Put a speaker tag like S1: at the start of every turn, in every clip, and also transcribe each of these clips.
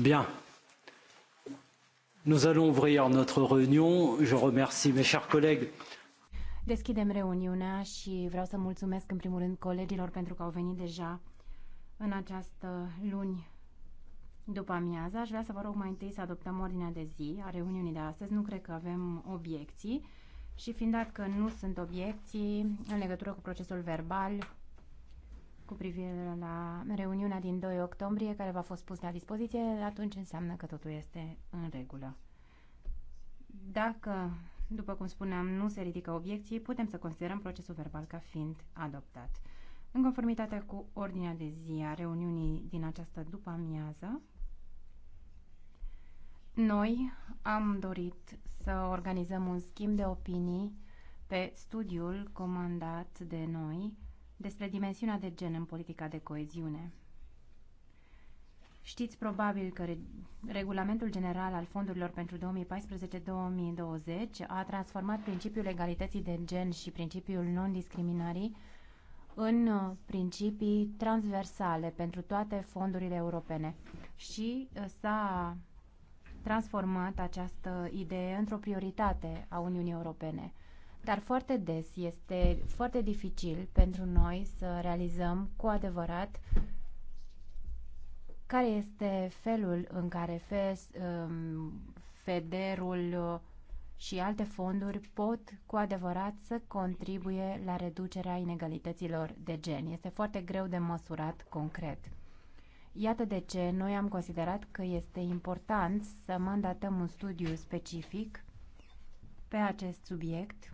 S1: Bien. Nous allons ouvrir notre réunion. Je remercie mes chers collègues.
S2: Deschidem reuniunea și vreau să mulțumesc în primul rând colegilor pentru că au venit deja în această luni după amiază. Aș vrea să vă rog mai întâi să adoptăm ordinea de zi a reuniunii de astăzi. Nu cred că avem obiecții și fiind dat că nu sunt obiecții în legătură cu procesul verbal, cu privire la reuniunea din 2 octombrie care v-a fost pus la dispoziție, atunci înseamnă că totul este în regulă. Dacă, după cum spuneam, nu se ridică obiecții, putem să considerăm procesul verbal ca fiind adoptat. În conformitate cu ordinea de zi a reuniunii din această după amiază, noi am dorit să organizăm un schimb de opinii pe studiul comandat de noi despre dimensiunea de gen în politica de coeziune. Știți probabil că Regulamentul General al Fondurilor pentru 2014-2020 a transformat principiul egalității de gen și principiul non-discriminării în uh, principii transversale pentru toate fondurile europene și uh, s-a transformat această idee într-o prioritate a Uniunii Europene dar foarte des este foarte dificil pentru noi să realizăm cu adevărat care este felul în care FES, um, uh, și alte fonduri pot cu adevărat să contribuie la reducerea inegalităților de gen. Este foarte greu de măsurat concret. Iată de ce noi am considerat că este important să mandatăm un studiu specific pe acest subiect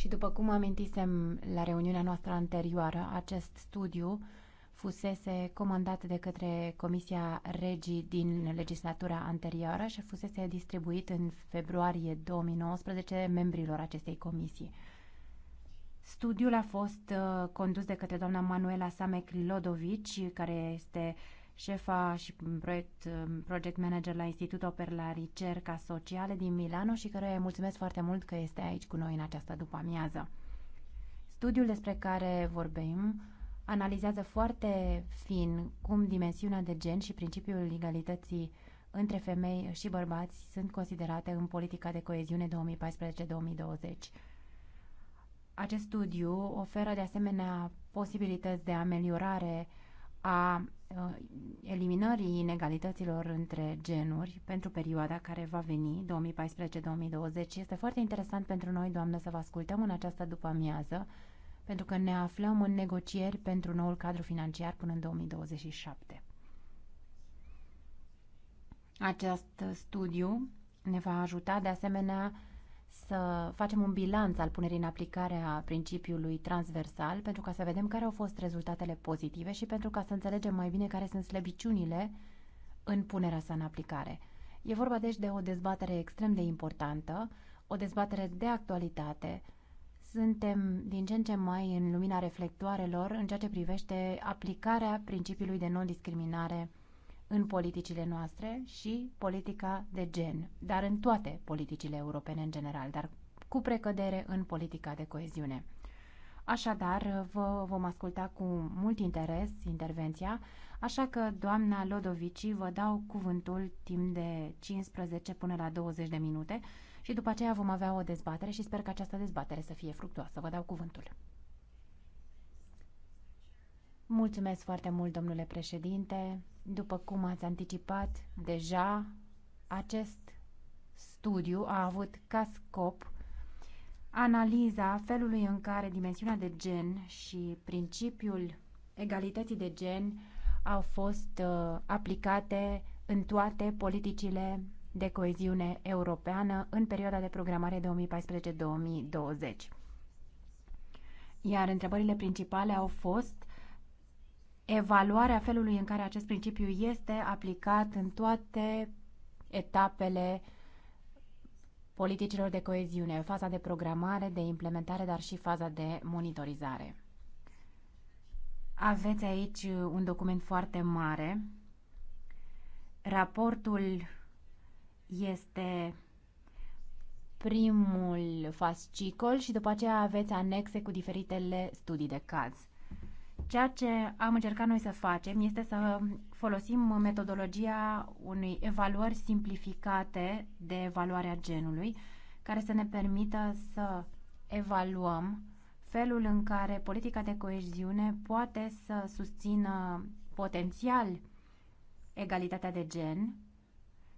S2: și după cum amintisem la reuniunea noastră anterioară, acest studiu fusese comandat de către Comisia Regii din legislatura anterioară și fusese distribuit în februarie 2019 membrilor acestei comisii. Studiul a fost uh, condus de către doamna Manuela Samec Lodovici, care este uh, șefa și proiect, um, project manager la Institutul Per la Ricerca Sociale din Milano și care îi mulțumesc foarte mult că este aici cu noi în această după-amiază. Studiul despre care vorbim analizează foarte fin cum dimensiunea de gen și principiul legalității între femei și bărbați sunt considerate în politica de coeziune 2014-2020. Acest studiu oferă de asemenea posibilități de ameliorare a uh, eliminării inegalităților între genuri pentru perioada care va veni, 2014-2020. Este foarte interesant pentru noi, doamnă, să vă ascultăm în această după-amiază, pentru că ne aflăm în negocieri pentru noul cadru financiar până în 2027. Acest studiu ne va ajuta de asemenea să facem un bilanț al punerii în aplicare a principiului transversal pentru ca să vedem care au fost rezultatele pozitive și pentru ca să înțelegem mai bine care sunt slăbiciunile în punerea sa în aplicare. E vorba deci de o dezbatere extrem de importantă, o dezbatere de actualitate. Suntem din ce în ce mai în lumina reflectoarelor în ceea ce privește aplicarea principiului de non-discriminare în politicile noastre și politica de gen, dar în toate politicile europene în general, dar cu precădere în politica de coeziune. Așadar, vă vom asculta cu mult interes intervenția, așa că, doamna Lodovici, vă dau cuvântul timp de 15 până la 20 de minute și după aceea vom avea o dezbatere și sper că această dezbatere să fie fructuoasă. Vă dau cuvântul. Mulțumesc foarte mult, domnule președinte. După cum ați anticipat, deja acest studiu a avut ca scop analiza felului în care dimensiunea de gen și principiul egalității de gen au fost uh, aplicate în toate politicile de coeziune europeană în perioada de programare 2014-2020. Iar întrebările principale au fost evaluarea felului în care acest principiu este aplicat în toate etapele politicilor de coeziune, faza de programare, de implementare, dar și faza de monitorizare. Aveți aici un document foarte mare. Raportul este primul fascicol și după aceea aveți anexe cu diferitele studii de caz. Ceea ce am încercat noi să facem este să folosim metodologia unei evaluări simplificate de evaluarea a genului, care să ne permită să evaluăm felul în care politica de coeziune poate să susțină potențial egalitatea de gen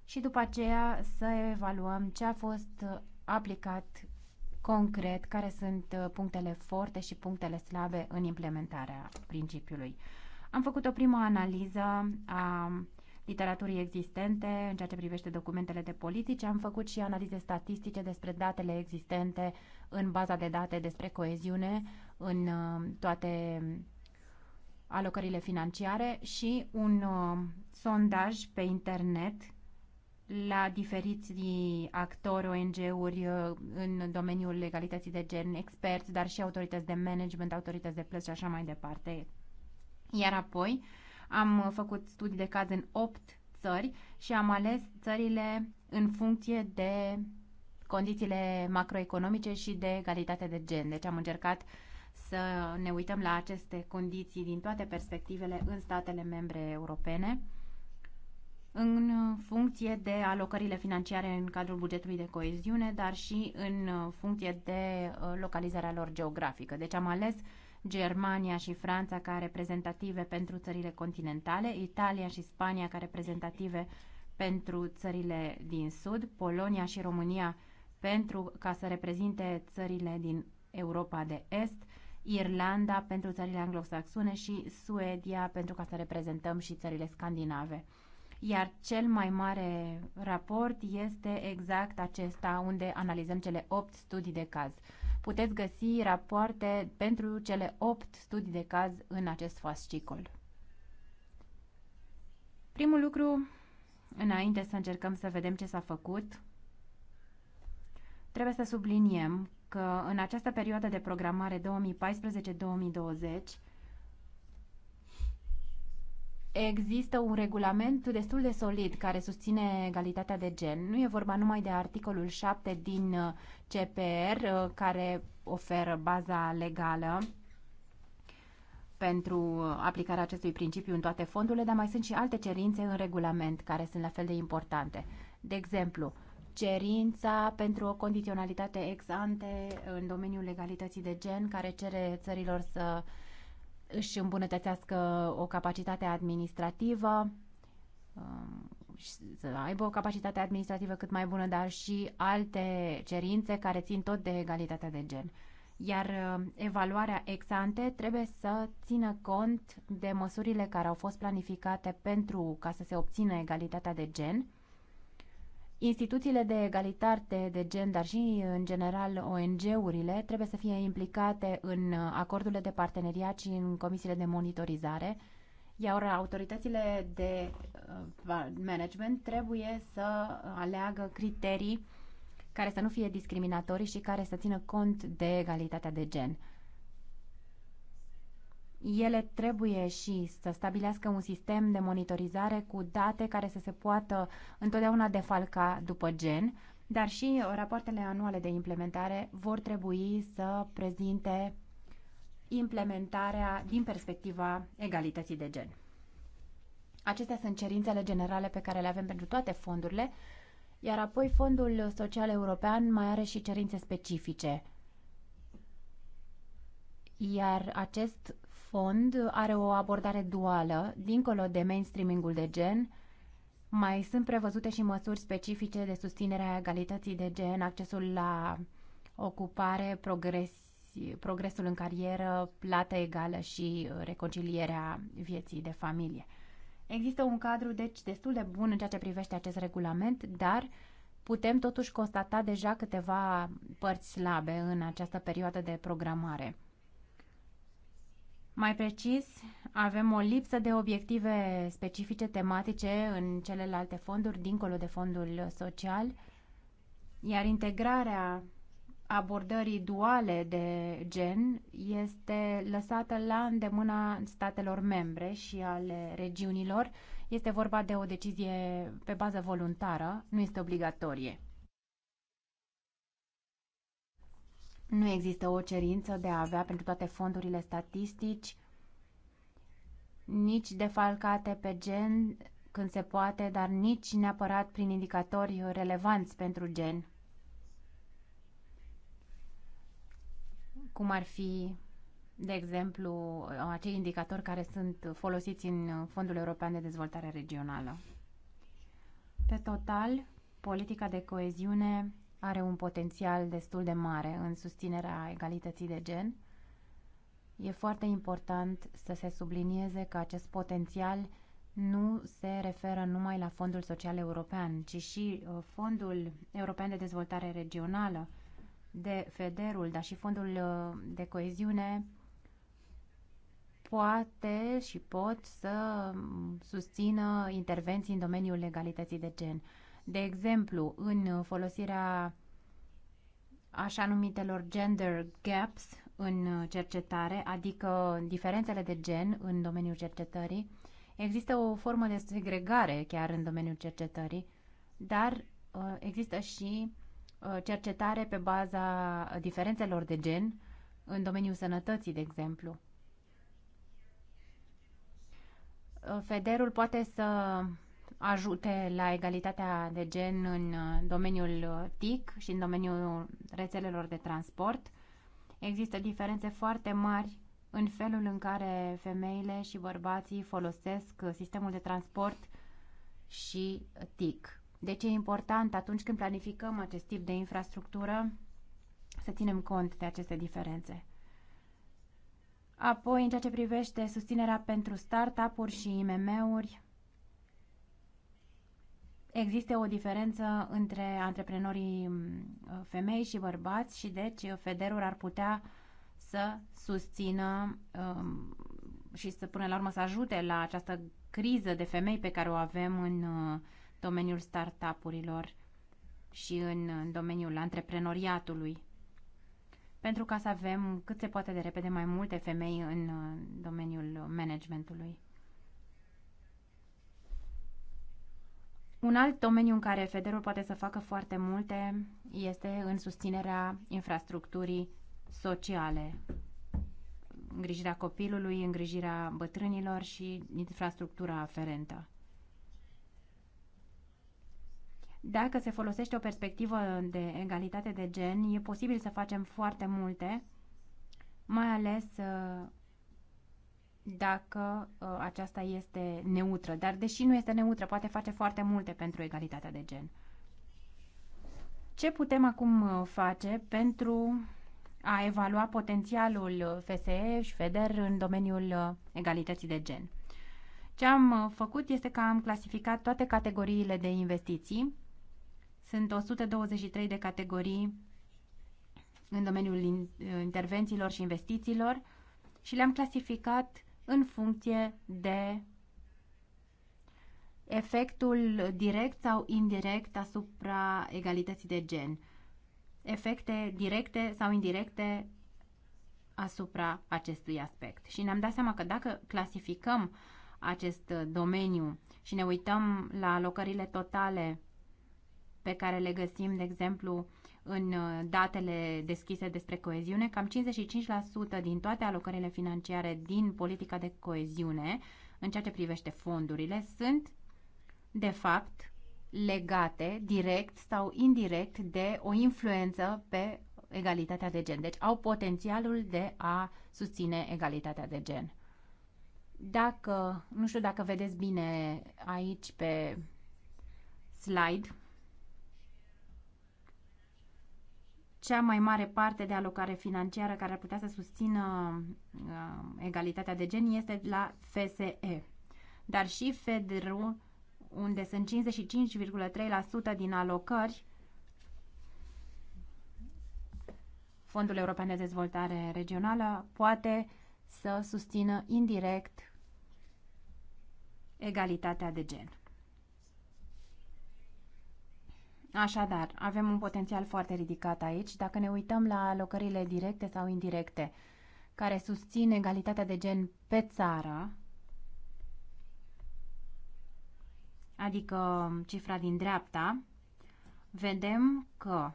S2: și după aceea să evaluăm ce a fost aplicat concret care sunt uh, punctele forte și punctele slabe în implementarea principiului. Am făcut o primă analiză a literaturii existente în ceea ce privește documentele de politici, am făcut și analize statistice despre datele existente în baza de date despre coeziune în uh, toate alocările financiare și un uh, sondaj pe internet la diferiți actori, ONG-uri uh, în domeniul legalității de gen, experți, dar și autorități de management, autorități de plăți și așa mai departe. Iar apoi am făcut studii de caz în 8 țări și am ales țările în funcție de condițiile macroeconomice și de egalitate de gen. Deci am încercat să ne uităm la aceste condiții din toate perspectivele în statele membre europene în funcție de alocările financiare în cadrul bugetului de coeziune, dar și în funcție de uh, localizarea lor geografică. Deci am ales Germania și Franța ca reprezentative pentru țările continentale, Italia și Spania ca reprezentative pentru țările din sud, Polonia și România pentru ca să reprezinte țările din Europa de Est, Irlanda pentru țările anglosaxone și Suedia pentru ca să reprezentăm și țările scandinave iar cel mai mare raport este exact acesta unde analizăm cele 8 studii de caz. Puteți găsi rapoarte pentru cele 8 studii de caz în acest fascicol. Primul lucru, înainte să încercăm să vedem ce s-a făcut, trebuie să subliniem că în această perioadă de programare 2014-2020 există un regulament destul de solid care susține egalitatea de gen. Nu e vorba numai de articolul 7 din uh, CPR uh, care oferă baza legală pentru uh, aplicarea acestui principiu în toate fondurile, dar mai sunt și alte cerințe în regulament care sunt la fel de importante. De exemplu, cerința pentru o condiționalitate ex ante în domeniul legalității de gen care cere țărilor să uh, își îmbunătățească o capacitate administrativă, um, să aibă o capacitate administrativă cât mai bună, dar și alte cerințe care țin tot de egalitatea de gen. Iar um, evaluarea ex ante trebuie să țină cont de măsurile care au fost planificate pentru ca să se obțină egalitatea de gen, Instituțiile de egalitate de gen, dar și în general ONG-urile, trebuie să fie implicate în acordurile de parteneriat și în comisiile de monitorizare, iar autoritățile de uh, management trebuie să aleagă criterii care să nu fie discriminatorii și care să țină cont de egalitatea de gen. Ele trebuie și să stabilească un sistem de monitorizare cu date care să se poată întotdeauna defalca după gen, dar și rapoartele anuale de implementare vor trebui să prezinte implementarea din perspectiva egalității de gen. Acestea sunt cerințele generale pe care le avem pentru toate fondurile, iar apoi Fondul Social European mai are și cerințe specifice. Iar acest fond are o abordare duală, dincolo de mainstreamingul de gen, mai sunt prevăzute și măsuri specifice de susținere a egalității de gen, accesul la ocupare, progres, progresul în carieră, plată egală și uh, reconcilierea vieții de familie. Există un cadru, deci, destul de bun în ceea ce privește acest regulament, dar putem totuși constata deja câteva părți slabe în această perioadă de programare. Mai precis, avem o lipsă de obiective specifice tematice în celelalte fonduri, dincolo de fondul social, iar integrarea abordării duale de gen este lăsată la îndemâna statelor membre și ale regiunilor. Este vorba de o decizie pe bază voluntară, nu este obligatorie. Nu există o cerință de a avea pentru toate fondurile statistici, nici defalcate pe gen când se poate, dar nici neapărat prin indicatori relevanți pentru gen. Cum ar fi, de exemplu, acei indicatori care sunt folosiți în Fondul European de Dezvoltare Regională. Pe total, politica de coeziune are un potențial destul de mare în susținerea egalității de gen. E foarte important să se sublinieze că acest potențial nu se referă numai la Fondul Social European, ci și uh, Fondul European de Dezvoltare Regională, de Federul, dar și Fondul uh, de Coeziune poate și pot să susțină intervenții în domeniul legalității de gen de exemplu, în folosirea așa numitelor gender gaps în cercetare, adică diferențele de gen în domeniul cercetării. Există o formă de segregare chiar în domeniul cercetării, dar uh, există și uh, cercetare pe baza diferențelor de gen în domeniul sănătății, de exemplu. Uh, federul poate să ajute la egalitatea de gen în uh, domeniul uh, TIC și în domeniul rețelelor de transport. Există diferențe foarte mari în felul în care femeile și bărbații folosesc uh, sistemul de transport și TIC. Deci e important atunci când planificăm acest tip de infrastructură să ținem cont de aceste diferențe. Apoi, în ceea ce privește susținerea pentru startup-uri și IMM-uri, Există o diferență între antreprenorii mm, femei și bărbați și deci Federul ar putea să susțină mm, și să până la urmă să ajute la această criză de femei pe care o avem în mm, domeniul startup-urilor și în, domeniul antreprenoriatului. Pentru ca să avem cât se poate de repede mai multe femei în domeniul managementului. Un alt domeniu în care Federul poate să facă foarte multe este în susținerea infrastructurii sociale. Îngrijirea copilului, îngrijirea bătrânilor și infrastructura aferentă. Dacă se folosește o perspectivă de egalitate de gen, e posibil să facem foarte multe, mai ales uh, dacă uh, aceasta este neutră. Dar deși nu este neutră, poate face foarte multe pentru egalitatea de gen. Ce putem acum ă, face pentru a evalua potențialul FSE și FEDER în domeniul ă, egalității de gen? Ce am făcut este că am clasificat toate categoriile de investiții. Sunt 123 de categorii în domeniul intervențiilor și investițiilor și le-am clasificat în funcție de efectul direct sau indirect asupra egalității de gen. Efecte directe sau indirecte asupra acestui aspect. Și ne-am dat seama că dacă clasificăm acest domeniu și ne uităm la alocările totale pe care le găsim, de exemplu, în uh, datele deschise despre coeziune, cam 55% din toate alocările financiare din politica de coeziune, în ceea ce privește fondurile, sunt, de fapt, legate direct sau indirect de o influență pe egalitatea de gen. Deci au potențialul de a susține egalitatea de gen. Dacă, nu știu dacă vedeți bine aici pe slide, cea mai mare parte de alocare financiară care ar putea să susțină uh, egalitatea de gen este la FSE. Dar și FEDRU, unde sunt 55,3% din alocări, Fondul European de Dezvoltare Regională poate să susțină indirect egalitatea de gen. Așadar, avem un potențial foarte ridicat aici dacă ne uităm la alocările directe sau indirecte care susțin egalitatea de gen pe țară, adică cifra din dreapta, vedem că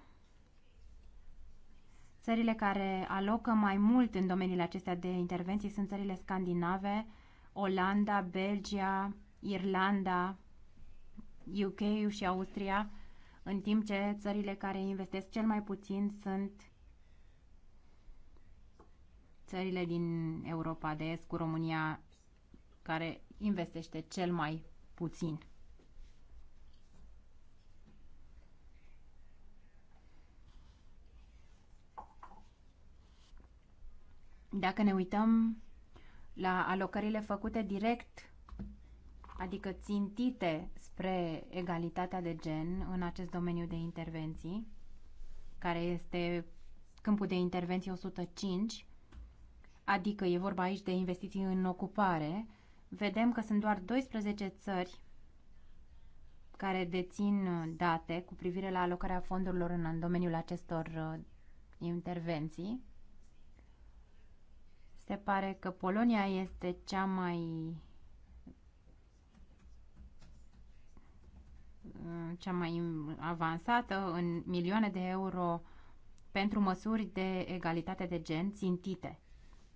S2: țările care alocă mai mult în domeniile acestea de intervenții sunt țările scandinave, Olanda, Belgia, Irlanda, UK și Austria, în timp ce țările care investesc cel mai puțin sunt țările din Europa de Est cu România care investește cel mai puțin. Dacă ne uităm la alocările făcute direct, adică țintite despre egalitatea de gen în acest domeniu de intervenții, care este câmpul de intervenție 105, adică e vorba aici de investiții în ocupare, vedem că sunt doar 12 țări care dețin date cu privire la alocarea fondurilor în domeniul acestor uh, intervenții. Se pare că Polonia este cea mai Mm, cea mai avansată în milioane de euro pentru măsuri de egalitate de gen țintite.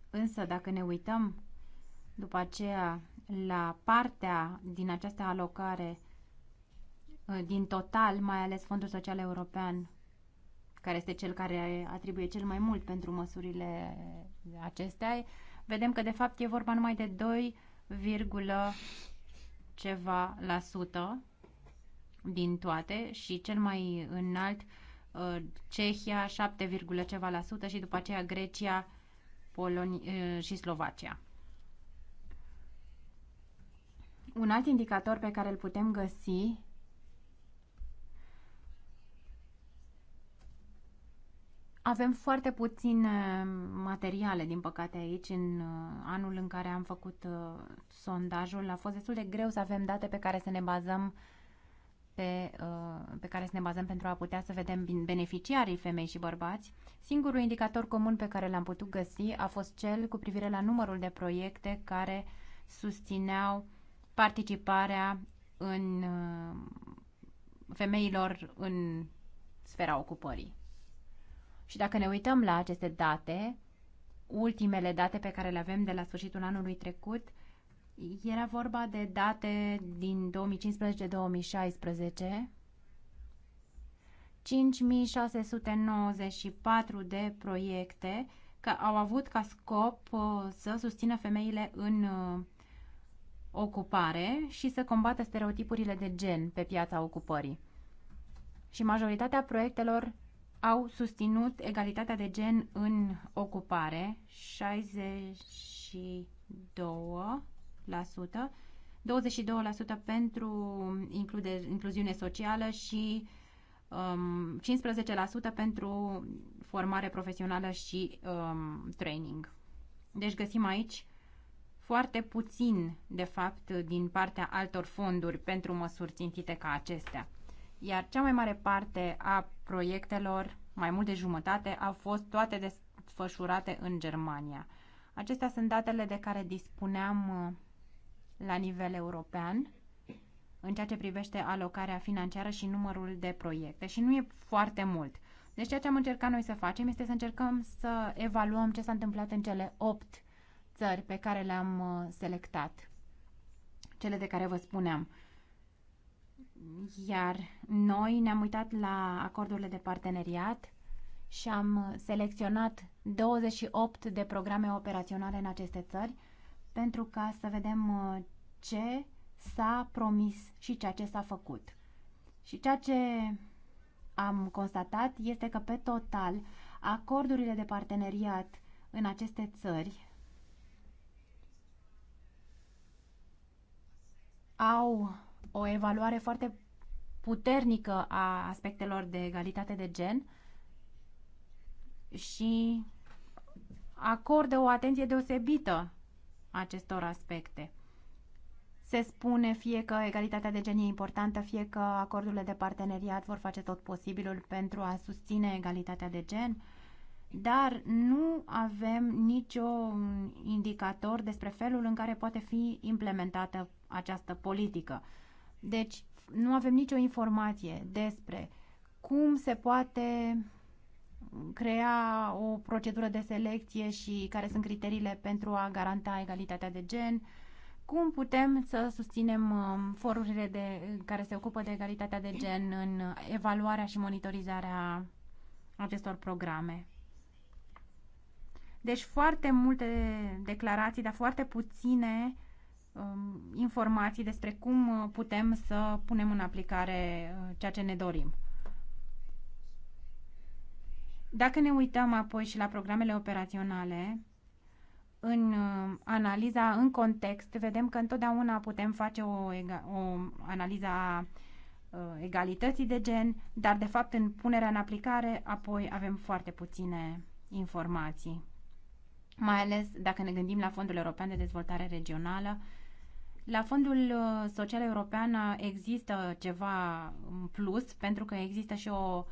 S2: Însă, dacă ne uităm după aceea la partea din această alocare uh, din total, mai ales Fondul Social European, care este cel care atribuie cel mai mult pentru măsurile acestea, vedem că de fapt e vorba numai de 2, ceva la sută din toate și cel mai înalt uh, Cehia 7, ceva la sută și după aceea Grecia Poloni- uh, și Slovacia. Un alt indicator pe care îl putem găsi Avem foarte puțin uh, materiale, din păcate, aici. În anul în care am făcut sondajul a fost destul de greu să avem date pe care să ne bazăm uh, pe, uh, pe care să ne bazăm pentru a putea să vedem beneficiarii femei și bărbați, singurul indicator comun pe care l-am putut găsi a fost cel cu privire la numărul de proiecte care susțineau participarea în uh, femeilor în sfera ocupării. Și dacă ne uităm la aceste date, ultimele date pe care le avem de la sfârșitul anului trecut, era vorba de date din 2015-2016. 5694 de proiecte că au avut ca scop uh, să susțină femeile în uh, ocupare și să combată stereotipurile de gen pe piața ocupării. Și majoritatea proiectelor au susținut egalitatea de gen în ocupare, 62 22% pentru include, incluziune socială și um, 15% pentru formare profesională și um, training. Deci găsim aici foarte puțin, de fapt, din partea altor fonduri pentru măsuri țintite ca acestea. Iar cea mai mare parte a proiectelor, mai mult de jumătate, au fost toate desfășurate în Germania. Acestea sunt datele de care dispuneam uh, la nivel european în ceea ce privește alocarea financiară și numărul de proiecte și nu e foarte mult. Deci ceea ce am încercat noi să facem este să încercăm să evaluăm ce s-a întâmplat în cele 8 țări pe care le-am uh, selectat, cele de care vă spuneam. Iar noi ne-am uitat la acordurile de parteneriat și am selecționat 28 de programe operaționale în aceste țări, pentru ca să vedem uh, ce s-a promis și ceea ce s-a făcut. Și ceea ce am constatat este că, pe total, acordurile de parteneriat în aceste țări au o evaluare foarte puternică a aspectelor de egalitate de gen și acordă o atenție deosebită acestor aspecte. Se spune fie că egalitatea de gen e importantă, fie că acordurile de parteneriat vor face tot posibilul pentru a susține egalitatea de gen, dar nu avem niciun indicator despre felul în care poate fi implementată această politică. Deci nu avem nicio informație despre cum se poate crea o procedură de selecție și care sunt criteriile pentru a garanta egalitatea de gen, cum putem să susținem um, forurile de, care se ocupă de egalitatea de gen în evaluarea și monitorizarea acestor programe. Deci foarte multe declarații, dar foarte puține um, informații despre cum putem să punem în aplicare uh, ceea ce ne dorim. Dacă ne uităm apoi și la programele operaționale, în uh, analiza în context, vedem că întotdeauna putem face o, o analiză a uh, egalității de gen, dar de fapt în punerea în aplicare apoi avem foarte puține informații. Mai ales dacă ne gândim la Fondul European de Dezvoltare Regională, la Fondul uh, Social European există ceva în plus pentru că există și o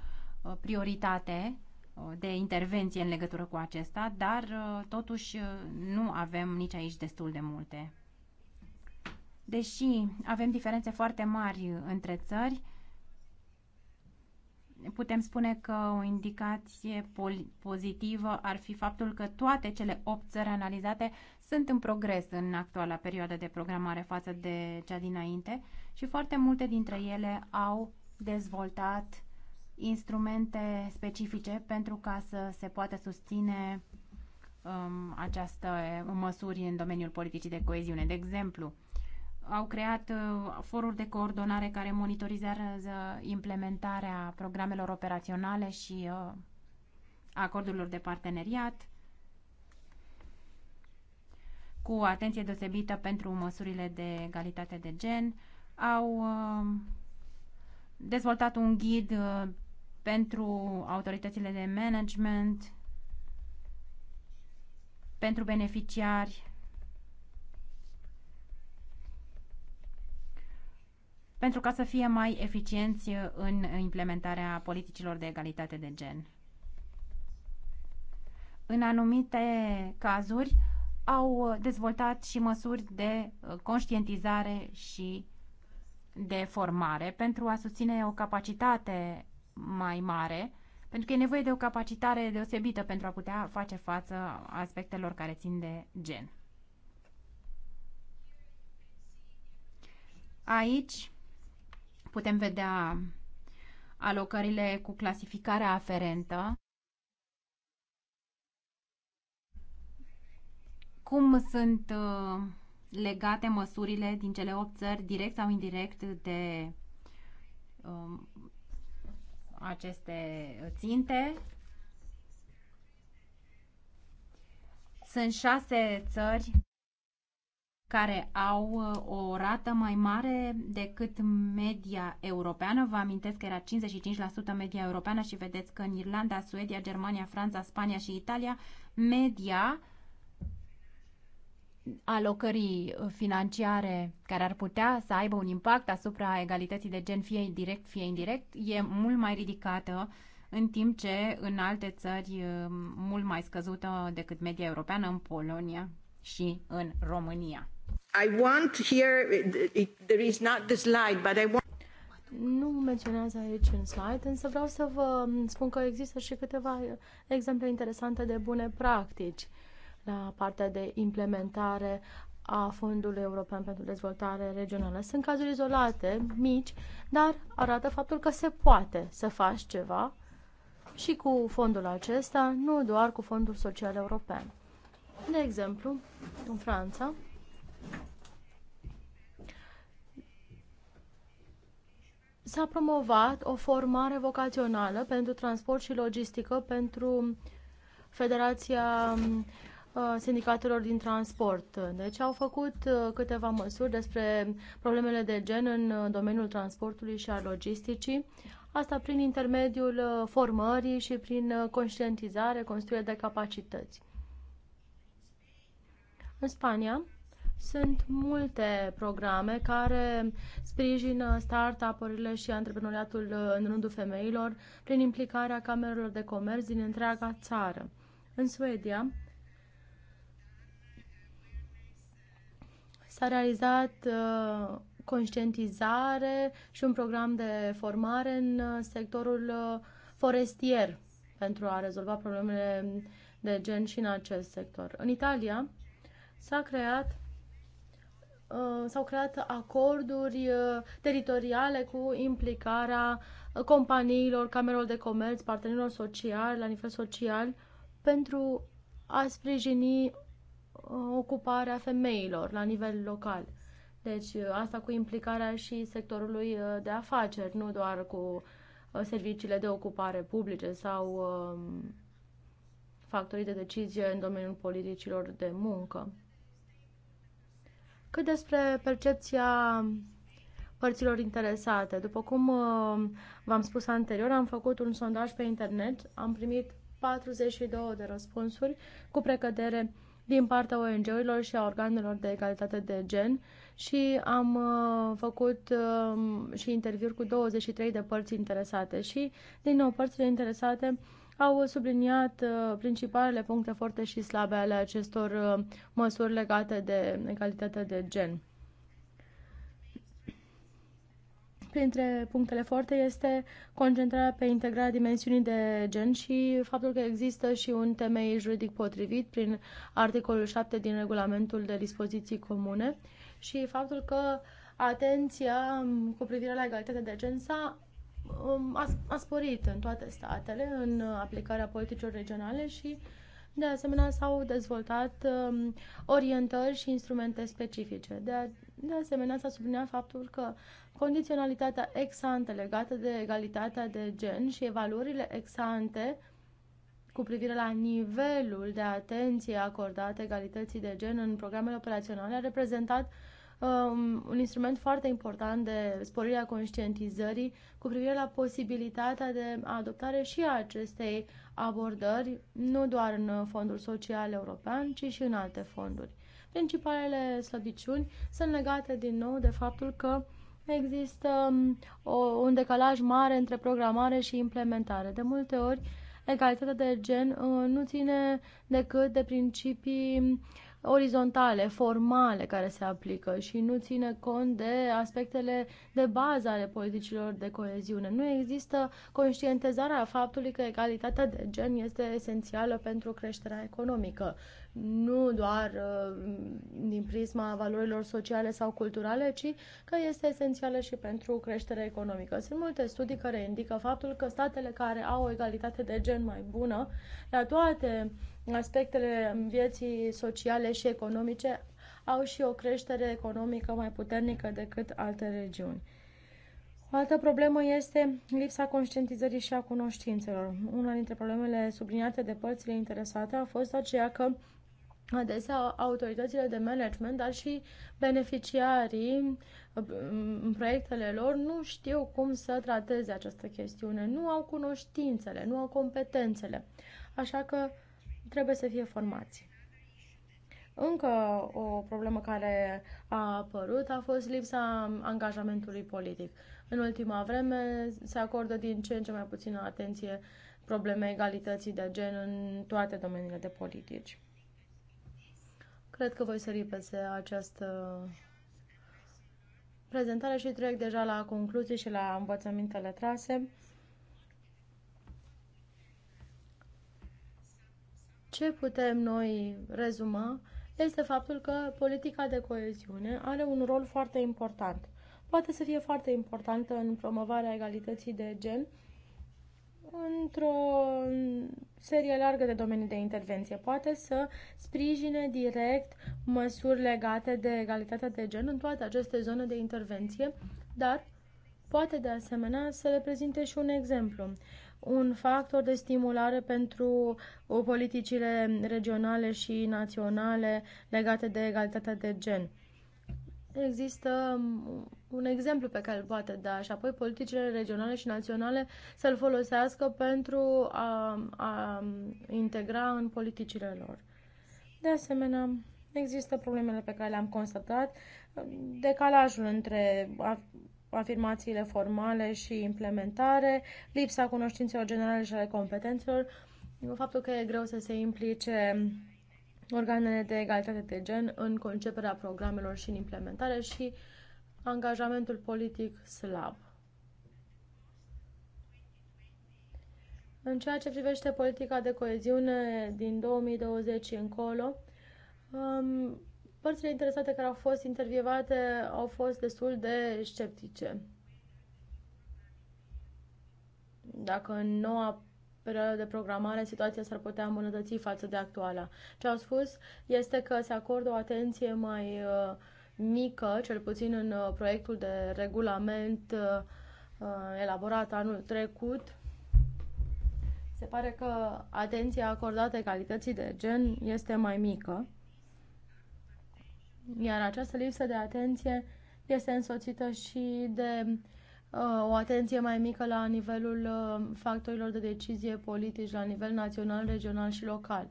S2: prioritate de intervenție în legătură cu acesta, dar uh, totuși uh, nu avem nici aici destul de multe. Deși avem diferențe foarte mari uh, între țări, putem spune că o indicație pozitivă ar fi faptul că toate cele 8 țări analizate sunt în progres în actuala perioadă de programare față de cea dinainte și foarte multe dintre ele au dezvoltat instrumente specifice pentru ca să se poată susține um, această măsuri în domeniul politicii de coeziune. De exemplu, au creat uh, foruri de coordonare care monitorizează implementarea programelor operaționale și uh, acordurilor de parteneriat cu atenție deosebită pentru măsurile de egalitate de gen. Au uh, dezvoltat un ghid uh, pentru autoritățile de management, pentru beneficiari, pentru ca să fie mai eficienți în implementarea politicilor de egalitate de gen. În anumite cazuri au dezvoltat și măsuri de conștientizare și de formare pentru a susține o capacitate mai mare, pentru că e nevoie de o capacitare deosebită pentru a putea face față aspectelor care țin de gen. Aici putem vedea alocările cu clasificarea aferentă. Cum sunt uh, legate măsurile din cele 8 țări, direct sau indirect, de um, aceste uh, ținte. Sunt șase țări care au uh, o rată mai mare decât media europeană. Vă amintesc că era 55% media europeană și vedeți că în Irlanda, Suedia, Germania, Franța, Spania și Italia, media alocării financiare care ar putea să aibă un impact asupra egalității de gen, fie direct, fie indirect, e mult mai ridicată, în timp ce în alte țări mult mai scăzută decât media europeană, în Polonia
S3: și în România. I want here, there is not the slide, but I want... Nu menționează aici în slide, însă vreau să vă spun că există și câteva exemple interesante de bune practici. Uh, la partea de implementare a Fondului European pentru Dezvoltare Regională. Sunt cazuri izolate, mici, dar arată faptul că se poate să faci ceva și cu fondul acesta, nu doar cu Fondul Social European. De exemplu, în Franța, s-a promovat o formare vocațională pentru transport și logistică pentru Federația Uh, sindicatelor din transport. Deci au făcut uh, câteva măsuri despre problemele de gen în uh, domeniul transportului și a logisticii, asta prin intermediul formării și prin conștientizare, construire de capacități. În Spania sunt multe programe care sprijină up urile și antreprenoriatul în rândul femeilor prin implicarea camerelor de comerț din întreaga țară. În Suedia, S-a realizat uh, conștientizare și un program de formare în uh, sectorul uh, forestier pentru a rezolva problemele de gen și în acest sector. În Italia s-a creat uh, s-au creat acorduri teritoriale cu implicarea companiilor, camerelor de comerț, partenerilor sociali, la nivel social, pentru a sprijini Uh, ocuparea femeilor la nivel local. Deci uh, asta cu implicarea și sectorului uh, de afaceri, nu doar cu serviciile de ocupare publice sau um, factorii de decizie în domeniul politicilor de muncă. Cât despre percepția părților interesate. După cum v-am spus anterior, am făcut un sondaj pe internet, am primit 42 de răspunsuri cu precădere din partea ONG-urilor și a organelor de egalitate de gen și am uh, făcut um, și interviuri cu 23 de părți interesate și, din nou, părțile interesate au subliniat uh, principalele puncte forte și slabe ale acestor uh, măsuri legate de egalitatea de gen. Printre punctele forte este concentrarea pe integrarea dimensiunii de gen și faptul că există și un temei juridic potrivit prin articolul 7 din regulamentul de dispoziții comune și faptul că atenția cu privire la egalitatea de gen s-a um, a, sporit în toate statele în aplicarea politicilor regionale și de asemenea s-au dezvoltat um, orientări și instrumente specifice. De, a, de asemenea s-a subliniat faptul că Condiționalitatea ex-ante legată de egalitatea de gen și evaluările ex-ante cu privire la nivelul de atenție acordată egalității de gen în programele operaționale a reprezentat um, un instrument foarte important de sporirea conștientizării cu privire la posibilitatea de adoptare și a acestei abordări, nu doar în Fondul Social European, ci și în alte fonduri. Principalele slăbiciuni sunt legate din nou de faptul că există um, o, un decalaj mare între programare și implementare. De multe ori, egalitatea de gen uh, nu ține decât de principii um, orizontale, formale care se aplică și nu ține cont de aspectele de bază ale politicilor de coeziune. Nu există conștientizarea faptului că egalitatea de gen este esențială pentru creșterea economică nu doar uh, din prisma valorilor sociale sau culturale, ci că este esențială și pentru creșterea economică. Sunt multe studii care indică faptul că statele care au o egalitate de gen mai bună la toate aspectele vieții sociale și economice au și o creștere economică mai puternică decât alte regiuni. O altă problemă este lipsa conștientizării și a cunoștințelor. Una dintre problemele subliniate de părțile interesate a fost aceea că adesea autoritățile de management, dar și beneficiarii uh, în proiectele lor nu știu cum să trateze această chestiune, nu au cunoștințele, nu au competențele, așa că trebuie să fie formați. Încă o problemă care a apărut a fost lipsa angajamentului politic. În ultima vreme se acordă din ce în ce mai puțină atenție problemei egalității de gen în toate domeniile de politici. Cred că voi sări peste această prezentare și trec deja la concluzii și la învățămintele trase. Ce putem noi rezuma este faptul că politica de coeziune are un rol foarte important. Poate să fie foarte importantă în promovarea egalității de gen, într-o serie largă de domenii de intervenție. Poate să sprijine direct măsuri legate de egalitatea de gen în toate aceste zone de intervenție, dar poate de asemenea să reprezinte și un exemplu, un factor de stimulare pentru politicile regionale și naționale legate de egalitatea de gen există un exemplu pe care îl poate da și apoi politicile regionale și naționale să-l folosească pentru a, a integra în politicile lor. De asemenea, există problemele pe care le-am constatat, decalajul între afirmațiile formale și implementare, lipsa cunoștințelor generale și ale competențelor, faptul că e greu să se implice organele de egalitate de gen în conceperea programelor și în implementare și angajamentul politic slab. În ceea ce privește politica de coeziune din 2020 încolo, părțile interesate care au fost intervievate au fost destul de sceptice. Dacă noua perioada de programare, situația s-ar putea îmbunătăți față de actuala. Ce au spus este că se acordă o atenție mai uh, mică, cel puțin în uh, proiectul de regulament uh, elaborat anul trecut. Se pare că atenția acordată calității de gen este mai mică, iar această lipsă de atenție este însoțită și de Uh, o atenție mai mică la nivelul uh, factorilor de decizie politici la nivel național, regional și local.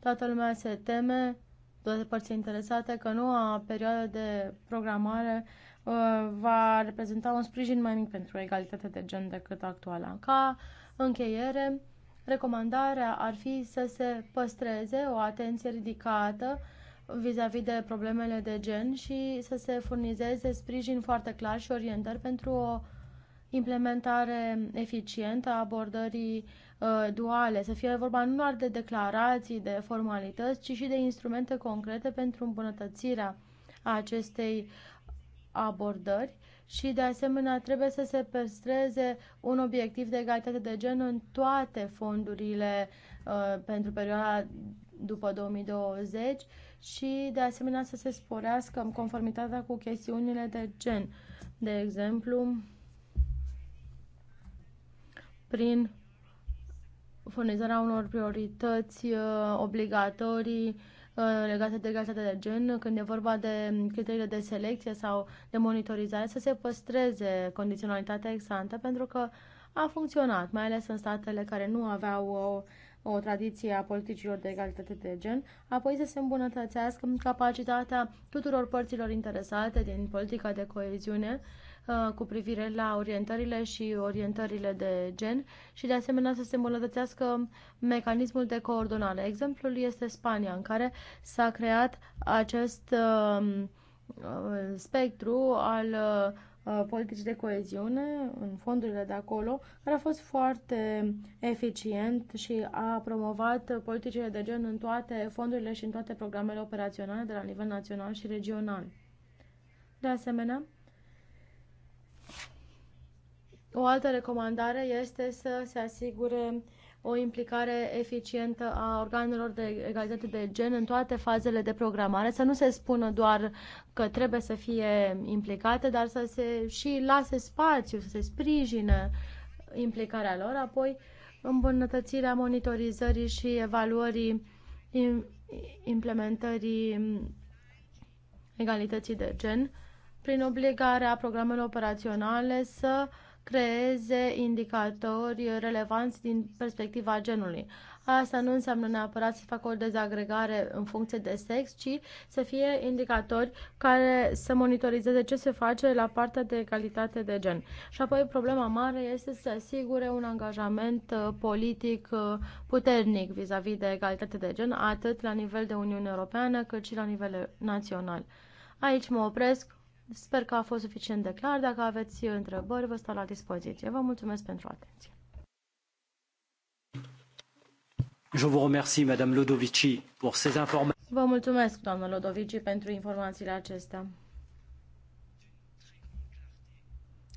S3: Toată lumea se teme, toate părțile interesate, că noua perioadă de programare uh, va reprezenta un sprijin mai mic pentru egalitatea de gen decât actuala. Ca încheiere, recomandarea ar fi să se păstreze o atenție ridicată vis-a-vis -vis de problemele de gen și să se furnizeze sprijin foarte clar și orientări pentru o implementare eficientă a abordării uh, duale, să fie vorba nu doar de declarații, de formalități, ci și de instrumente concrete pentru îmbunătățirea acestei abordări și, de asemenea, trebuie să se păstreze un obiectiv de egalitate de gen în toate fondurile uh, pentru perioada după 2020 și, de asemenea, să se sporească în conformitatea cu chestiunile de gen. De exemplu, prin furnizarea unor priorități uh, obligatorii uh, legate de egalitatea de gen, când e vorba de criteriile de selecție sau de monitorizare, să se păstreze condiționalitatea exantă, pentru că a funcționat, mai ales în statele care nu aveau o o tradiție a politicilor de egalitate de gen, apoi să se îmbunătățească capacitatea tuturor părților interesate din politica de coeziune uh, cu privire la orientările și orientările de gen și de asemenea să se îmbunătățească mecanismul de coordonare. Exemplul este Spania, în care s-a creat acest uh, uh, spectru al uh, Uh, politici de coeziune, în fondurile de acolo, care a fost foarte eficient și a promovat politicile de gen în toate fondurile și în toate programele operaționale de la nivel național și regional. De asemenea, o altă recomandare este să se asigure o implicare eficientă a organelor de egalitate de gen în toate fazele de programare, să nu se spună doar că trebuie să fie implicate, dar să se și lase spațiu, să se sprijine implicarea lor, apoi îmbunătățirea monitorizării și evaluării implementării egalității de gen prin obligarea programelor operaționale să uh, creeze indicatori relevanți din perspectiva genului. Asta nu înseamnă neapărat să facă o dezagregare în funcție de sex, ci să fie indicatori care să monitorizeze ce se face la partea de calitate de gen. Și apoi problema mare este să asigure un angajament uh, politic uh, puternic vis-a-vis -vis de egalitate de gen, atât la nivel de Uniune Europeană, cât și la nivel național. Aici mă opresc. Sper că a fost suficient de clar. Dacă aveți întrebări, vă stau la dispoziție. Vă mulțumesc pentru atenție.
S1: Je vous remercie, Madame Lodovici, pour ces informații.
S3: Vă mulțumesc, doamnă Lodovici, pentru informațiile acestea.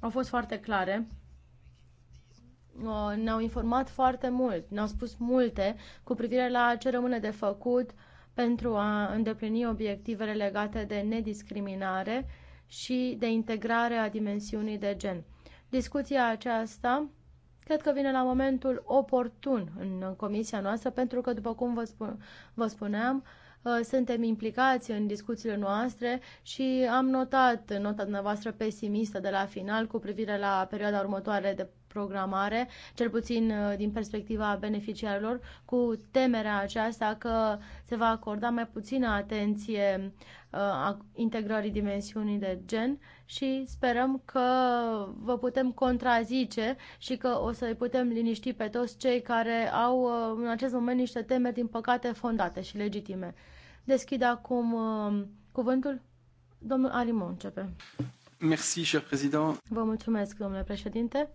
S3: Au fost foarte clare. Uh, ne-au informat foarte mult, ne-au spus multe cu privire la ce rămâne de făcut pentru a îndeplini obiectivele legate de nediscriminare și de integrare a dimensiunii de gen. Discuția aceasta cred că vine la momentul oportun în comisia noastră, pentru că, după cum vă, spun, vă spuneam, uh, suntem implicați în discuțiile noastre și am notat nota dumneavoastră pesimistă de la final cu privire la perioada următoare de programare, cel puțin uh, din perspectiva beneficiarilor, cu temerea aceasta că se va acorda mai puțină atenție uh, a integrării dimensiunii de gen și sperăm că vă putem contrazice și că o să-i putem liniști pe toți cei care au uh, în acest moment niște temeri, din păcate, fondate și legitime. Deschid acum cuvântul. Domnul Arimon începe.
S4: Merci, cher président.
S3: Vă mulțumesc, domnule președinte.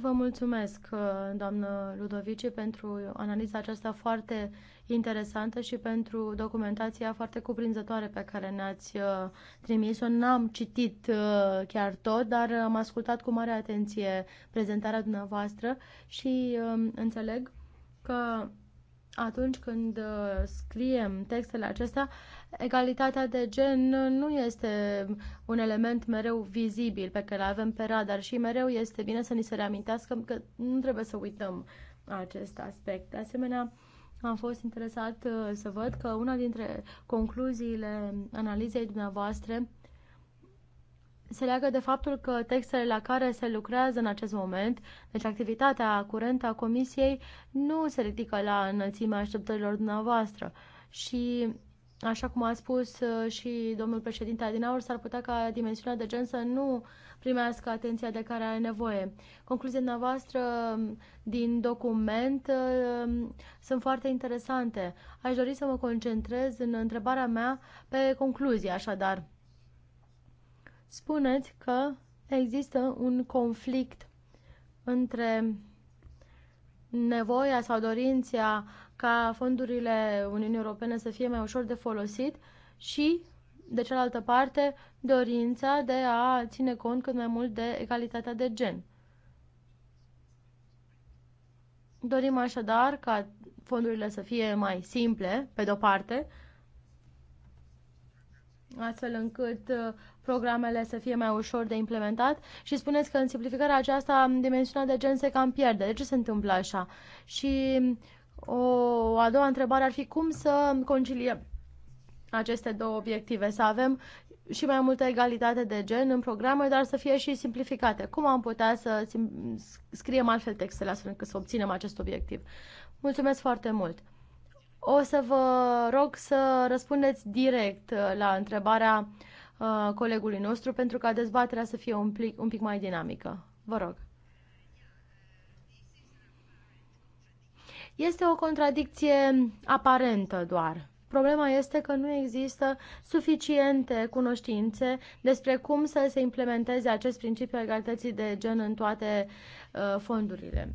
S3: Vă mulțumesc, uh, doamnă Ludovici, pentru analiza aceasta foarte interesantă și pentru documentația foarte cuprinzătoare pe care ne-ați uh, trimis-o. N-am citit uh, chiar tot, dar am ascultat cu mare atenție prezentarea dumneavoastră și um, înțeleg că atunci când uh, scriem textele acestea, egalitatea de gen nu este un element mereu vizibil pe care îl avem pe radar și mereu este bine să ni se reamintească că nu trebuie să uităm acest aspect. De asemenea, am fost interesat uh, să văd că una dintre concluziile analizei dumneavoastră se leagă de faptul că textele la care se lucrează în acest moment, deci activitatea curentă a Comisiei, nu se ridică la înălțimea așteptărilor dumneavoastră. Și, așa cum a spus uh, și domnul președinte Adinaur, s-ar putea ca dimensiunea de gen să nu primească atenția de care are nevoie. Concluziile dumneavoastră um, din document um, sunt foarte interesante. Aș dori să mă concentrez în întrebarea mea pe concluzie, așadar spuneți că există un conflict între nevoia sau dorința ca fondurile Uniunii Europene să fie mai ușor de folosit și, de cealaltă parte, dorința de a ține cont cât mai mult de egalitatea de gen. Dorim așadar ca fondurile să fie mai simple, pe de-o parte, astfel încât programele să fie mai ușor de implementat și spuneți că în simplificarea aceasta dimensiunea de gen se cam pierde. De ce se întâmplă așa? Și o a doua întrebare ar fi cum să conciliem aceste două obiective, să avem și mai multă egalitate de gen în programe, dar să fie și simplificate. Cum am putea să scriem altfel textele astfel încât să obținem acest obiectiv? Mulțumesc foarte mult! O să vă rog să răspundeți direct uh, la întrebarea uh, Uh, colegului nostru pentru ca dezbaterea să fie un pic, un pic mai dinamică. Vă rog. Este o contradicție aparentă doar. Problema este că nu există suficiente cunoștințe despre cum să se implementeze acest principiu egalității de gen în toate uh, fondurile.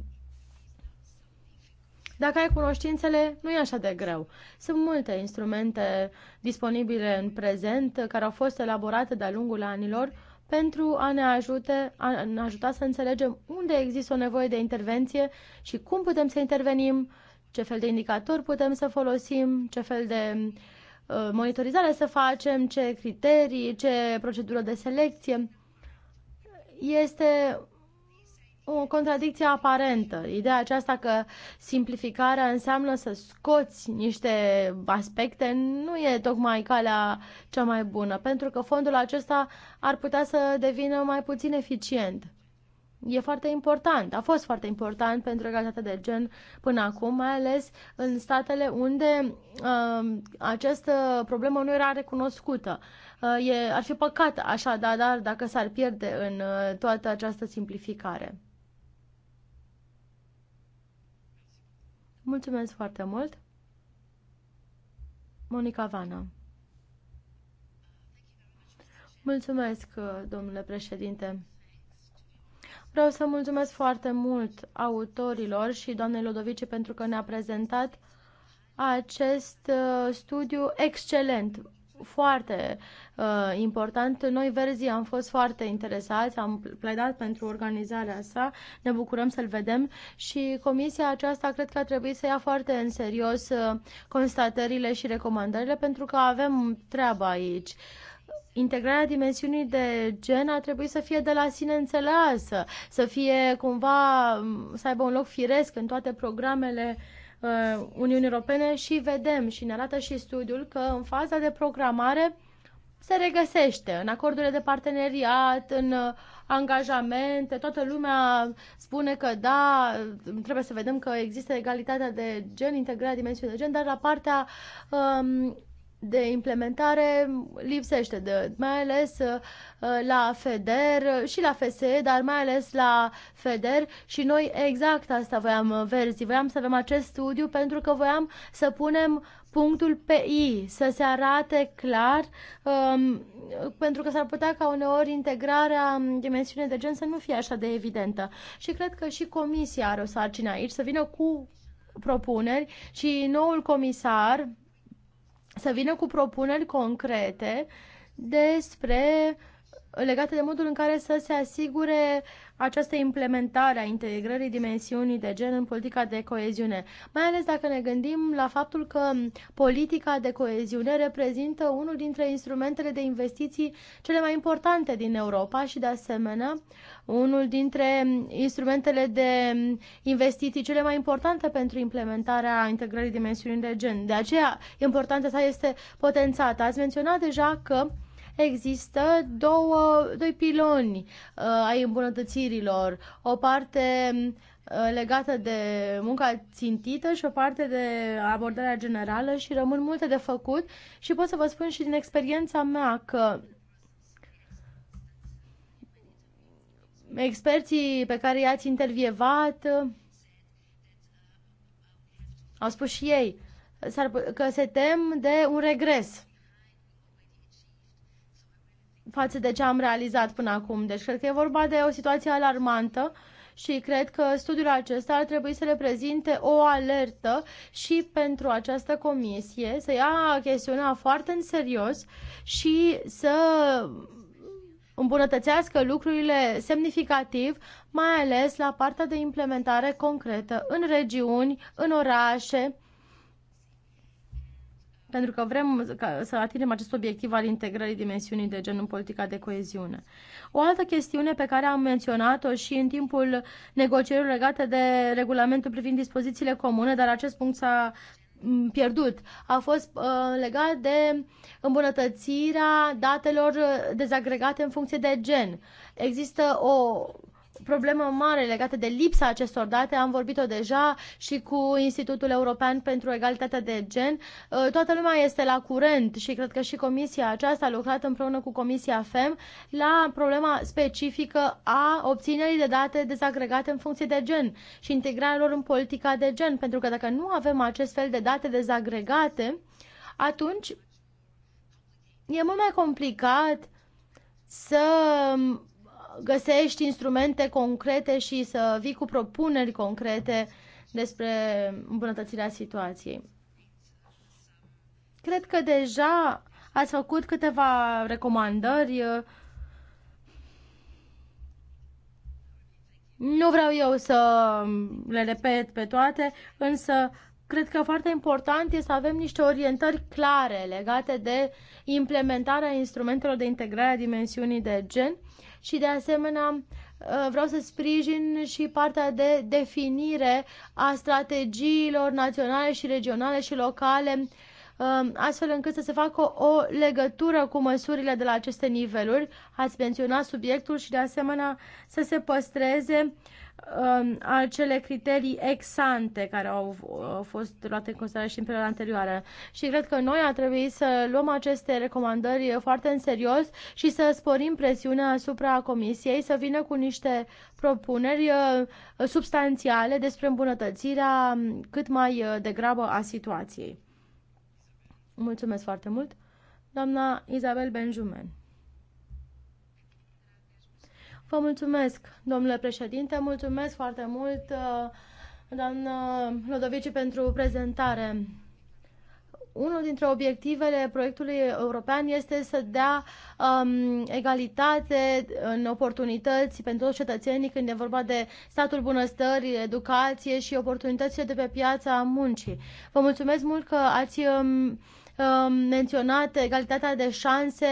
S3: Dacă ai cunoștințele, nu e așa de greu. Sunt multe instrumente disponibile în prezent care au fost elaborate de-a lungul anilor pentru a ne, ajute, a ne ajuta să înțelegem unde există o nevoie de intervenție și cum putem să intervenim, ce fel de indicatori putem să folosim, ce fel de uh, monitorizare să facem, ce criterii, ce procedură de selecție. Este o contradicție aparentă. Ideea aceasta că simplificarea înseamnă să scoți niște aspecte nu e tocmai calea cea mai bună, pentru că fondul acesta ar putea să devină mai puțin eficient. E foarte important, a fost foarte important pentru egalitatea de gen până acum, mai ales în statele unde uh, această problemă nu era recunoscută. Uh, e, ar fi păcat așa, da, dar dacă s-ar pierde în uh, toată această simplificare. Mulțumesc foarte mult! Monica Vana. Mulțumesc, domnule președinte. Vreau să mulțumesc foarte mult autorilor și doamnei Lodovici pentru că ne-a prezentat acest uh, studiu excelent foarte uh, important. Noi, Verzi, am fost foarte interesați, am pledat pentru organizarea sa, ne bucurăm să-l vedem și comisia aceasta cred că a trebuit să ia foarte în serios uh, constatările și recomandările pentru că avem treaba aici. integrarea dimensiunii de gen ar trebui să fie de la sine înțeleasă, să fie cumva, um, să aibă un loc firesc în toate programele Uh, Uniunii Europene și vedem și ne arată și studiul că în faza de programare se regăsește în acordurile de parteneriat, în uh, angajamente, toată lumea spune că da, trebuie să vedem că există egalitatea de gen, integrarea dimensiunii de gen, dar la partea um, de implementare lipsește, de, mai ales uh, la FEDER și la FSE, dar mai ales la FEDER și noi exact asta voiam uh, verzi, voiam să avem acest studiu pentru că voiam să punem punctul pe I, să se arate clar, um, pentru că s-ar putea ca uneori integrarea um, dimensiunii de gen să nu fie așa de evidentă. Și cred că și comisia are o sarcină aici, să vină cu propuneri și noul comisar, să vină cu propuneri concrete despre legate de modul în care să se asigure această implementare a integrării dimensiunii de gen în politica de coeziune, mai ales dacă ne gândim la faptul că politica de coeziune reprezintă unul dintre instrumentele de investiții cele mai importante din Europa și, de asemenea, unul dintre instrumentele de investiții cele mai importante pentru implementarea integrării dimensiunii de gen. De aceea, importanța sa este potențată. Ați menționat deja că există două, doi piloni uh, ai îmbunătățirilor. O parte uh, legată de munca țintită și o parte de abordarea generală și rămân multe de făcut și pot să vă spun și din experiența mea că experții pe care i-ați intervievat uh, au spus și ei că se tem de un regres față de ce am realizat până acum. Deci cred că e vorba de o situație alarmantă și cred că studiul acesta ar trebui să reprezinte o alertă și pentru această comisie, să ia chestiunea foarte în serios și să îmbunătățească lucrurile semnificativ, mai ales la partea de implementare concretă în regiuni, în orașe, pentru că vrem să atingem acest obiectiv al integrării dimensiunii de gen în politica de coeziune. O altă chestiune pe care am menționat-o și în timpul negocierilor legate de regulamentul privind dispozițiile comune, dar acest punct s-a mm, pierdut, a fost uh, legat de îmbunătățirea datelor dezagregate în funcție de gen. Există o problemă mare legată de lipsa acestor date. Am vorbit-o deja și cu Institutul European pentru Egalitatea de Gen. Uh, toată lumea este la curent și cred că și comisia aceasta a lucrat împreună cu Comisia FEM la problema specifică a obținerii de date dezagregate în funcție de gen și integrarea lor în politica de gen. Pentru că dacă nu avem acest fel de date dezagregate, atunci e mult mai complicat să găsești instrumente concrete și să vii cu propuneri concrete despre îmbunătățirea situației. Cred că deja ați făcut câteva recomandări. Nu vreau eu să le repet pe toate, însă cred că foarte important este să avem niște orientări clare legate de implementarea instrumentelor de integrare a dimensiunii de gen și de asemenea uh, vreau să sprijin și partea de definire a strategiilor naționale și regionale și locale um, astfel încât să se facă o legătură cu măsurile de la aceste niveluri. Ați menționat subiectul și de asemenea să se păstreze uh, Um, acele criterii exante care au, uh, fost luate în considerare și în perioada anterioară. Și cred că noi ar trebui să luăm aceste recomandări foarte în serios și să sporim presiunea asupra Comisiei să vină cu niște propuneri uh, substanțiale despre îmbunătățirea um, cât mai uh, degrabă a situației. Mulțumesc foarte mult, doamna Isabel Benjumen. Vă mulțumesc, domnule președinte, mulțumesc foarte mult, uh, doamnă Lodovici, pentru prezentare. Unul dintre obiectivele proiectului european este să dea um, egalitate în oportunități pentru toți cetățenii când e vorba de statul bunăstării, educație și oportunitățile de pe piața muncii. Vă mulțumesc mult că ați um, Um, menționat egalitatea de șanse,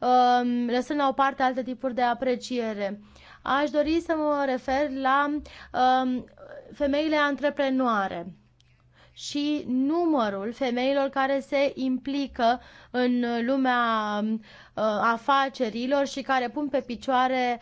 S3: um, lăsând la o parte alte tipuri de apreciere. Aș dori să mă refer la um, femeile antreprenoare și numărul femeilor care se implică în lumea uh, afacerilor și care pun pe picioare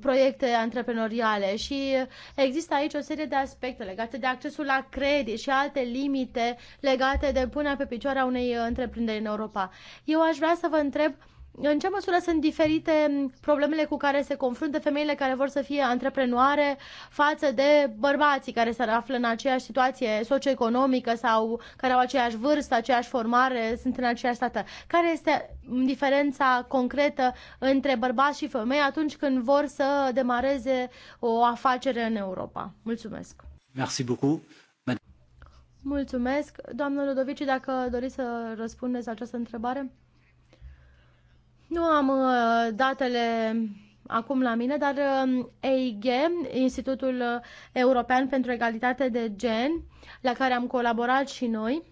S3: proiecte antreprenoriale și există aici o serie de aspecte legate de accesul la credit și alte limite legate de punerea pe picioare a unei întreprinderi în Europa. Eu aș vrea să vă întreb uh, în ce măsură sunt diferite problemele cu care se confruntă femeile care vor să fie antreprenoare față de bărbații care se află în aceeași situație socioeconomică sau care au aceeași vârstă, aceeași formare, sunt în aceeași stată? Care este diferența concretă între bărbați și femei atunci când vor să demareze o afacere în Europa? Mulțumesc!
S1: Merci beaucoup!
S3: Mulțumesc! Doamnă Ludovici, dacă doriți să răspundeți această întrebare? Nu am uh, datele acum la mine, dar um, EIG, Institutul European pentru Egalitate de Gen, la care am colaborat și noi,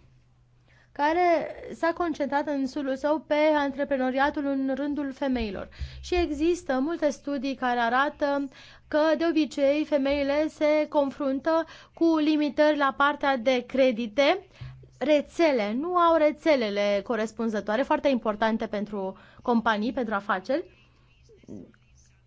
S3: care s-a concentrat în sulul său pe antreprenoriatul în rândul femeilor. Și există multe studii care arată că de obicei femeile se confruntă cu limitări la partea de credite, rețele, nu au rețelele corespunzătoare, foarte importante pentru uh, companii, pentru afaceri,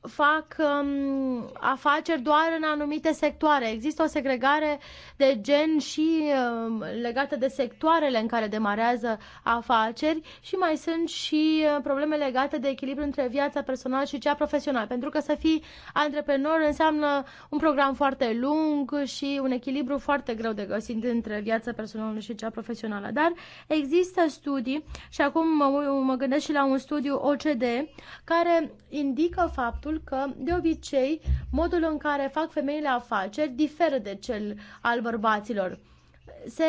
S3: fac um, afaceri doar în anumite sectoare. Există o segregare de gen și um, legată de sectoarele în care demarează afaceri și mai sunt și uh, probleme legate de echilibru între viața personală și cea profesională. Pentru că să fii antreprenor înseamnă un program foarte lung și un echilibru foarte greu de găsit între viața personală și cea profesională. Dar există studii și acum mă, mă gândesc și la un studiu OCD care indică faptul faptul că, de obicei, modul în care fac femeile afaceri diferă de cel al bărbaților. Se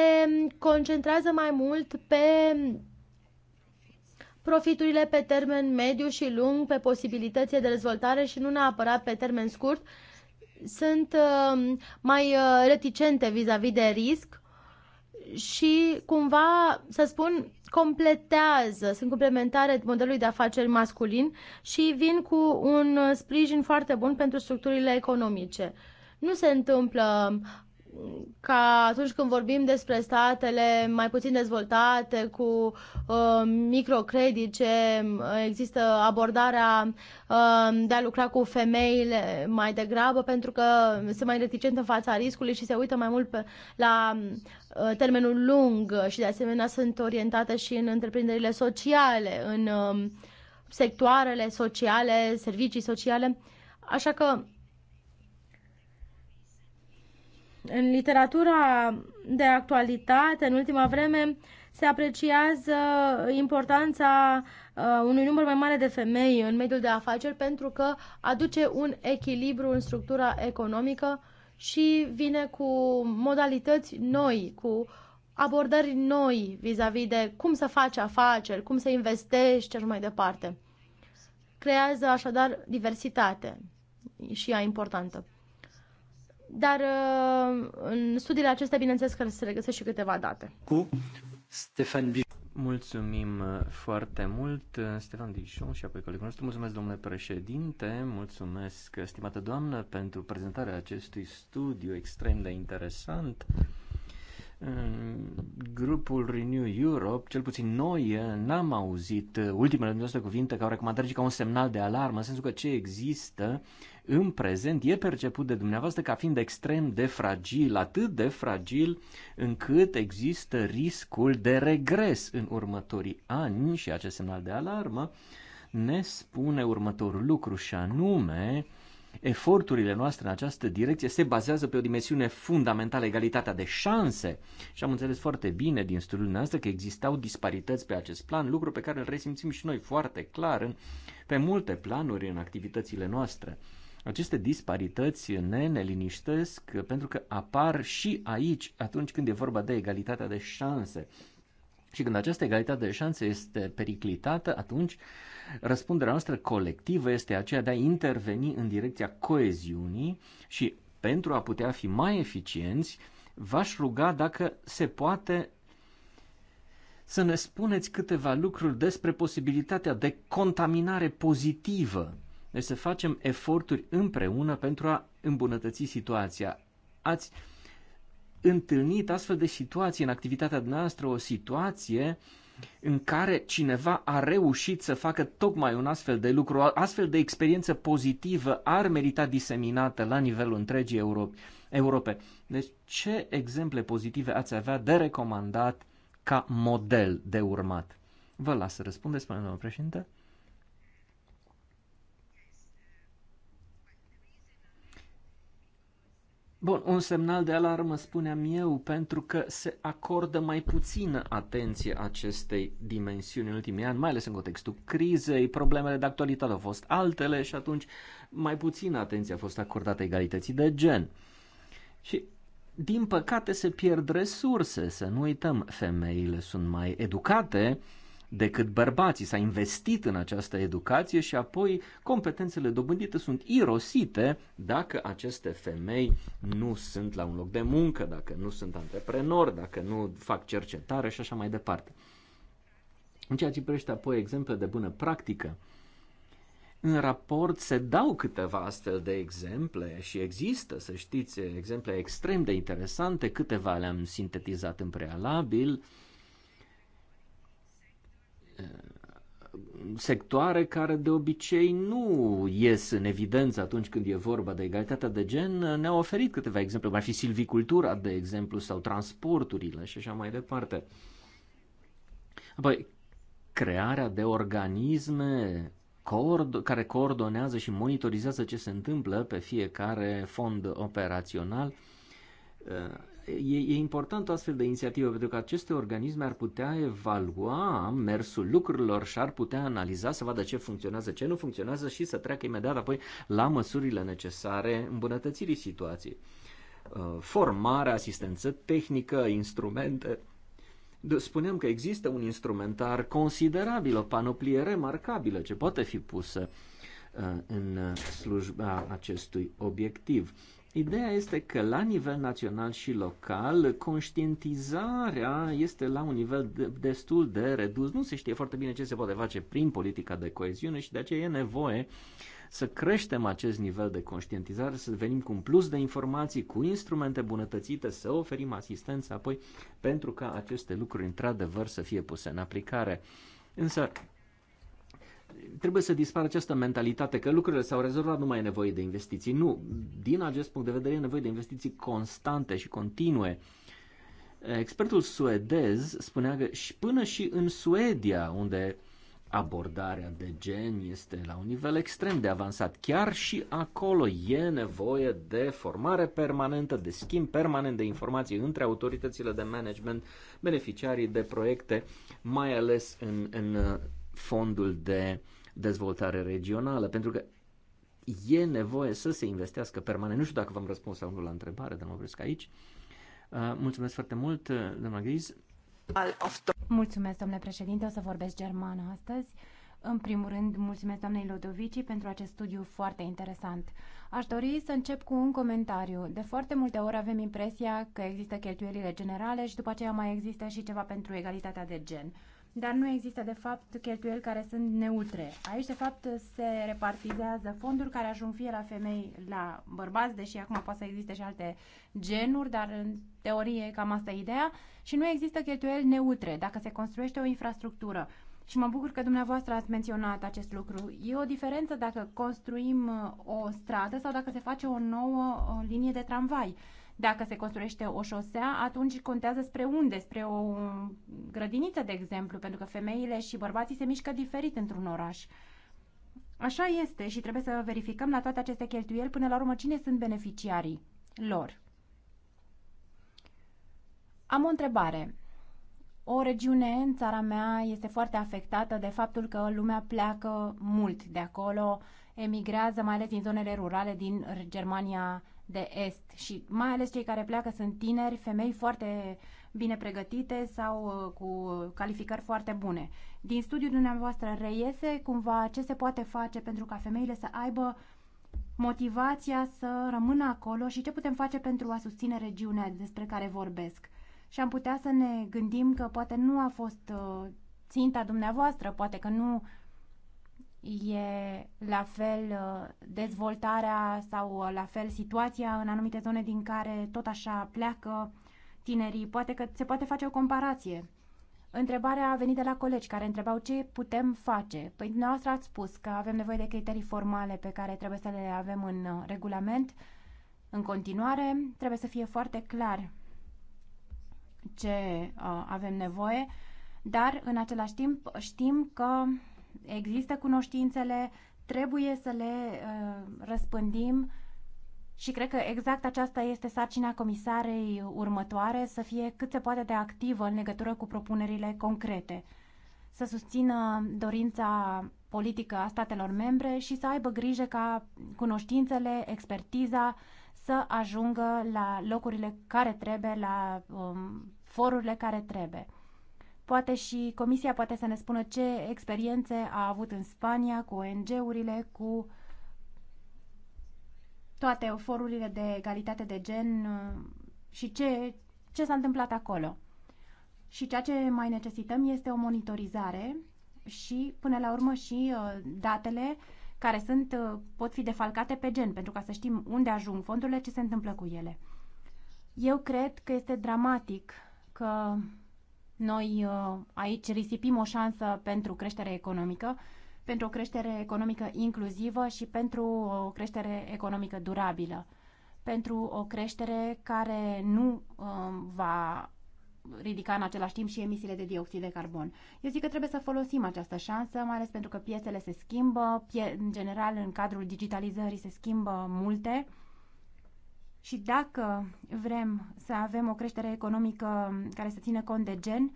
S3: concentrează mai mult pe profiturile pe termen mediu și lung, pe posibilitățile de dezvoltare și nu neapărat pe termen scurt, sunt uh, mai uh, reticente vis-a-vis -vis de risc și cumva, să spun, completează, sunt complementare modelului de afaceri masculin și vin cu un sprijin foarte bun pentru structurile economice. Nu se întâmplă ca atunci când vorbim despre statele mai puțin dezvoltate, cu uh, microcredice, există abordarea uh, de a lucra cu femeile mai degrabă, pentru că se mai reticent în fața riscului și se uită mai mult pe, la uh, termenul lung și de asemenea sunt orientate și în întreprinderile sociale, în uh, sectoarele sociale, servicii sociale. Așa că În literatura de actualitate, în ultima vreme, se apreciază importanța uh, unui număr mai mare de femei în mediul de afaceri pentru că aduce un echilibru în structura economică și vine cu modalități noi, cu abordări noi vis-a-vis -vis de cum să faci afaceri, cum să investești și așa mai departe. Creează așadar diversitate și ea importantă dar uh, în studiile acestea, bineînțeles că se regăsesc și câteva date.
S4: Cu Stefan Bij. Mulțumim uh, foarte mult, uh, Stefan Dijon și apoi colegul nostru. Mulțumesc, domnule președinte, mulțumesc, stimată doamnă, pentru prezentarea acestui studiu extrem de interesant. Grupul Renew Europe, cel puțin noi, n-am auzit ultimele dumneavoastră cuvinte care au recomandare, ci ca un semnal de alarmă, în sensul că ce există în prezent e perceput de dumneavoastră ca fiind extrem de fragil, atât de fragil încât există riscul de regres în următorii ani și acest semnal de alarmă ne spune următorul lucru și anume eforturile noastre în această direcție se bazează pe o dimensiune fundamentală, egalitatea de șanse. Și am înțeles foarte bine din studiul noastră că existau disparități pe acest plan, lucru pe care îl resimțim și noi foarte clar în, pe multe planuri în activitățile noastre. Aceste disparități ne neliniștesc pentru că apar și aici atunci când e vorba de egalitatea de șanse. Și când această egalitate de șanse este periclitată, atunci răspunderea noastră colectivă este aceea de a interveni în direcția coeziunii și pentru a putea fi mai eficienți, v-aș ruga dacă se poate să ne spuneți câteva lucruri despre posibilitatea de contaminare pozitivă deci să facem eforturi împreună pentru a îmbunătăți situația. Ați întâlnit astfel de situații în activitatea noastră, o situație în care cineva a reușit să facă tocmai un astfel de lucru, o astfel de experiență pozitivă ar merita diseminată la nivelul întregii Europe. Europe. Deci ce exemple pozitive ați avea de recomandat ca model de urmat? Vă las să răspundeți, spune domnul președinte. Bun, un semnal de alarmă, spuneam eu, pentru că se acordă mai puțină atenție acestei dimensiuni în ultimii ani, mai ales în contextul crizei, problemele de actualitate au fost altele și atunci mai puțină atenție a fost acordată egalității de gen. Și din păcate se pierd resurse, să nu uităm, femeile sunt mai educate, decât bărbații. S-a investit în această educație și apoi competențele dobândite sunt irosite dacă aceste femei nu sunt la un loc de muncă, dacă nu sunt antreprenori, dacă nu fac cercetare și așa mai departe. În ceea ce privește apoi exemple de bună practică, în raport se dau câteva astfel de exemple și există, să știți, exemple extrem de interesante, câteva le-am sintetizat în prealabil, uh, sectoare care de obicei nu ies în evidență atunci când e vorba de egalitatea de gen, ne-au oferit câteva exemple, mai fi silvicultura, de exemplu, sau transporturile și așa mai departe. Apoi, crearea de organisme care coordonează și monitorizează ce se întâmplă pe fiecare fond operațional e, e important o astfel de inițiativă, pentru că aceste organisme ar putea evalua mersul lucrurilor și ar putea analiza să vadă ce funcționează, ce nu funcționează și să treacă imediat apoi la măsurile necesare îmbunătățirii situației. Uh, Formare, asistență tehnică, instrumente. Spuneam că există un instrumentar considerabil, o panoplie remarcabilă ce poate fi pusă uh, în slujba acestui obiectiv Ideea este că la nivel național și local conștientizarea este la un nivel de, destul de redus. Nu se știe foarte bine ce se poate face prin politica de coeziune și de aceea e nevoie să creștem acest nivel de conștientizare, să venim cu un plus de informații, cu instrumente bunătățite, să oferim asistență apoi pentru ca aceste lucruri într-adevăr să fie puse în aplicare. Însă trebuie să dispară această mentalitate că lucrurile s-au rezolvat, nu mai e nevoie de investiții. Nu, din acest punct de vedere e nevoie de investiții constante și continue. Expertul suedez spunea că și până și în Suedia, unde abordarea de gen este la un nivel extrem de avansat, chiar și acolo e nevoie de formare permanentă, de schimb permanent de informații între autoritățile de management, beneficiarii de proiecte, mai ales în, în fondul de dezvoltare regională, pentru că e nevoie să se investească permanent. Nu știu dacă v-am răspuns sau nu la întrebare, dar mă opresc aici. Uh, mulțumesc foarte mult, uh, doamna Griz.
S2: Mulțumesc, domnule președinte, o să vorbesc germană astăzi. În primul rând, mulțumesc doamnei Lodovici pentru acest studiu foarte interesant. Aș dori să încep cu un comentariu. De foarte multe ori avem impresia că există cheltuielile generale și după aceea mai există și ceva pentru egalitatea de gen dar nu există de fapt cheltuieli care sunt neutre. Aici de fapt se repartizează fonduri care ajung fie la femei, la bărbați, deși acum poate să existe și alte genuri, dar în teorie cam asta e ideea, și nu există cheltuieli neutre dacă se construiește o infrastructură. Și mă bucur că dumneavoastră ați menționat acest lucru. E o diferență dacă construim uh, o stradă sau dacă se face o nouă uh, linie de tramvai. Dacă se construiește o șosea, atunci contează spre unde, spre o grădiniță, de exemplu, pentru că femeile și bărbații se mișcă diferit într-un oraș. Așa este și trebuie să verificăm la toate aceste cheltuieli până la urmă cine sunt beneficiarii lor. Am o întrebare. O regiune în țara mea este foarte afectată de faptul că lumea pleacă mult de acolo, emigrează mai ales din zonele rurale din Germania de est și mai ales cei care pleacă sunt tineri, femei foarte bine pregătite sau uh, cu calificări foarte bune. Din studiul dumneavoastră reiese cumva ce se poate face pentru ca femeile să aibă motivația să rămână acolo și ce putem face pentru a susține regiunea despre care vorbesc. Și am putea să ne gândim că poate nu a fost uh, ținta dumneavoastră, poate că nu e la fel uh, dezvoltarea sau uh, la fel situația în anumite zone din care tot așa pleacă tinerii. Poate că se poate face o comparație. Întrebarea a venit de la colegi care întrebau ce putem face. Păi dumneavoastră ați spus că avem nevoie de criterii formale pe care trebuie să le avem în uh, regulament. În continuare, trebuie să fie foarte clar ce uh, avem nevoie, dar în același timp știm că există cunoștințele, trebuie să le uh, răspândim și cred că exact aceasta este sarcina comisarei următoare, să fie cât se poate de activă în legătură cu propunerile concrete, să susțină dorința politică a statelor membre și să aibă grijă ca cunoștințele, expertiza să ajungă la locurile care trebuie, la um, forurile care trebuie. Poate și Comisia poate să ne spună ce experiențe a avut în Spania cu ONG-urile, cu toate forurile de egalitate de gen uh, și ce, ce s-a întâmplat acolo. Și ceea ce mai necesităm este o monitorizare și, până la urmă, și uh, datele care sunt, uh, pot fi defalcate pe gen, pentru ca să știm unde ajung fondurile, ce se întâmplă cu ele. Eu cred că este dramatic că noi uh, aici risipim o șansă pentru creștere economică, pentru o creștere economică inclusivă și pentru o creștere economică durabilă, pentru o creștere care nu um, va ridica în același timp și emisiile de dioxid de carbon. Eu zic că trebuie să folosim această șansă, mai ales pentru că piețele se schimbă, pie- în general în cadrul digitalizării se schimbă multe și dacă vrem să avem o creștere economică care să țină cont de gen,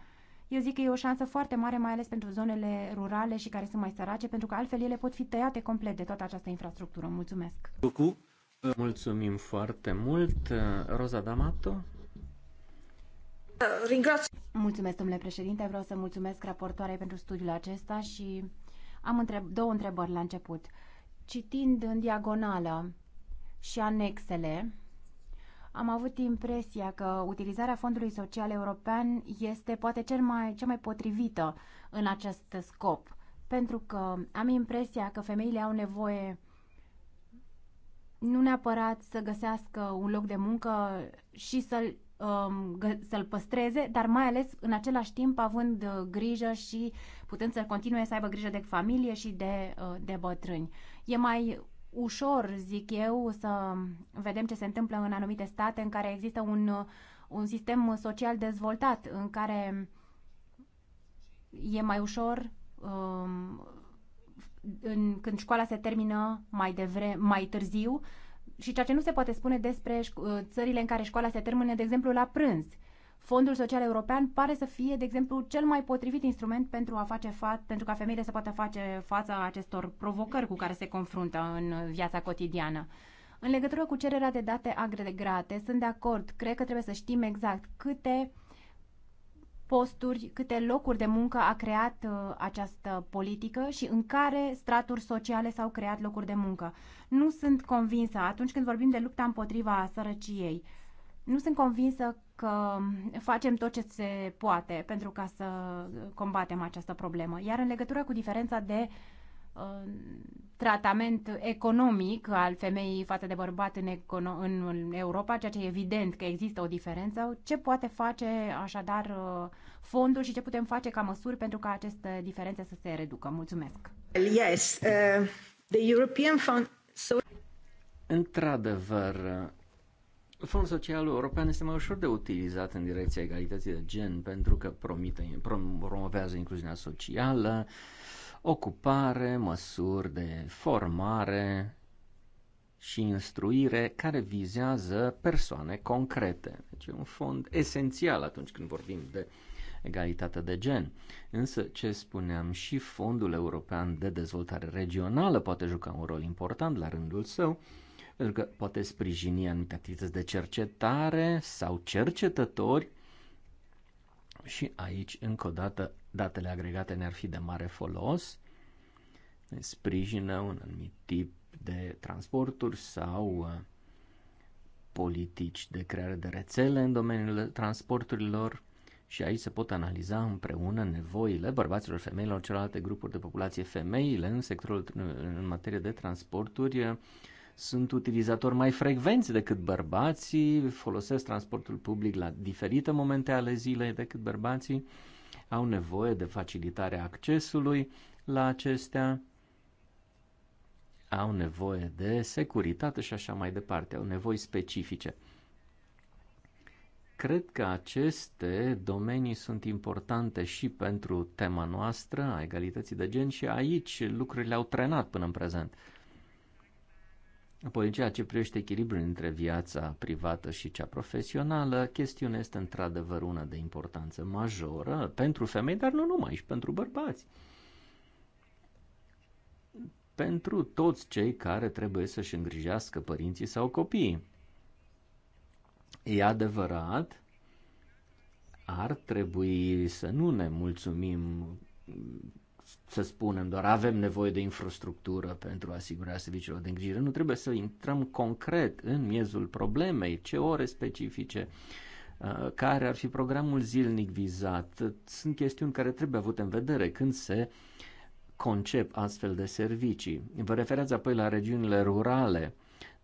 S2: eu zic că e o șansă foarte mare, mai ales pentru zonele rurale și care sunt mai sărace, pentru că altfel ele pot fi tăiate complet de toată această infrastructură. Mulțumesc!
S4: Mulțumim foarte mult, Roza D'Amato.
S2: Mulțumesc, domnule președinte. Vreau să mulțumesc raportoarei pentru studiul acesta și am întreb, două întrebări la început. Citind în diagonală și anexele, am avut impresia că utilizarea Fondului Social European este poate cel mai, cea mai potrivită în acest scop, pentru că am impresia că femeile au nevoie nu neapărat să găsească un loc de muncă și să-l um, să-l păstreze, dar mai ales în același timp având grijă și putând să continue să aibă grijă de familie și de, uh, de bătrâni. E mai ușor, zic eu, să vedem ce se întâmplă în anumite state în care există un, un sistem social dezvoltat, în care e mai ușor um, în, când școala se termină mai, devre, mai târziu și ceea ce nu se poate spune despre țările în care școala se termină, de exemplu, la prânz. Fondul Social European pare să fie, de exemplu, cel mai potrivit instrument pentru, a face fa- pentru ca femeile să poată face fața acestor provocări cu care se confruntă în viața cotidiană. În legătură cu cererea de date agregate, sunt de acord. Cred că trebuie să știm exact câte posturi, câte locuri de muncă a creat uh, această politică și în care straturi sociale s-au creat locuri de muncă. Nu sunt convinsă atunci când vorbim de lupta împotriva sărăciei. Uh, nu sunt convinsă că facem tot ce se poate pentru ca să combatem această problemă. Iar în legătură cu diferența de uh, tratament economic al femeii față de bărbat în, econo- în Europa, ceea ce e evident că există o diferență, ce poate face așadar uh, fondul și ce putem face ca măsuri pentru ca aceste diferențe să se reducă? Mulțumesc!
S4: Yes, uh, the European Fund... So... Într-adevăr, Fondul Social European este mai ușor de utilizat în direcția egalității de gen pentru că promite, promovează incluziunea socială, ocupare, măsuri de formare și instruire care vizează persoane concrete. Deci e un fond esențial atunci când vorbim de egalitate de gen. Însă, ce spuneam, și Fondul European de Dezvoltare Regională poate juca un rol important la rândul său, pentru că poate sprijini anumite activități de cercetare sau cercetători și aici, încă o dată, datele agregate ne-ar fi de mare folos. Ne sprijină un anumit tip de transporturi sau uh, politici de creare de rețele în domeniul transporturilor și aici se pot analiza împreună nevoile bărbaților, femeilor, celelalte grupuri de populație. Femeile în sectorul în materie de transporturi sunt utilizatori mai frecvenți decât bărbații, folosesc transportul public la diferite momente ale zilei decât bărbații, au nevoie de facilitarea accesului la acestea, au nevoie de securitate și așa mai departe, au nevoi specifice. Cred că aceste domenii sunt importante și pentru tema noastră a egalității de gen și aici lucrurile au trenat până în prezent. Apoi, în ceea ce privește echilibrul între viața privată și cea profesională, chestiunea este într-adevăr una de importanță majoră pentru femei, dar nu numai, și pentru bărbați. Pentru toți cei care trebuie să-și îngrijească părinții sau copiii. E adevărat, ar trebui să nu ne mulțumim să spunem doar avem nevoie de infrastructură pentru asigurarea serviciilor de îngrijire. Nu trebuie să intrăm concret în miezul problemei, ce ore specifice, uh, care ar fi programul zilnic vizat. Sunt chestiuni care trebuie avute în vedere când se concep astfel de servicii. Vă referați apoi la regiunile rurale.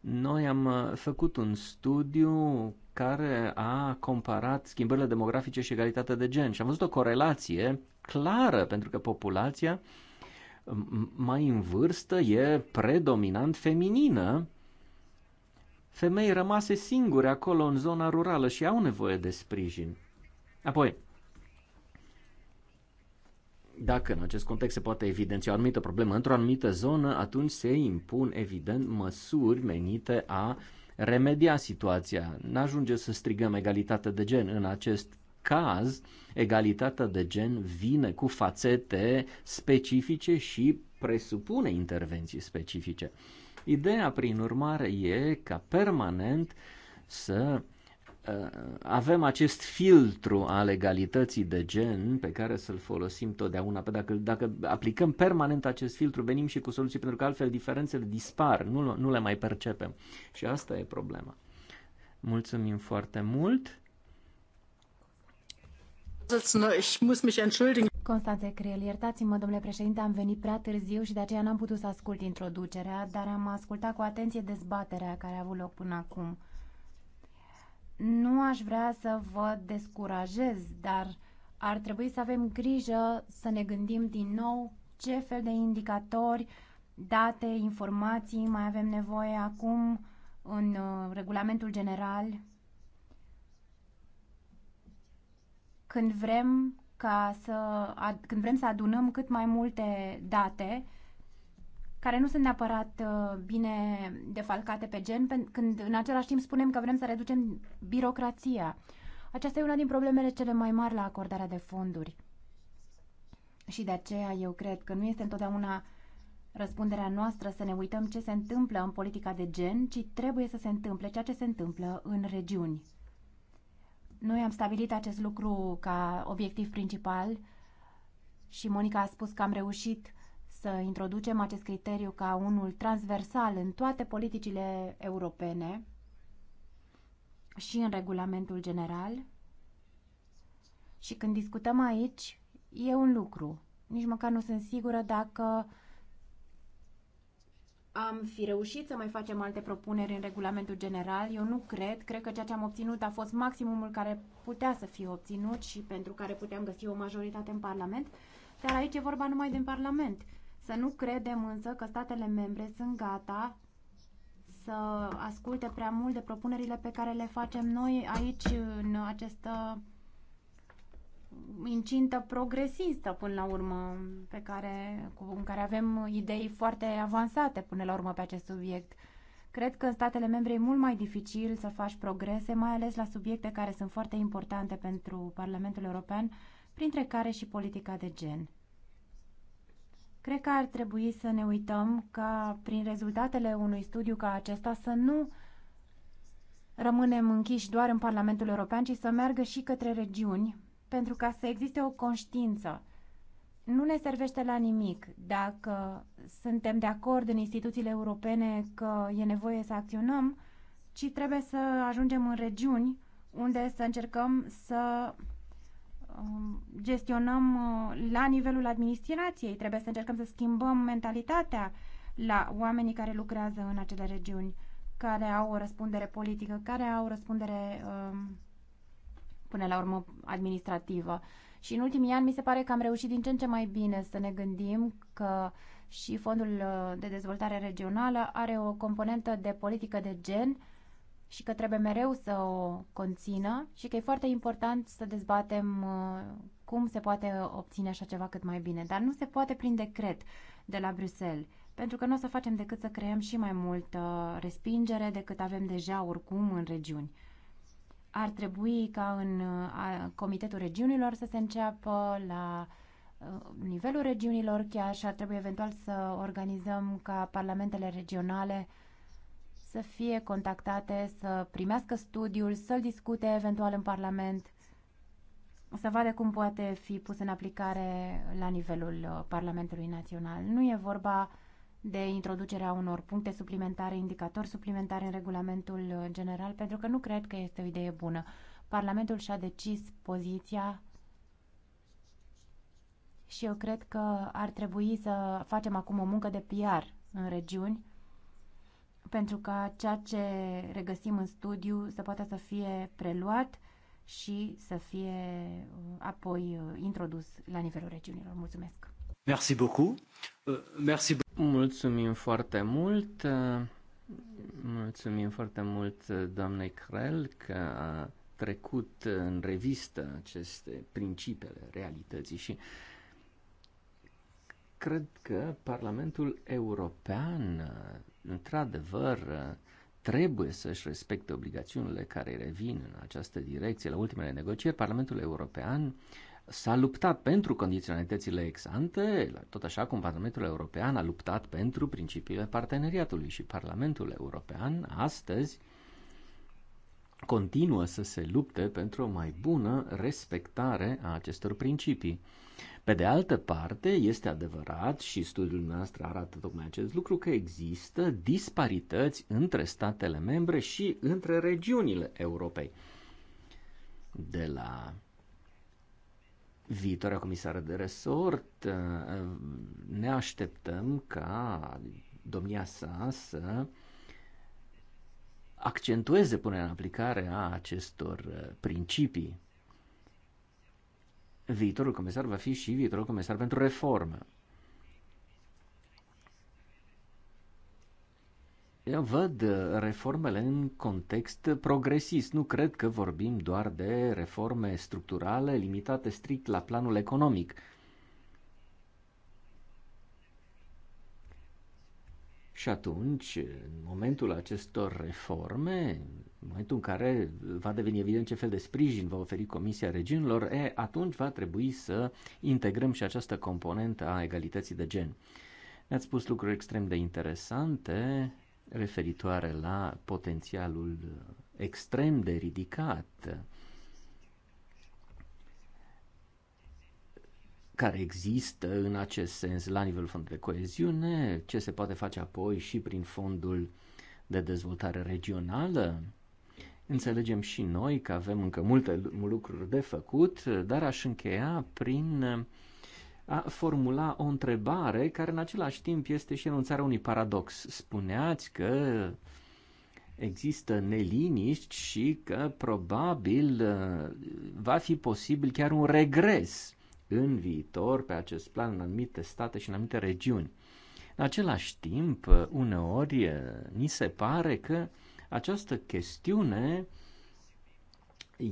S4: Noi am uh, făcut un studiu care a comparat schimbările demografice și egalitatea de gen și am văzut o corelație clară, pentru că populația mai în vârstă e predominant feminină. Femei rămase singure acolo în zona rurală și au nevoie de sprijin. Apoi, dacă în acest context se poate evidenția o anumită problemă într-o anumită zonă, atunci se impun, evident, măsuri menite a remedia situația. N-ajunge să strigăm egalitate de gen în acest caz, egalitatea de gen vine cu fațete specifice și presupune intervenții specifice. Ideea, prin urmare, e ca permanent să uh, avem acest filtru al egalității de gen pe care să-l folosim totdeauna. Pe dacă, dacă aplicăm permanent acest filtru, venim și cu soluții, pentru că altfel diferențele dispar, nu, nu le mai percepem. Și asta e problema. Mulțumim foarte mult.
S2: Constanțe Creel, iertați-mă, domnule președinte, am venit prea târziu și de aceea n-am putut să ascult introducerea, dar am ascultat cu atenție dezbaterea care a avut loc până acum. Nu aș vrea să vă descurajez, dar ar trebui să avem grijă să ne gândim din nou ce fel de indicatori, date, informații mai avem nevoie acum în uh, regulamentul general când vrem, ca să, când vrem să adunăm cât mai multe date care nu sunt neapărat uh, bine defalcate pe gen, când în același timp spunem că vrem să reducem birocrația. Aceasta e una din problemele cele mai mari la acordarea de fonduri. Și de aceea eu cred că nu este întotdeauna răspunderea noastră să ne uităm ce se întâmplă în politica de gen, ci trebuie să se întâmple ceea ce se întâmplă în regiuni. Noi am stabilit acest lucru ca obiectiv principal și Monica a spus că am reușit să introducem acest criteriu ca unul transversal în toate politicile europene și în regulamentul general. Și când discutăm aici, e un lucru. Nici măcar nu sunt sigură dacă am fi reușit să mai facem alte propuneri în regulamentul general. Eu nu cred. Cred că ceea ce am obținut a fost maximumul care putea să fie obținut și pentru care puteam găsi o majoritate în Parlament. Dar aici e vorba numai din Parlament. Să nu credem însă că statele membre sunt gata să asculte prea mult de propunerile pe care le facem noi aici în această incintă progresistă până la urmă, pe care, cu, în care avem idei foarte avansate până la urmă pe acest subiect. Cred că în statele membre e mult mai dificil să faci progrese, mai ales la subiecte care sunt foarte importante pentru Parlamentul European, printre care și politica de gen. Cred că ar trebui să ne uităm ca prin rezultatele unui studiu ca acesta să nu rămânem închiși doar în Parlamentul European, ci să meargă și către regiuni, pentru ca să existe o conștiință. Nu ne servește la nimic dacă suntem de acord în instituțiile europene că e nevoie să acționăm, ci trebuie să ajungem în regiuni unde să încercăm să um, gestionăm uh, la nivelul administrației, trebuie să încercăm să schimbăm mentalitatea la oamenii care lucrează în acele regiuni, care au o răspundere politică, care au o răspundere um, până la urmă administrativă. Și în ultimii ani mi se pare că am reușit din ce în ce mai bine să ne gândim că și Fondul uh, de Dezvoltare Regională are o componentă de politică de gen și că trebuie mereu să o conțină și că e foarte important să dezbatem uh, cum se poate obține așa ceva cât mai bine. Dar nu se poate prin decret de la Bruxelles, pentru că nu o să facem decât să creăm și mai multă uh, respingere decât avem deja oricum în regiuni ar trebui ca în uh, Comitetul Regiunilor să se înceapă la uh, nivelul regiunilor chiar și ar trebui eventual să organizăm ca parlamentele regionale să fie contactate, să primească studiul, să-l discute eventual în Parlament, să vadă cum poate fi pus în aplicare la nivelul uh, Parlamentului Național. Nu e vorba de introducerea unor puncte suplimentare, indicatori suplimentare în regulamentul general, pentru că nu cred că este o idee bună. Parlamentul și-a decis poziția și eu cred că ar trebui să facem acum o muncă de PR în regiuni pentru ca ceea ce regăsim în studiu să poată să fie preluat și să fie uh, apoi uh, introdus la nivelul regiunilor. Mulțumesc!
S4: Merci beaucoup. Euh, merci. Mulțumim foarte mult. Mulțumim foarte mult doamnei Crel că a trecut în revistă aceste principiile realității și cred că Parlamentul European, într-adevăr, trebuie să-și respecte obligațiunile care revin în această direcție. La ultimele negocieri, Parlamentul European uh, s-a luptat pentru condiționalitățile exante, tot așa cum Parlamentul European a luptat pentru principiile parteneriatului și Parlamentul European astăzi continuă să se lupte pentru o mai bună respectare a acestor principii. Pe de altă parte, este adevărat și studiul nostru arată tocmai acest lucru că există disparități între statele membre și între regiunile Europei. De la viitoarea comisară de resort, uh, ne așteptăm ca domnia sa să accentueze punerea în aplicare a acestor uh, principii. Viitorul comisar va fi și viitorul comisar pentru reformă. Eu văd uh, reformele în context progresist. Nu cred că vorbim doar de reforme structurale limitate strict la planul economic. Și atunci, în momentul acestor reforme, în momentul în care va deveni evident ce fel de sprijin va oferi Comisia Regiunilor, e, atunci va trebui să integrăm și această componentă a egalității de gen. Ne-ați spus lucruri extrem de interesante referitoare la potențialul extrem de ridicat care există în acest sens la nivelul fondului de coeziune, ce se poate face apoi și prin fondul de dezvoltare regională. Înțelegem și noi că avem încă multe lucruri de făcut, dar aș încheia prin a formula o întrebare care în același timp este și enunțarea unui paradox. Spuneați că există neliniști și că probabil uh, va fi posibil chiar un regres în viitor pe acest plan în anumite state și în anumite regiuni. În același timp, uh, uneori uh, ni se pare că această chestiune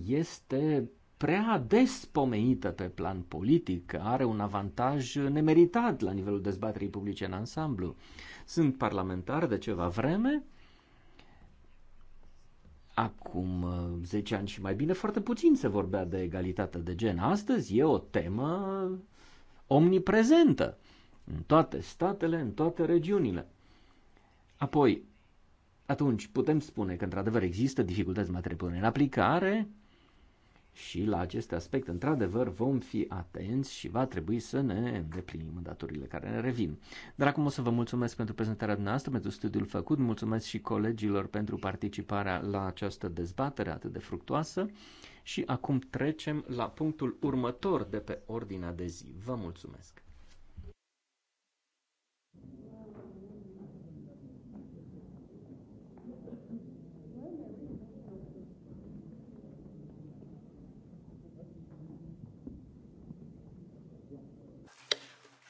S4: este prea des pomenită pe plan politic, are un avantaj nemeritat la nivelul dezbaterii publice în ansamblu. Sunt parlamentar de ceva vreme, acum 10 uh, ani și mai bine, foarte puțin se vorbea de egalitate de gen. Astăzi e o temă omniprezentă în toate statele, în toate regiunile. Apoi, atunci putem spune că într-adevăr există dificultăți materiale în aplicare, și la acest aspect, într-adevăr, vom fi atenți și va trebui să ne îndeplinim datorile care ne revin. Dar acum o să vă mulțumesc pentru prezentarea noastră, pentru studiul făcut, mulțumesc și colegilor pentru participarea la această dezbatere atât de fructoasă și acum trecem la punctul următor de pe ordinea de zi. Vă mulțumesc!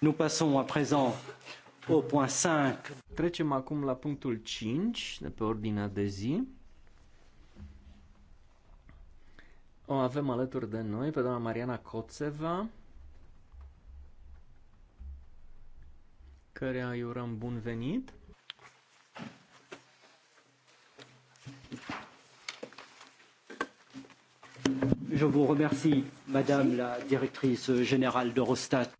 S4: Nous passons à présent au point 5. Trecem acum la punctul 5 de pe ordinea de zi. O avem alături de noi pe doamna Mariana Coțeva, care îi urăm bun venit.
S1: Je vous remercie, Madame la Directrice
S4: Générale d'Eurostat.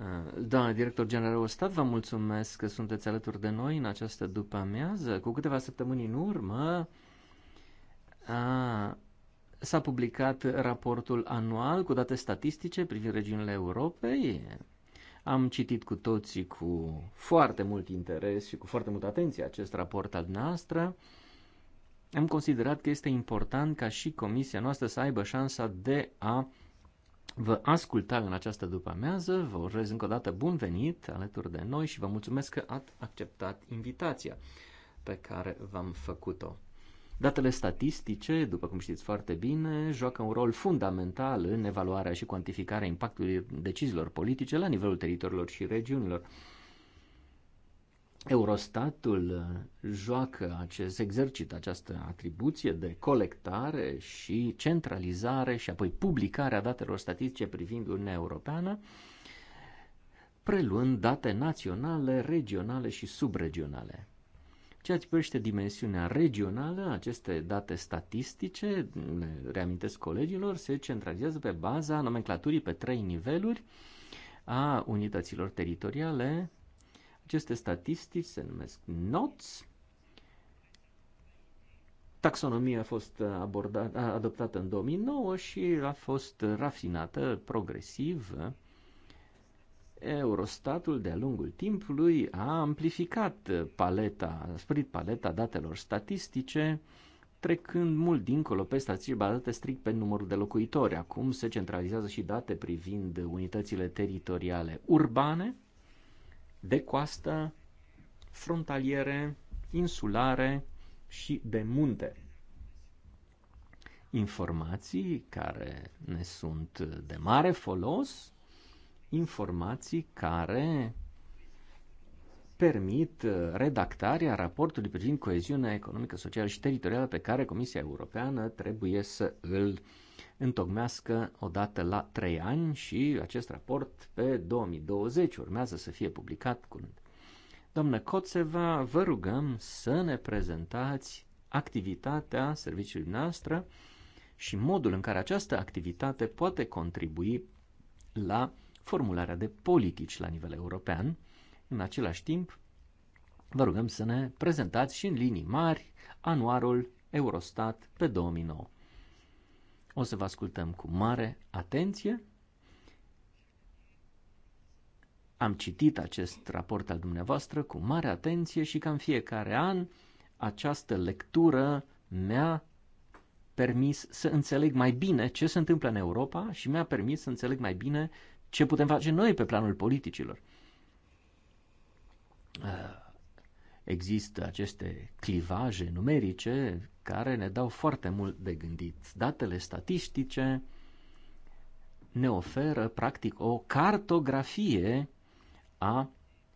S4: Uh, Doamne director general Stat, vă mulțumesc că sunteți alături de noi în această după-amiază. Cu câteva săptămâni în urmă a, uh, s-a publicat raportul anual cu date statistice privind regiunile Europei. Am citit cu toții cu foarte mult interes și cu foarte multă atenție acest raport al noastră. Am considerat că este important ca și comisia noastră să aibă șansa de a vă asculta în această după-amiază. Vă urez încă o dată bun venit alături de noi și vă mulțumesc că ați acceptat invitația pe care v-am făcut-o. Datele statistice, după cum știți foarte bine, joacă un rol fundamental în evaluarea și cuantificarea impactului deciziilor politice la nivelul teritoriilor și regiunilor. Eurostatul uh, joacă acest, exercită această atribuție de colectare și centralizare și apoi publicare a datelor statistice privind Uniunea Europeană, preluând date naționale, regionale și subregionale. Ceea ce privește dimensiunea regională, aceste date statistice, le reamintesc colegilor, se centralizează pe baza nomenclaturii pe trei niveluri a unităților teritoriale, aceste statistici se numesc NOTS. Taxonomia a fost uh, abordată, adoptată în 2009 și a fost rafinată progresiv. Eurostatul de-a lungul timpului a amplificat paleta, a paleta datelor statistice, trecând mult dincolo pe stații bazate strict pe numărul de locuitori. Acum se centralizează și date privind unitățile teritoriale urbane de coastă, frontaliere, insulare și de munte. Informații care ne sunt de mare folos, informații care permit redactarea raportului privind coeziunea economică, socială și teritorială pe care Comisia Europeană trebuie să îl întocmească odată la trei ani și acest raport pe 2020 urmează să fie publicat curând. Doamnă Coțeva, vă rugăm să ne prezentați activitatea serviciului noastră și modul în care această activitate poate contribui la formularea de politici la nivel european. În același timp, vă rugăm să ne prezentați și în linii mari anuarul Eurostat pe 2009. O să vă ascultăm cu mare atenție. Am citit acest raport al dumneavoastră cu mare atenție și ca în fiecare an această lectură mi-a permis să înțeleg mai bine ce se întâmplă în Europa și mi-a permis să înțeleg mai bine ce putem face noi pe planul politicilor. Uh, Există aceste clivaje numerice care ne dau foarte mult de gândit. Datele statistice ne oferă practic o cartografie a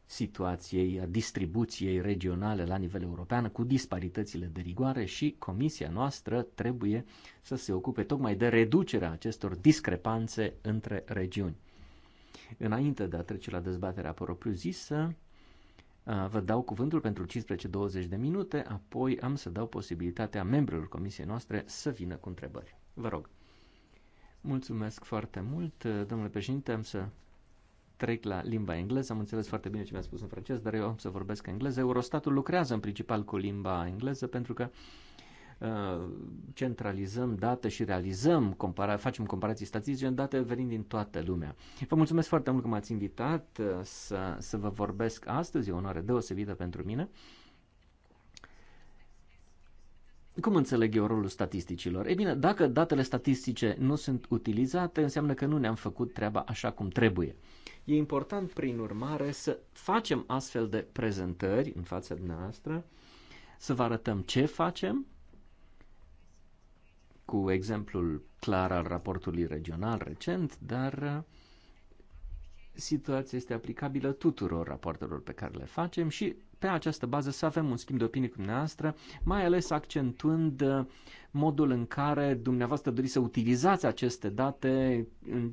S4: situației, a distribuției regionale la nivel european cu disparitățile de rigoare și comisia noastră trebuie să se ocupe tocmai de reducerea acestor discrepanțe între regiuni. Înainte de a trece la dezbaterea propriu-zisă, Vă dau cuvântul pentru 15-20 de minute, apoi am să dau posibilitatea membrilor comisiei noastre să vină cu întrebări. Vă rog. Mulțumesc foarte mult, domnule președinte. Am să trec la limba engleză. Am înțeles foarte bine ce mi-a spus în francez, dar eu am să vorbesc engleză. Eurostatul lucrează în principal cu limba engleză pentru că uh, Uh, centralizăm date și realizăm, compara- facem comparații statistice în date venind din toată lumea. Vă mulțumesc foarte mult că m-ați invitat uh, să, să vă vorbesc astăzi, e o onoare deosebită pentru mine. Cum înțeleg eu rolul statisticilor? Ei bine, dacă datele statistice nu sunt utilizate, înseamnă că nu ne-am făcut treaba așa cum trebuie. E important, prin urmare, să facem astfel de prezentări în fața dumneavoastră, să vă arătăm ce facem, cu exemplul clar al raportului regional recent, dar situația este aplicabilă tuturor rapoartelor pe care le facem și pe această bază să avem un schimb de opinii cu dumneavoastră, mai ales accentuând uh, modul în care dumneavoastră doriți să utilizați aceste date,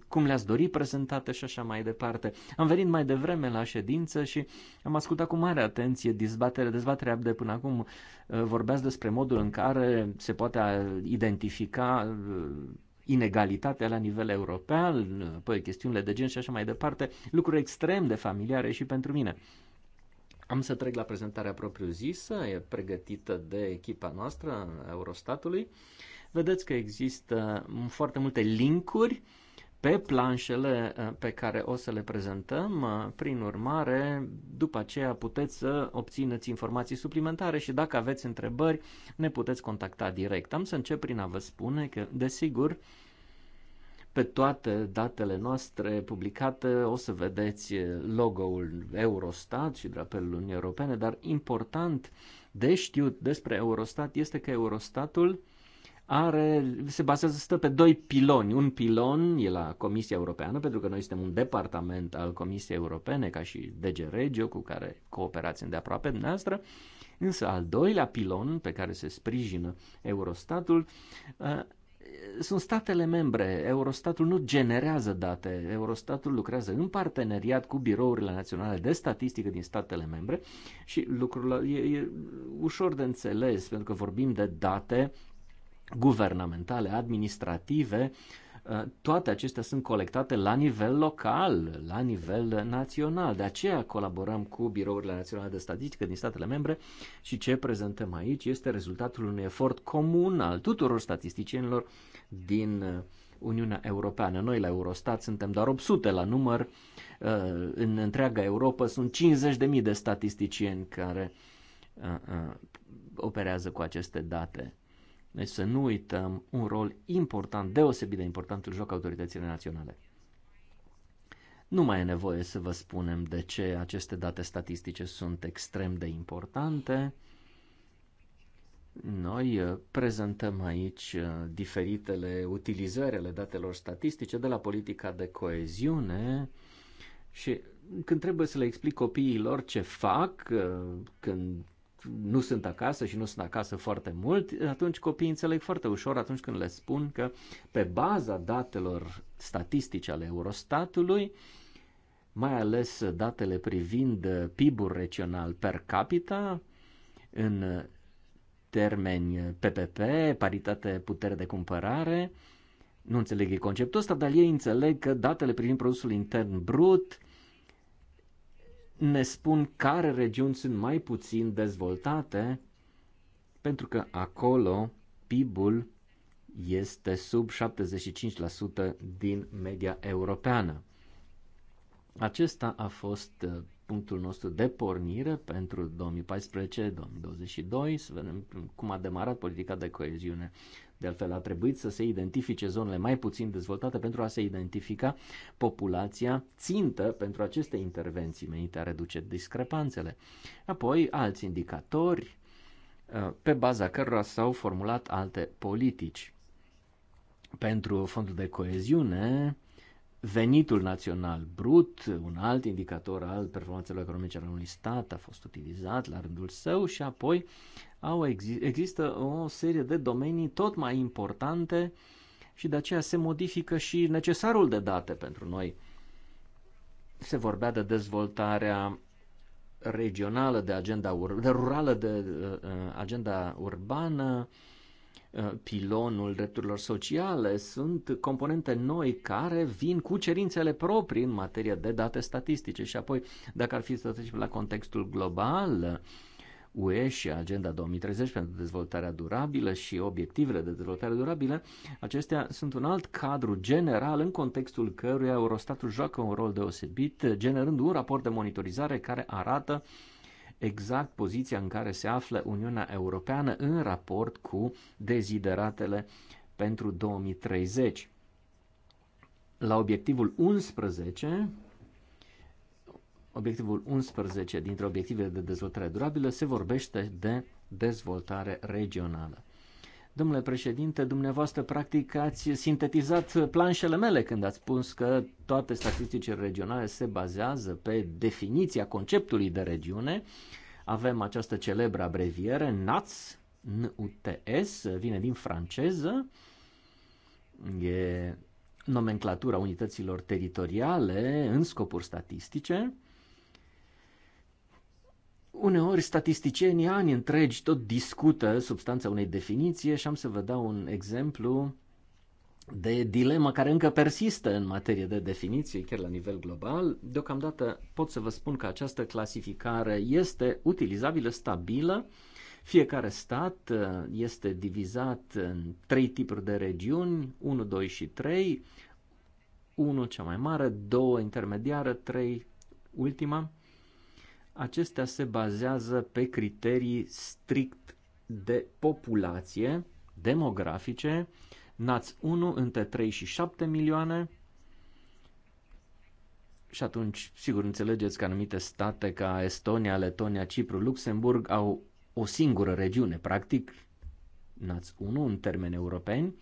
S4: cum le-ați dori prezentate și așa mai departe. Am venit mai devreme la ședință și am ascultat cu mare atenție dezbaterea, dezbaterea de până acum uh, vorbeați despre modul în care se poate identifica uh, inegalitatea la nivel european, apoi chestiunile de gen și așa mai departe, lucruri extrem de familiare și pentru mine. Am să trec la prezentarea propriu-zisă, e pregătită de echipa noastră, Eurostatului. Vedeți că există foarte multe linkuri pe planșele eh, pe care o să le prezentăm. Eh, prin urmare, după aceea puteți să obțineți informații suplimentare și dacă aveți întrebări, ne puteți contacta direct. Am să încep prin a vă spune că, desigur, pe toate datele noastre publicate o să vedeți eh, logo-ul Eurostat și drapelul Uniunii Europene, dar important de știut despre Eurostat este că Eurostatul are, se bazează, stă pe doi piloni. Un pilon e la Comisia Europeană, pentru că noi suntem un departament al Comisiei Europene, ca și DG Regio, cu care cooperați îndeaproape dumneavoastră, însă al doilea pilon pe care se sprijină Eurostatul uh, sunt statele membre. Eurostatul nu generează date. Eurostatul lucrează în parteneriat cu birourile naționale de statistică din statele membre și lucrul e, e ușor de înțeles, pentru că vorbim de date guvernamentale, administrative, uh, toate acestea sunt colectate la nivel local, la nivel național. De aceea colaborăm cu birourile naționale de statistică din statele membre și ce prezentăm aici este rezultatul unui efort comun al tuturor statisticienilor din uh, Uniunea Europeană. Noi la Eurostat suntem doar 800 la număr, uh, în întreaga Europa sunt 50.000 de statisticieni care operează cu aceste date. Deci să nu uităm un rol important, deosebit de important, îl joc autoritățile naționale. Nu mai e nevoie să vă spunem de ce aceste date statistice sunt extrem de importante. Noi uh, prezentăm aici uh, diferitele utilizări ale datelor statistice de la politica de coeziune și când trebuie să le explic copiilor ce fac, uh, când nu sunt acasă și nu sunt acasă foarte mult, atunci copiii înțeleg foarte ușor atunci când le spun că pe baza datelor statistice ale Eurostatului, mai ales datele privind PIB-ul regional per capita, în termeni PPP, paritate putere de cumpărare, nu înțeleg ei conceptul ăsta, dar ei înțeleg că datele privind produsul intern brut, ne spun care regiuni sunt mai puțin dezvoltate, pentru că acolo PIB-ul este sub 75% din media europeană. Acesta a fost uh, punctul nostru de pornire pentru 2014-2022, să vedem cum a demarat politica de coeziune de altfel, a trebuit să se identifice zonele mai puțin dezvoltate pentru a se identifica populația țintă pentru aceste intervenții menite a reduce discrepanțele. Apoi, alți indicatori uh, pe baza cărora s-au formulat alte politici. Pentru fondul de coeziune, Venitul național brut, un alt indicator al performanțelor economice ale unui stat, a fost utilizat la rândul său și apoi au, există o serie de domenii tot mai importante și de aceea se modifică și necesarul de date pentru noi. Se vorbea de dezvoltarea regională, de agenda ur- de rurală, de uh, uh agenda urbană, uh, Uh, pilonul drepturilor sociale sunt componente noi care vin cu cerințele proprii în materie de date statistice și apoi dacă ar fi să trecem la contextul global UE și Agenda 2030 pentru dezvoltarea durabilă și obiectivele de dezvoltare durabilă, acestea sunt un alt cadru general în contextul căruia Eurostatul joacă un rol deosebit, generând un raport de monitorizare care arată uh, exact poziția în care se află Uniunea Europeană în raport cu dezideratele pentru 2030. La obiectivul 11, obiectivul 11 dintre obiectivele de dezvoltare durabilă se vorbește de dezvoltare regională. Domnule președinte, dumneavoastră practic ați sintetizat planșele mele când ați spus că toate statisticile regionale se bazează pe definiția conceptului de regiune. Avem această celebră abreviere NATS, NUTS, vine din franceză, e nomenclatura unităților teritoriale în scopuri statistice Uneori statisticienii ani întregi tot discută substanța unei definiții și am să vă dau un exemplu de dilemă care încă persistă în materie de definiție, chiar la nivel global. Deocamdată pot să vă spun că această clasificare este utilizabilă, stabilă. Fiecare stat uh, este divizat în trei tipuri de regiuni, 1, 2 și 3, 1 cea mai mare, 2 intermediară, 3 ultima. Acestea se bazează pe criterii strict de populație, demografice, NAți 1 între 3 și 7 milioane, și atunci, sigur, înțelegeți că anumite state ca Estonia, Letonia, Cipru, Luxemburg au o singură regiune, practic NATS 1 în termeni europeni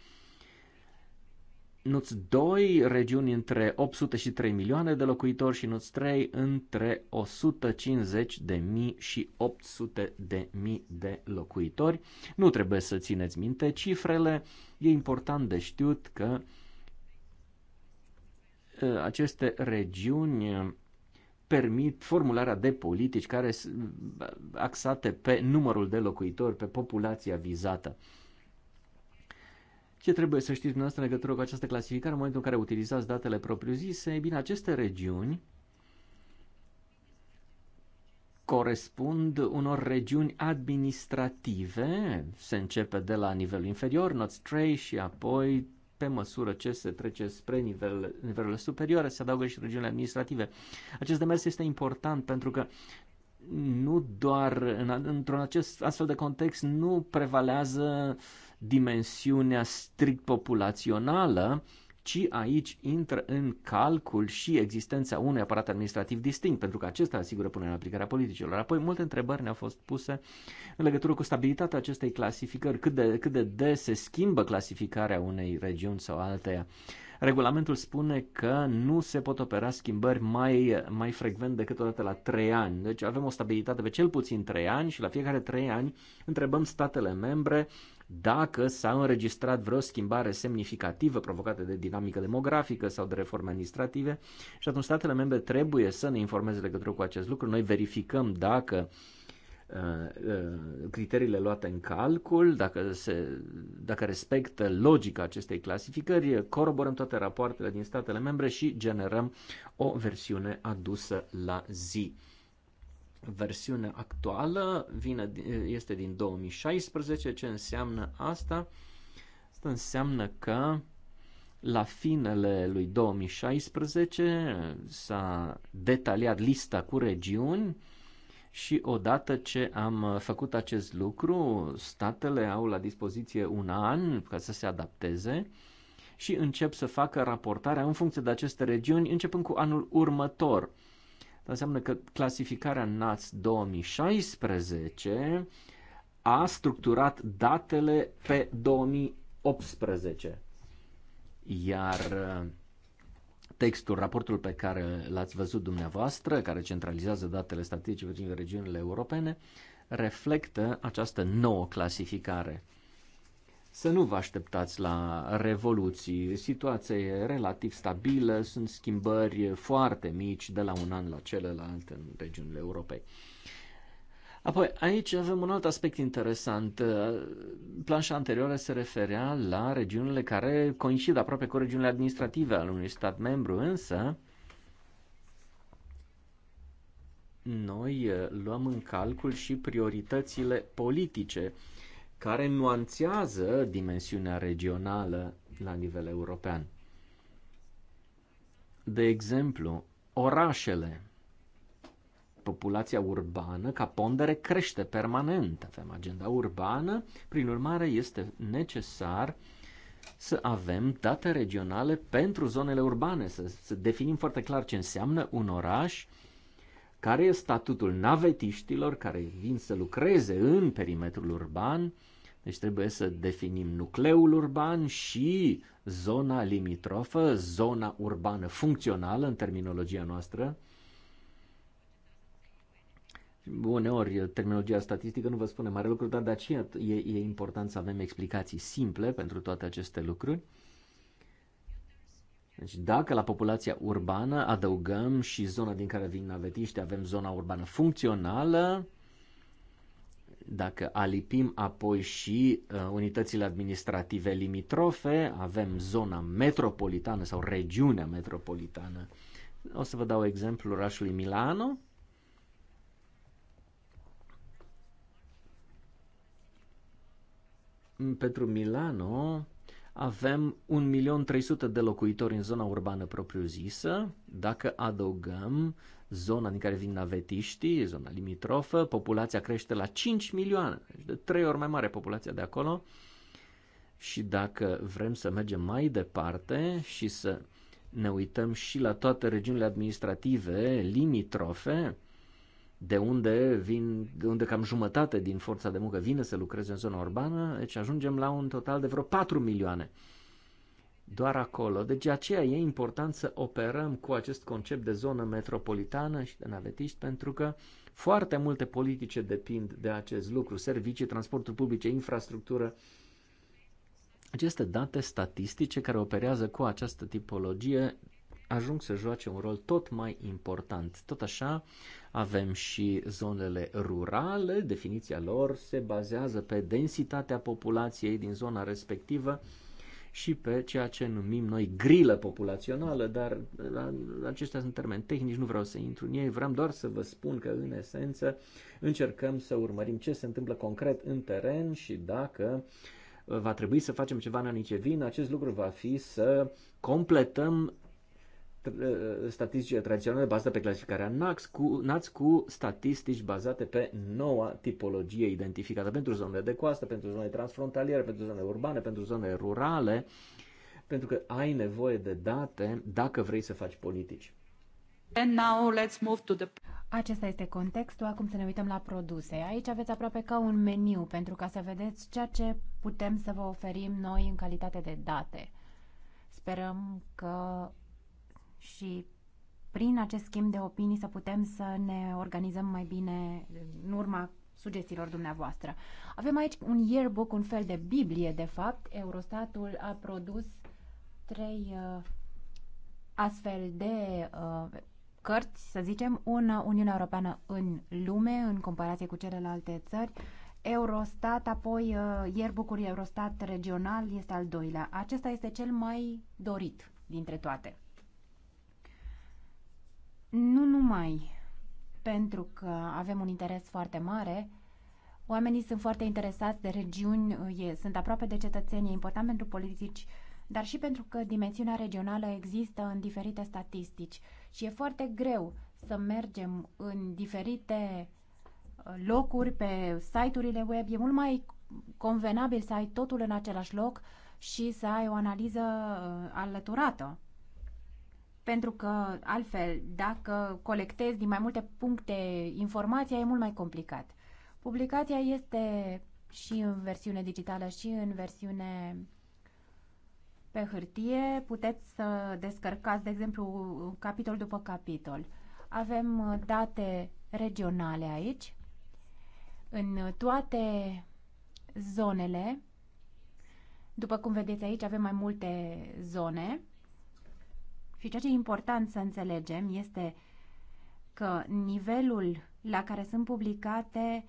S4: NUTS 2, regiuni între 800 și 3 milioane de locuitori și NUTS 3 între 150 de mii și 800 de mii de locuitori. Nu trebuie să țineți minte cifrele, e important de știut că ă, aceste regiuni ă, permit formularea de politici care axate pe numărul de locuitori, pe populația vizată. Ce trebuie să știți dumneavoastră în legătură cu această clasificare în momentul în care utilizați datele propriu-zise? Ei bine, aceste regiuni corespund unor regiuni administrative, se începe de la nivelul inferior, not 3, și apoi pe măsură ce se trece spre nivel, nivelurile superioare, se adaugă și regiunile administrative. Acest demers este important pentru că nu doar în, într-un acest astfel de context nu prevalează dimensiunea strict populațională, ci aici intră în calcul și existența unui aparat administrativ distinct, pentru că acesta asigură punerea în aplicarea politicilor. Apoi, multe întrebări ne-au fost puse în legătură cu stabilitatea acestei clasificări, cât de, cât de des se schimbă clasificarea unei regiuni sau alteia. Regulamentul spune că nu se pot opera schimbări mai, mai frecvent decât o dată la 3 ani. Deci avem o stabilitate pe cel puțin 3 ani și la fiecare 3 ani întrebăm statele membre dacă s-a înregistrat vreo schimbare semnificativă provocată de dinamică demografică sau de reforme administrative și atunci statele membre trebuie să ne informeze legătură cu acest lucru. Noi verificăm dacă uh, uh, criteriile luate în calcul, dacă, se, dacă respectă logica acestei clasificări, coroborăm toate rapoartele din statele membre și generăm o versiune adusă la zi. Versiunea actuală vine, este din 2016. Ce înseamnă asta? Asta înseamnă că la finele lui 2016 s-a detaliat lista cu regiuni și odată ce am făcut acest lucru, statele au la dispoziție un an ca să se adapteze și încep să facă raportarea în funcție de aceste regiuni începând cu anul următor. Dar înseamnă că clasificarea NAS 2016 a structurat datele pe 2018. Iar uh, textul, raportul pe care l-ați văzut dumneavoastră, care centralizează datele statistice pentru regiunile europene, reflectă această nouă clasificare să nu vă așteptați la revoluții. Situația e relativ stabilă, sunt schimbări foarte mici de la un an la celălalt în regiunile Europei. Apoi, aici avem un alt aspect interesant. Planșa anterioară se referea la regiunile care coincid aproape cu regiunile administrative ale unui stat membru, însă noi luăm în calcul și prioritățile politice care nuanțează dimensiunea regională la nivel european. De exemplu, orașele. Populația urbană, ca pondere, crește permanent. Avem agenda urbană, prin urmare, este necesar să avem date regionale pentru zonele urbane, să, să definim foarte clar ce înseamnă un oraș, care e statutul navetiștilor care vin să lucreze în perimetrul urban, deci trebuie să definim nucleul urban și zona limitrofă, zona urbană funcțională în terminologia noastră. Uneori, terminologia statistică nu vă spune mare lucru, dar de aceea e, e important să avem explicații simple pentru toate aceste lucruri. Deci dacă la populația urbană adăugăm și zona din care vin navetiști, avem zona urbană funcțională, dacă alipim apoi și uh, unitățile administrative limitrofe, avem zona metropolitană sau regiunea metropolitană. O să vă dau exemplul orașului Milano. Pentru Milano avem 1.300.000 de locuitori în zona urbană propriu-zisă. Dacă adăugăm zona din care vin navetiștii, zona limitrofă, populația crește la 5 milioane, deci de 3 ori mai mare populația de acolo. Și dacă vrem să mergem mai departe și să ne uităm și la toate regiunile administrative limitrofe, de unde, vin, de unde cam jumătate din forța de muncă vine să lucreze în zona urbană, deci ajungem la un total de vreo 4 milioane doar acolo. Deci aceea e important să operăm cu acest concept de zonă metropolitană și de navetiști pentru că foarte multe politice depind de acest lucru, servicii, transporturi publice, infrastructură. Aceste date statistice care operează cu această tipologie ajung să joace un rol tot mai important. Tot așa avem și zonele rurale, definiția lor se bazează pe densitatea populației din zona respectivă, și pe ceea ce numim noi grilă populațională, dar acestea sunt termeni tehnici, nu vreau să intru în ei, vreau doar să vă spun că, în esență, încercăm să urmărim ce se întâmplă concret în teren și dacă uh, va trebui să facem ceva în anii ce vin, acest lucru va fi să completăm statisticile tradiționale bazate pe clasificarea NAX cu, NAX cu statistici bazate pe noua tipologie identificată pentru zonele de coastă, pentru zonele transfrontaliere, pentru zonele urbane, pentru zonele rurale, pentru că ai nevoie de date dacă vrei să faci politici.
S5: And now let's move to the...
S2: Acesta este contextul, acum să ne uităm la produse. Aici aveți aproape ca un meniu pentru ca să vedeți ceea ce putem să vă oferim noi în calitate de date. Sperăm că și prin acest schimb de opinii să putem să ne organizăm mai bine în urma sugestiilor dumneavoastră. Avem aici un yearbook, un fel de Biblie, de fapt. Eurostatul a produs trei uh, astfel de uh, cărți, să zicem, una Uniunea Europeană în lume, în comparație cu celelalte țări, Eurostat, apoi uh, yearbook Eurostat regional este al doilea. Acesta este cel mai dorit dintre toate nu numai pentru că avem un interes foarte mare, oamenii sunt foarte interesați de regiuni, sunt aproape de cetățeni, e important pentru politici, dar și pentru că dimensiunea regională există în diferite statistici și e foarte greu să mergem în diferite uh, locuri pe site-urile web. E mult mai convenabil să ai totul în același loc și să ai o analiză uh, alăturată pentru că altfel, dacă colectezi din mai multe puncte informația, e mult mai complicat. Publicația este și în versiune digitală și în versiune pe hârtie. Puteți să descărcați, de exemplu, capitol după capitol. Avem date regionale aici, în toate zonele. După cum vedeți aici, avem mai multe zone și ceea ce e important să înțelegem este că nivelul la care sunt publicate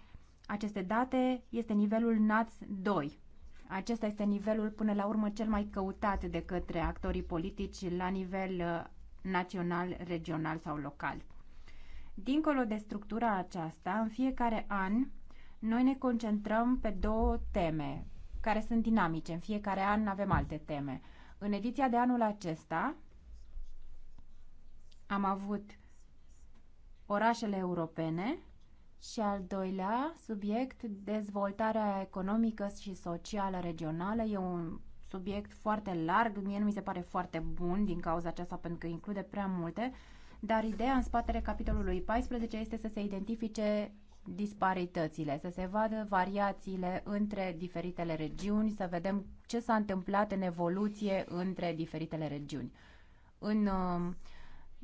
S2: aceste date este nivelul NATS 2. Acesta este nivelul până la urmă cel mai căutat de către actorii politici la nivel uh, național, regional sau local. Dincolo de structura aceasta, în fiecare an noi ne concentrăm pe două teme care sunt dinamice. În fiecare an avem alte teme. În ediția de anul acesta am avut orașele europene și al doilea subiect, dezvoltarea economică și socială regională. E un subiect foarte larg, mie nu mi se pare foarte bun din cauza aceasta pentru că include prea multe, dar ideea în spatele capitolului 14 este să se identifice disparitățile, să se vadă variațiile între diferitele regiuni, să vedem ce s-a întâmplat în evoluție între diferitele regiuni. În uh,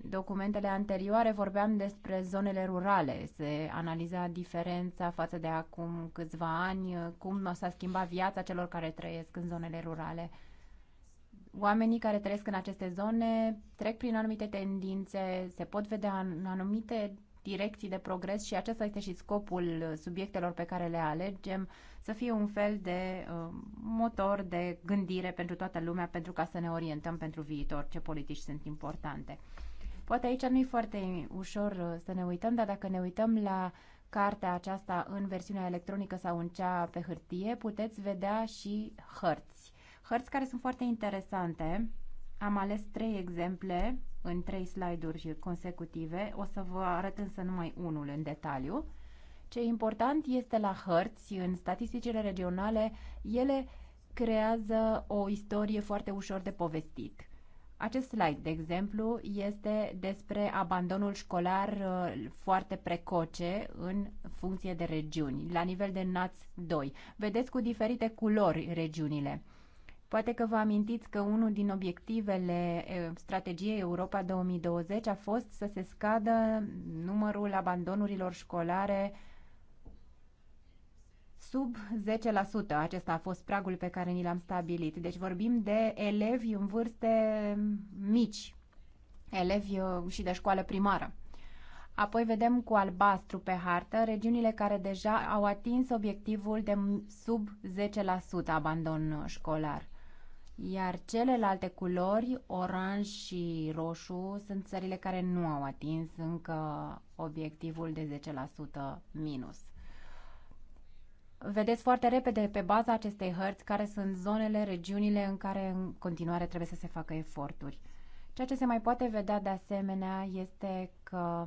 S2: documentele anterioare vorbeam despre zonele rurale. Se analiza diferența față de acum câțiva ani, cum s-a schimbat viața celor care trăiesc în zonele rurale. Oamenii care trăiesc în aceste zone trec prin anumite tendințe, se pot vedea în anumite direcții de progres și acesta este și scopul subiectelor pe care le alegem, să fie un fel de uh, motor de gândire pentru toată lumea, pentru ca să ne orientăm pentru viitor ce politici sunt importante. Poate aici nu-i foarte ușor uh, să ne uităm, dar dacă ne uităm la cartea aceasta în versiunea electronică sau în cea pe hârtie, puteți vedea și hărți. Hărți care sunt foarte interesante. Am ales trei exemple în trei slide-uri consecutive. O să vă arăt însă numai unul în detaliu. Ce important este la hărți, în statisticile regionale, ele creează o istorie foarte ușor de povestit. Acest slide, de exemplu, este despre abandonul școlar uh, foarte precoce în funcție de regiuni, la nivel de NATS 2. Vedeți cu diferite culori regiunile. Poate că vă amintiți că unul din obiectivele uh, strategiei Europa 2020 a fost să se scadă numărul abandonurilor școlare uh, sub 10%. Acesta a fost pragul pe care ni l-am stabilit. Deci vorbim de elevi în vârste mici, elevi uh, și de școală primară. Apoi vedem cu albastru pe hartă regiunile care deja au atins obiectivul de sub 10% abandon școlar. Iar celelalte culori, oranj și roșu, sunt țările care nu au atins încă obiectivul de 10% minus vedeți foarte repede pe baza acestei hărți care sunt zonele, regiunile în care în continuare trebuie să se facă eforturi. Ceea ce se mai poate vedea de asemenea este că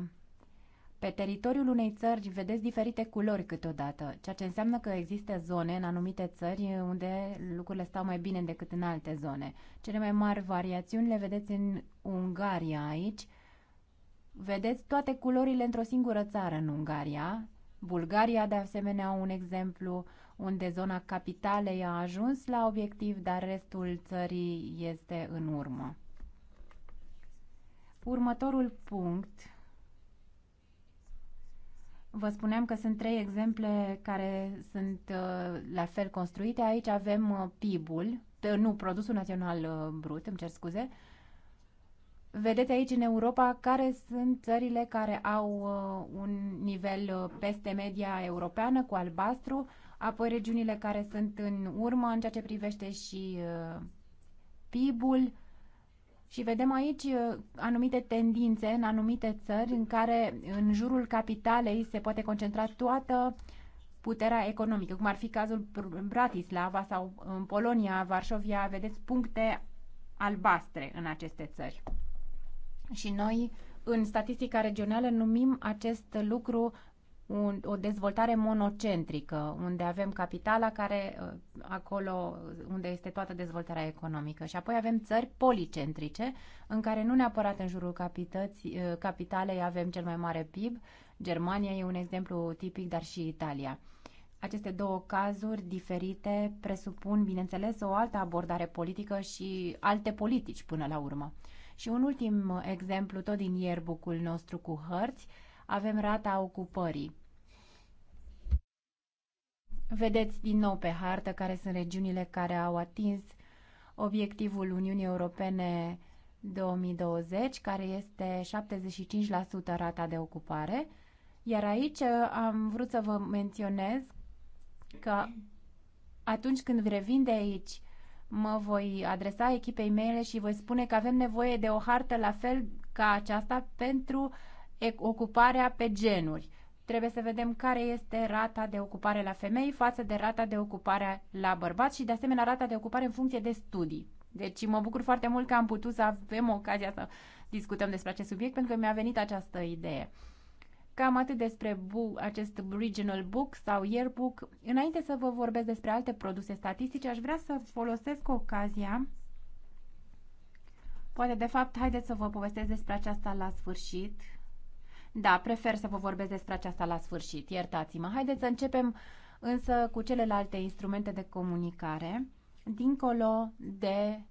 S2: pe teritoriul unei țări vedeți diferite culori câteodată, ceea ce înseamnă că există zone în anumite țări unde lucrurile stau mai bine decât în alte zone. Cele mai mari variațiuni le vedeți în Ungaria aici. Vedeți toate culorile într-o singură țară în Ungaria, Bulgaria, de asemenea, un exemplu unde zona capitalei a ajuns la obiectiv, dar restul țării este în urmă. Următorul punct. Vă spuneam că sunt trei exemple care sunt uh, la fel construite. Aici avem uh, PIB-ul, nu, produsul național uh, brut, îmi cer scuze, Vedeți aici în Europa care sunt țările care au uh, un nivel uh, peste media europeană cu albastru, apoi regiunile care sunt în urmă în ceea ce privește și uh, PIB-ul și vedem aici anumite tendințe în anumite țări în care în jurul capitalei se poate concentra toată puterea economică, cum ar fi cazul Bratislava sau în Polonia, Varșovia, vedeți puncte albastre în aceste țări. Și noi, în statistica regională, numim acest lucru un, o dezvoltare monocentrică, unde avem capitala care uh, acolo uh, unde este toată dezvoltarea economică și apoi avem țări policentrice în care nu neapărat în jurul uh, capitalei avem cel mai mare PIB, Germania e un exemplu tipic, dar și Italia. Aceste două cazuri diferite presupun, bineînțeles, o altă abordare politică și alte politici până la urmă. Și un ultim exemplu, tot din ierbucul nostru cu hărți, avem rata ocupării. Vedeți din nou pe hartă care sunt regiunile care au atins obiectivul Uniunii Europene 2020, care este 75% rata de ocupare. Iar aici uh, am vrut să vă menționez că atunci când revin de aici mă voi adresa echipei mele și voi spune că avem nevoie de o hartă la fel ca aceasta pentru ocuparea pe genuri. Trebuie să vedem care este rata de ocupare la femei față de rata de ocupare la bărbați și de asemenea rata de ocupare în funcție de studii. Deci mă bucur foarte mult că am putut să avem ocazia să discutăm despre acest subiect pentru că mi-a venit această idee. Cam atât despre bu- acest Regional Book sau Yearbook. Înainte să vă vorbesc despre alte produse statistice, aș vrea să folosesc ocazia. Poate, de fapt, haideți să vă povestesc despre aceasta la sfârșit. Da, prefer să vă vorbesc despre aceasta la sfârșit, iertați-mă. Haideți să începem însă cu celelalte instrumente de comunicare, dincolo de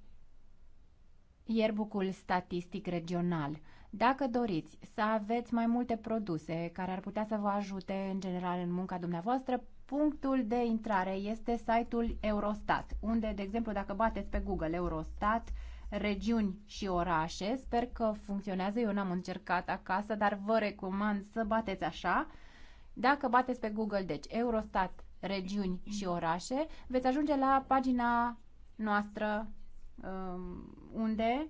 S2: ierbucul statistic regional – dacă doriți să aveți mai multe produse care ar putea să vă ajute în general în munca dumneavoastră, punctul de intrare este site-ul Eurostat, unde, de exemplu, dacă bateți pe Google Eurostat, regiuni și orașe, sper că funcționează, eu n-am încercat acasă, dar vă recomand să bateți așa. Dacă bateți pe Google, deci Eurostat, regiuni și orașe, veți ajunge la pagina noastră um, unde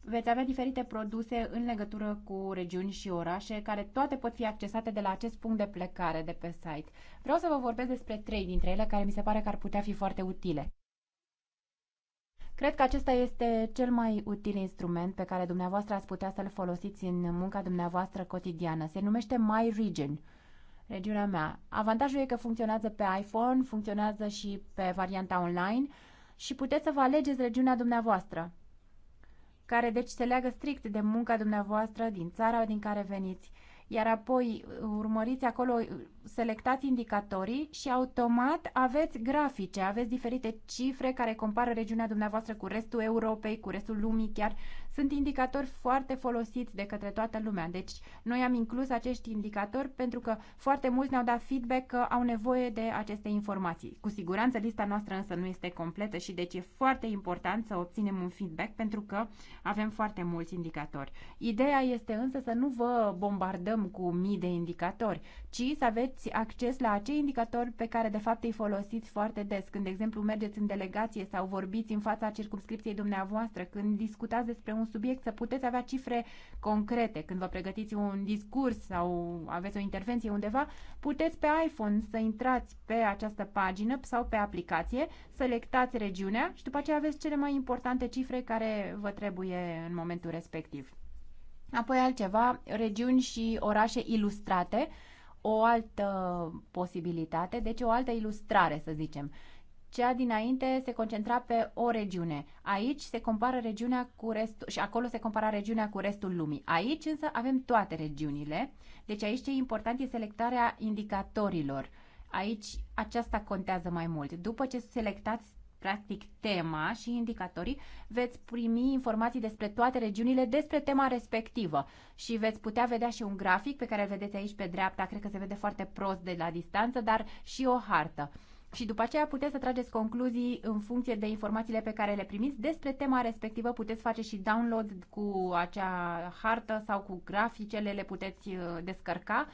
S2: veți avea diferite produse în legătură cu regiuni și orașe, care toate pot fi accesate de la acest punct de plecare de pe site. Vreau să vă vorbesc despre trei dintre ele care mi se pare că ar putea fi foarte utile. Cred că acesta este cel mai util instrument pe care dumneavoastră ați putea să-l folosiți în munca dumneavoastră cotidiană. Se numește My Region, regiunea mea. Avantajul e că funcționează pe iPhone, funcționează și pe varianta online și puteți să vă alegeți regiunea dumneavoastră care deci se leagă strict de munca dumneavoastră din țara din care veniți. Iar apoi urmăriți acolo, selectați indicatorii și automat aveți grafice, aveți diferite cifre care compară regiunea dumneavoastră cu restul Europei, cu restul lumii chiar sunt indicatori foarte folosiți de către toată lumea, deci noi am inclus acești indicatori pentru că foarte mulți ne-au dat feedback că au nevoie de aceste informații. Cu siguranță lista noastră însă nu este completă și deci e foarte important să obținem un feedback pentru că avem foarte mulți indicatori. Ideea este însă să nu vă bombardăm cu mii de indicatori, ci să aveți acces la acei indicatori pe care de fapt îi folosiți foarte des. Când, de exemplu, mergeți în delegație sau vorbiți în fața circumscripției dumneavoastră, când discutați despre un subiect, să puteți avea cifre concrete. Când vă pregătiți un discurs sau aveți o intervenție undeva, puteți pe iPhone să intrați pe această pagină sau pe aplicație, selectați regiunea și după aceea aveți cele mai importante cifre care vă trebuie în momentul respectiv. Apoi altceva, regiuni și orașe ilustrate, o altă posibilitate, deci o altă ilustrare, să zicem. Cea dinainte se concentra pe o regiune. Aici se compară regiunea cu restul și acolo se compara regiunea cu restul lumii. Aici însă avem toate regiunile. Deci aici ce e important e selectarea indicatorilor. Aici aceasta contează mai mult. După ce selectați practic tema și indicatorii, veți primi informații despre toate regiunile despre tema respectivă și veți putea vedea și un grafic pe care îl vedeți aici pe dreapta, cred că se vede foarte prost de la distanță, dar și o hartă și după aceea puteți să trageți concluzii în funcție de informațiile pe care le primiți despre tema respectivă. Puteți face și download cu acea hartă sau cu graficele, le puteți uh, descărca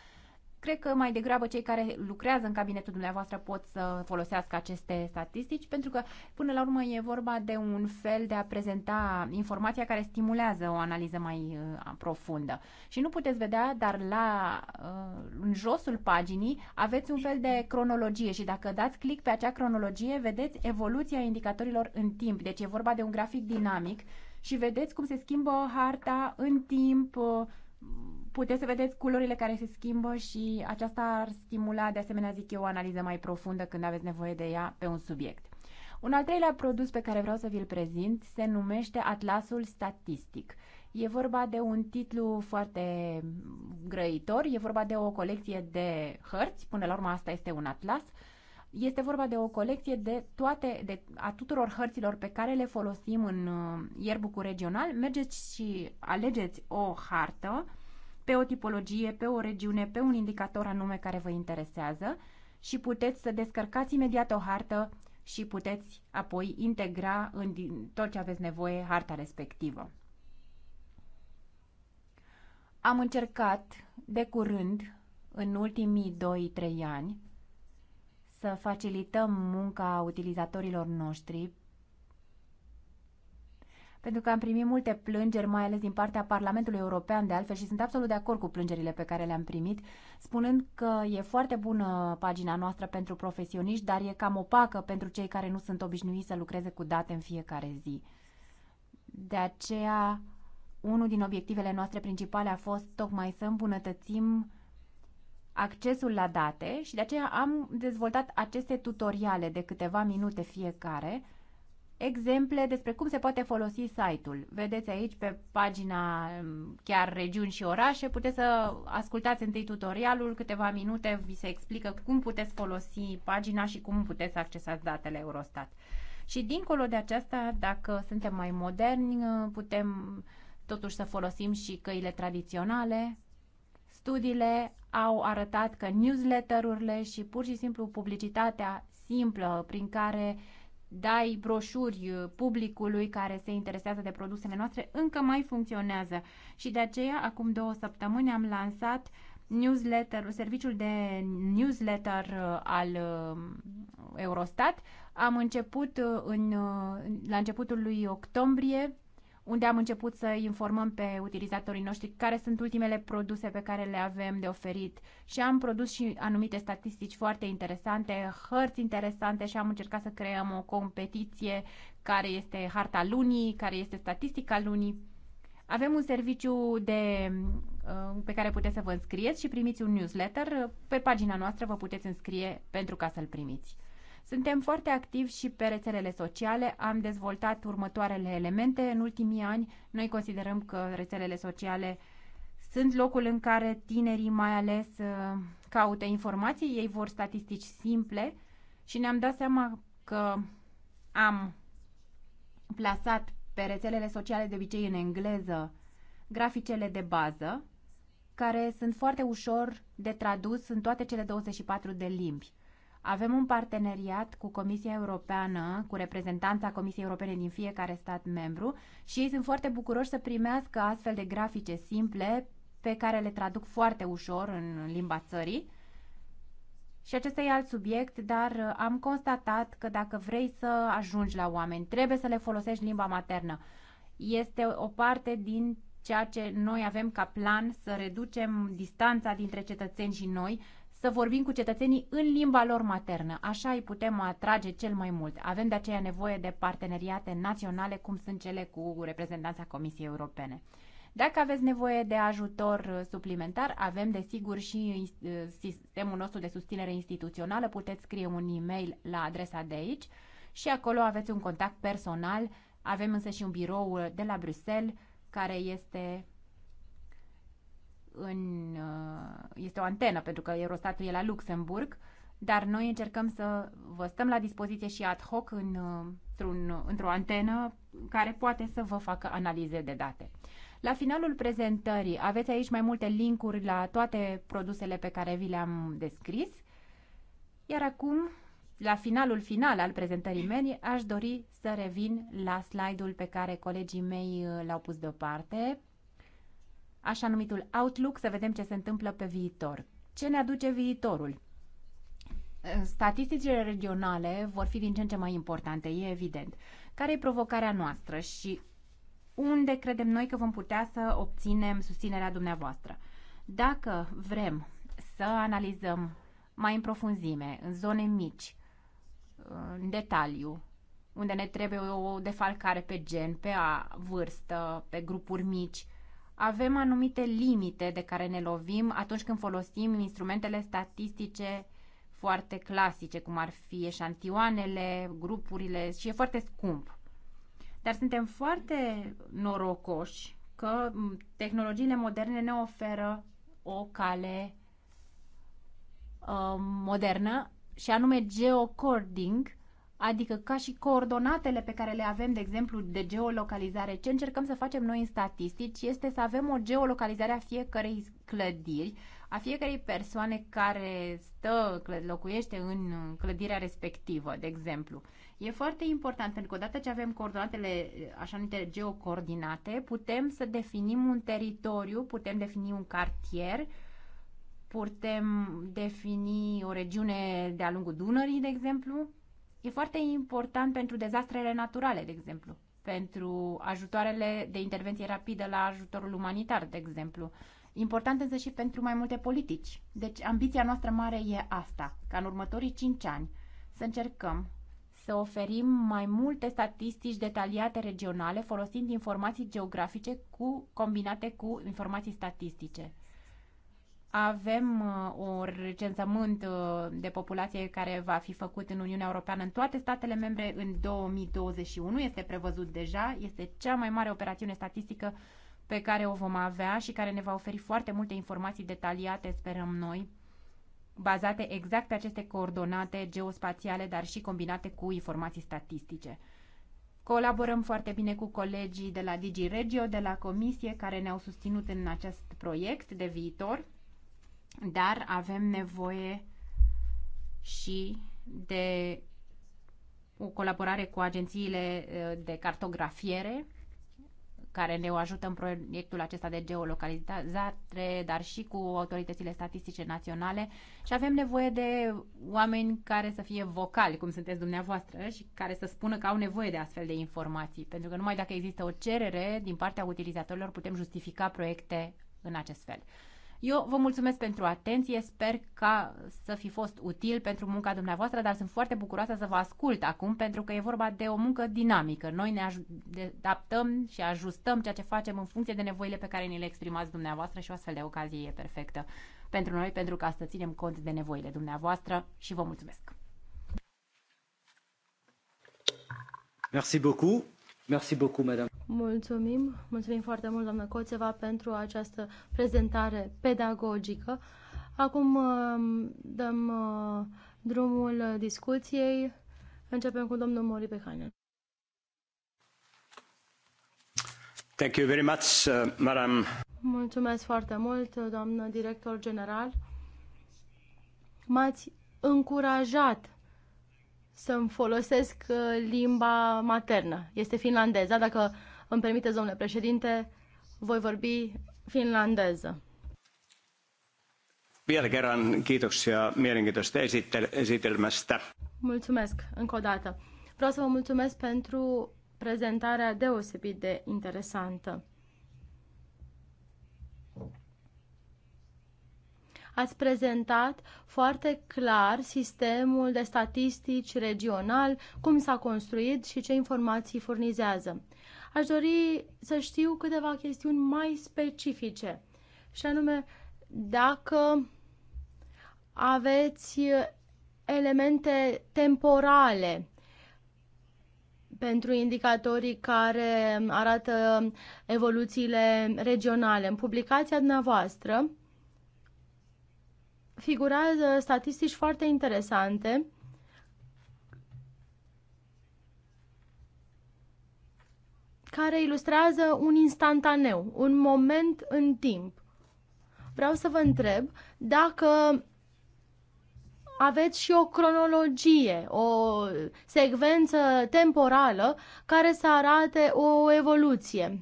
S2: Cred că mai degrabă cei care lucrează în cabinetul dumneavoastră pot să folosească aceste statistici, pentru că până la urmă e vorba de un fel de a prezenta informația care stimulează o analiză mai uh, profundă. Și nu puteți vedea, dar la uh, în josul paginii aveți un fel de cronologie și dacă dați click pe acea cronologie, vedeți evoluția indicatorilor în timp. Deci e vorba de un grafic dinamic și vedeți cum se schimbă harta în timp, uh, puteți să vedeți culorile care se schimbă și aceasta ar stimula, de asemenea, zic eu, o analiză mai profundă când aveți nevoie de ea pe un subiect. Un al treilea produs pe care vreau să vi-l prezint se numește Atlasul Statistic. E vorba de un titlu foarte grăitor, e vorba de o colecție de hărți, până la urmă asta este un atlas. Este vorba de o colecție de toate, de, a tuturor hărților pe care le folosim în uh, ierbucul regional. Mergeți și alegeți o hartă pe o tipologie, pe o regiune, pe un indicator anume care vă interesează și puteți să descărcați imediat o hartă și puteți apoi integra în tot ce aveți nevoie harta respectivă. Am încercat de curând, în ultimii 2-3 ani, să facilităm munca utilizatorilor noștri pentru că am primit multe plângeri, mai ales din partea Parlamentului European de altfel și sunt absolut de acord cu plângerile pe care le-am primit, spunând că e foarte bună pagina noastră pentru profesioniști, dar e cam opacă pentru cei care nu sunt obișnuiți să lucreze cu date în fiecare zi. De aceea, unul din obiectivele noastre principale a fost tocmai să îmbunătățim accesul la date și de aceea am dezvoltat aceste tutoriale de câteva minute fiecare, exemple despre cum se poate folosi site-ul. Vedeți aici pe pagina mm, chiar regiuni și orașe, puteți să ascultați întâi tutorialul, câteva minute vi se explică cum puteți folosi pagina și cum puteți accesa datele Eurostat. Și dincolo de aceasta, dacă suntem mai moderni, mm, putem totuși să folosim și căile tradiționale. Studiile au arătat că newsletter-urile și pur și simplu publicitatea simplă prin care uh, dai broșuri uh, publicului care se interesează de produsele noastre, încă mai funcționează. Și de aceea, acum două săptămâni, am lansat newsletter, serviciul de newsletter uh, al uh, Eurostat. Am început în, la începutul lui octombrie unde am început să informăm pe utilizatorii noștri care sunt ultimele produse pe care le avem de oferit și am produs și anumite statistici foarte interesante, hărți interesante și am încercat să creăm o competiție care este harta lunii, care este statistica lunii. Avem un serviciu de, uh, pe care puteți să vă înscrieți și primiți un newsletter. Pe pagina noastră vă puteți înscrie pentru ca să-l primiți. Suntem foarte activi și pe rețelele sociale. Am dezvoltat următoarele elemente în ultimii ani. Noi considerăm că rețelele sociale sunt locul în care tinerii mai ales uh, caută informații, ei vor statistici simple și ne-am dat seama că am plasat pe rețelele sociale de obicei în engleză graficele de bază, care sunt foarte ușor de tradus în toate cele 24 de limbi. Avem un parteneriat cu Comisia Europeană, cu reprezentanța Comisiei Europene din fiecare stat membru și ei sunt foarte bucuroși să primească astfel de grafice simple pe care le traduc foarte ușor în limba țării. Și acesta e alt subiect, dar am constatat că dacă vrei să ajungi la oameni, trebuie să le folosești limba maternă. Este o parte din ceea ce noi avem ca plan să reducem distanța dintre cetățeni și noi, să vorbim cu cetățenii în limba lor maternă. Așa îi putem atrage cel mai mult. Avem de aceea nevoie de parteneriate naționale, cum sunt cele cu reprezentanța Comisiei Europene. Dacă aveți nevoie de ajutor uh, suplimentar, avem desigur și uh, sistemul nostru de susținere instituțională. Puteți scrie un e-mail la adresa de aici și acolo aveți un contact personal. Avem însă și un birou uh, de la Bruxelles care este în, uh, este o antenă, pentru că Eurostatul e la Luxemburg, dar noi încercăm să vă stăm la dispoziție și ad hoc în, uh, într-un, într-o antenă care poate să vă facă analize de date. La finalul prezentării aveți aici mai multe linkuri la toate produsele pe care vi le-am descris, iar acum, la finalul final al prezentării mele, aș dori să revin la slide-ul pe care colegii mei uh, l-au pus deoparte, așa numitul outlook, să vedem ce se întâmplă pe viitor. Ce ne aduce viitorul? Statisticile regionale vor fi din ce în ce mai importante, e evident. Care e provocarea noastră și unde credem noi că vom putea să obținem susținerea dumneavoastră? Dacă vrem să analizăm mai în profunzime, în zone mici, în detaliu, unde ne trebuie o defalcare pe gen, pe a, vârstă, pe grupuri mici, avem anumite limite de care ne lovim atunci când folosim instrumentele statistice foarte clasice, cum ar fi eșantioanele, grupurile și e foarte scump. Dar suntem foarte norocoși că tehnologiile moderne ne oferă o cale uh, modernă și anume geocoding, adică ca și coordonatele pe care le avem, de exemplu, de geolocalizare. Ce încercăm să facem noi în statistici este să avem o geolocalizare a fiecărei clădiri, a fiecarei persoane care stă, locuiește în clădirea respectivă, de exemplu. E foarte important pentru că odată ce avem coordonatele, așa numite geocoordinate, putem să definim un teritoriu, putem defini un cartier, putem defini o regiune de-a lungul Dunării, de exemplu, E foarte important pentru dezastrele naturale, de exemplu, pentru ajutoarele de intervenție rapidă la ajutorul umanitar, de exemplu. Important însă și pentru mai multe politici. Deci ambiția noastră mare e asta, ca în următorii 5 ani să încercăm să oferim mai multe statistici detaliate regionale folosind informații geografice cu, combinate cu informații statistice avem uh, o recensământ uh, de populație care va fi făcut în Uniunea Europeană în toate statele membre în 2021. Este prevăzut deja, este cea mai mare operațiune statistică pe care o vom avea și care ne va oferi foarte multe informații detaliate, sperăm noi, bazate exact pe aceste coordonate geospațiale, dar și combinate cu informații statistice. Colaborăm foarte bine cu colegii de la DigiRegio, de la Comisie, care ne-au susținut în acest proiect de viitor dar avem nevoie și de o colaborare cu agențiile uh, de cartografiere care ne ajută în proiectul acesta de geolocalizare, dar și cu autoritățile statistice naționale și avem nevoie de oameni care să fie vocali, cum sunteți dumneavoastră, și care să spună că au nevoie de astfel de informații, pentru că numai dacă există o cerere din partea utilizatorilor putem justifica proiecte în acest fel. Eu vă mulțumesc pentru atenție, sper ca să fi fost util pentru munca dumneavoastră, dar sunt foarte bucuroasă să vă ascult acum, pentru că e vorba de o muncă dinamică. Noi ne adaptăm și ajustăm ceea ce facem în funcție de nevoile pe care ni le exprimați dumneavoastră și o astfel de ocazie e perfectă pentru noi, pentru ca să ținem cont de nevoile dumneavoastră și vă mulțumesc.
S1: Merci beaucoup. Merci beaucoup, madame.
S3: Mulțumim, mulțumim foarte mult, doamnă Coțeva, pentru această prezentare pedagogică. Acum uh, dăm uh, drumul discuției. Începem cu domnul Mori Pehanen.
S1: Thank you very much, uh, madam.
S3: Mulțumesc foarte mult, doamnă director general. M-ați încurajat să-mi folosesc uh, limba maternă. Este finlandeza. Dacă îmi permite domnule președinte, voi vorbi finlandeză.
S4: Vielä kerran kiitoksia mielenkiintoista esitelmästä.
S3: Mulțumesc încă o dată. Vreau să vă mulțumesc pentru prezentarea deosebit de interesantă. Ați prezentat foarte clar sistemul de statistici regional, cum s-a construit și ce informații furnizează. Aș dori să știu câteva chestiuni mai specifice, și anume dacă aveți elemente temporale pentru indicatorii care arată evoluțiile regionale. În publicația dumneavoastră figurează statistici foarte interesante care ilustrează un instantaneu, un moment în timp. Vreau să vă întreb dacă aveți și o cronologie, o secvență temporală care să arate o evoluție.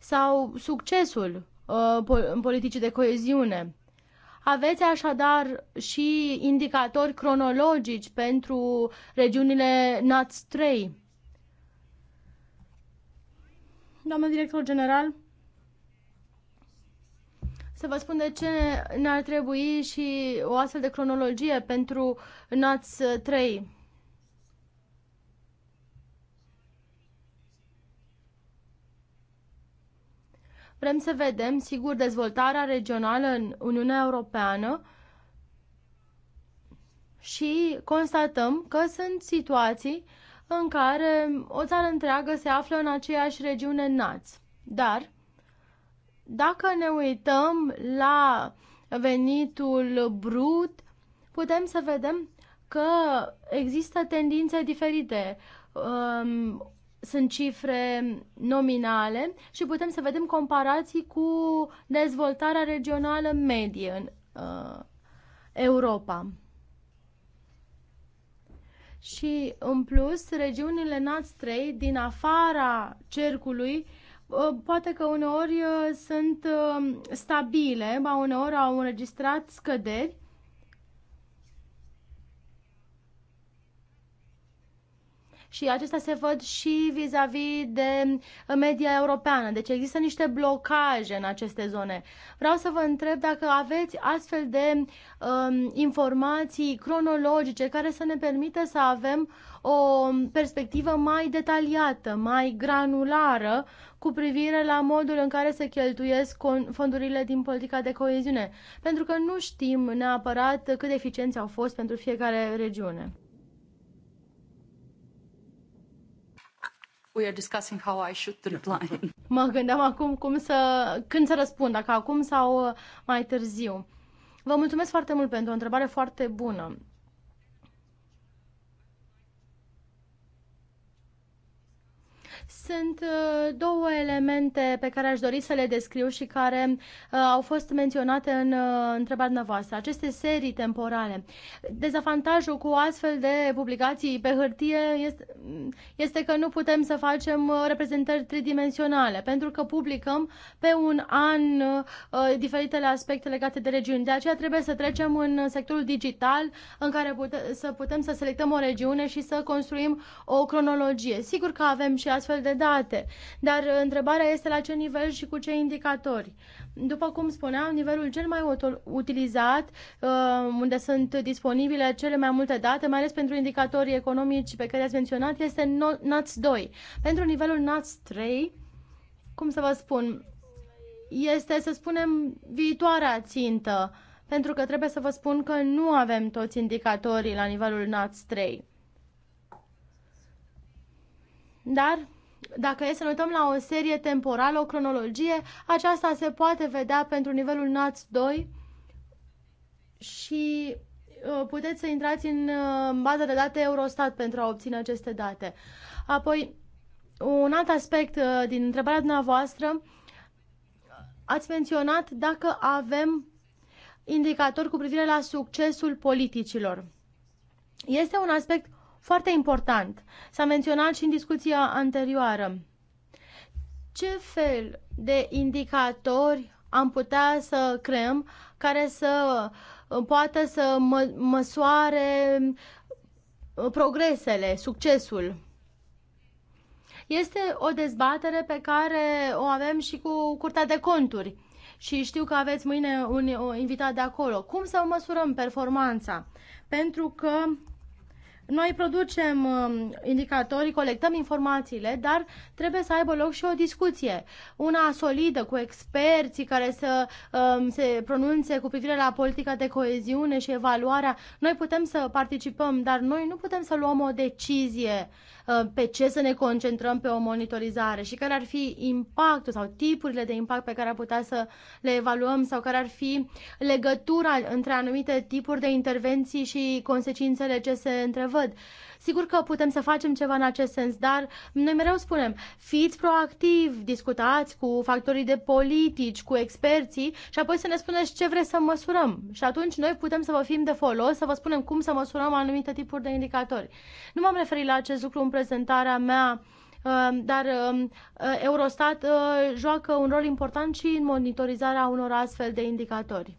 S3: sau succesul uh, în politicii de coeziune. Aveți așadar și indicatori cronologici pentru regiunile NATS 3. Doamna director general, să vă spun de ce ne-ar trebui și o astfel de cronologie pentru NATS 3. Vrem să vedem, sigur, dezvoltarea regională în Uniunea Europeană și constatăm că sunt situații în care o țară întreagă se află în aceeași regiune NAț. Dar, dacă ne uităm la venitul brut, putem să vedem că există tendințe diferite. Um, sunt cifre nominale și putem să vedem comparații cu dezvoltarea regională medie în uh, Europa. Și, în plus, regiunile nat 3 din afara cercului uh, poate că uneori uh, sunt uh, stabile, ba uneori au înregistrat scăderi, și acestea se văd și vis-a-vis -vis de media europeană. Deci există niște blocaje în aceste zone. Vreau să vă întreb dacă aveți astfel de um, informații cronologice care să ne permită să avem o perspectivă mai detaliată, mai granulară cu privire la modul în care se cheltuiesc fondurile din politica de coeziune, pentru că nu știm neapărat cât de eficienți au fost pentru fiecare regiune.
S5: we are discussing how I should reply.
S3: Mă gândeam acum cum să, când să răspund, dacă acum sau mai târziu. Vă mulțumesc foarte mult pentru o întrebare foarte bună. Sunt uh, două elemente pe care aș dori să le descriu și care uh, au fost menționate în uh, întrebarea noastră. Aceste serii temporale. Dezavantajul cu astfel de publicații pe hârtie este, că nu putem să facem reprezentări tridimensionale, pentru că publicăm pe un an diferitele aspecte legate de regiuni. De aceea trebuie să trecem în sectorul digital, în care să putem să selectăm o regiune și să construim o cronologie. Sigur că avem și astfel astfel de date. Dar uh, întrebarea este la ce nivel și cu ce indicatori. După cum spuneam, nivelul cel mai utilizat, uh, unde sunt disponibile cele mai multe date, mai ales pentru indicatorii economici pe care ați menționat, este NATS 2. Pentru nivelul NATS 3, cum să vă spun, este, să spunem, viitoarea țintă, pentru că trebuie să vă spun că nu avem toți indicatorii la nivelul NATS 3. Dar dacă e să ne uităm la o serie temporală, o cronologie, aceasta se poate vedea pentru nivelul NATS 2 și uh, puteți să intrați uh, în baza de date Eurostat pentru a obține aceste date. Apoi, un alt aspect uh, din întrebarea dumneavoastră, ați menționat dacă avem indicatori cu privire la succesul politicilor. Este un aspect foarte important. S-a menționat și în discuția anterioară. Ce fel de indicatori am putea să creăm care să uh, poată să mă, măsoare uh, progresele, succesul este o dezbatere pe care o avem și cu Curtea de Conturi. Și știu că aveți mâine un, o invitat de acolo. Cum să măsurăm performanța? Pentru că noi producem um, indicatorii, colectăm informațiile, dar trebuie să aibă loc și o discuție, una solidă cu experții care să um, se pronunțe cu privire la politica de coeziune și evaluarea. Noi putem să participăm, dar noi nu putem să luăm o decizie Uh, pe ce să ne concentrăm pe o monitorizare și care ar fi impactul sau tipurile de impact pe care ar putea să le evaluăm sau care ar fi legătura între anumite tipuri de intervenții și consecințele ce se întrevăd. Sigur că putem să facem ceva în acest sens, dar noi mereu spunem, fiți proactiv, discutați cu factorii de politici, cu experții și apoi să ne spuneți ce vreți să măsurăm. Și atunci noi putem să vă fim de folos, să vă spunem cum să măsurăm anumite tipuri de indicatori. Nu m-am referit la acest lucru în prezentarea mea uh, dar um, uh, Eurostat uh, joacă un rol important și în monitorizarea unor astfel de indicatori.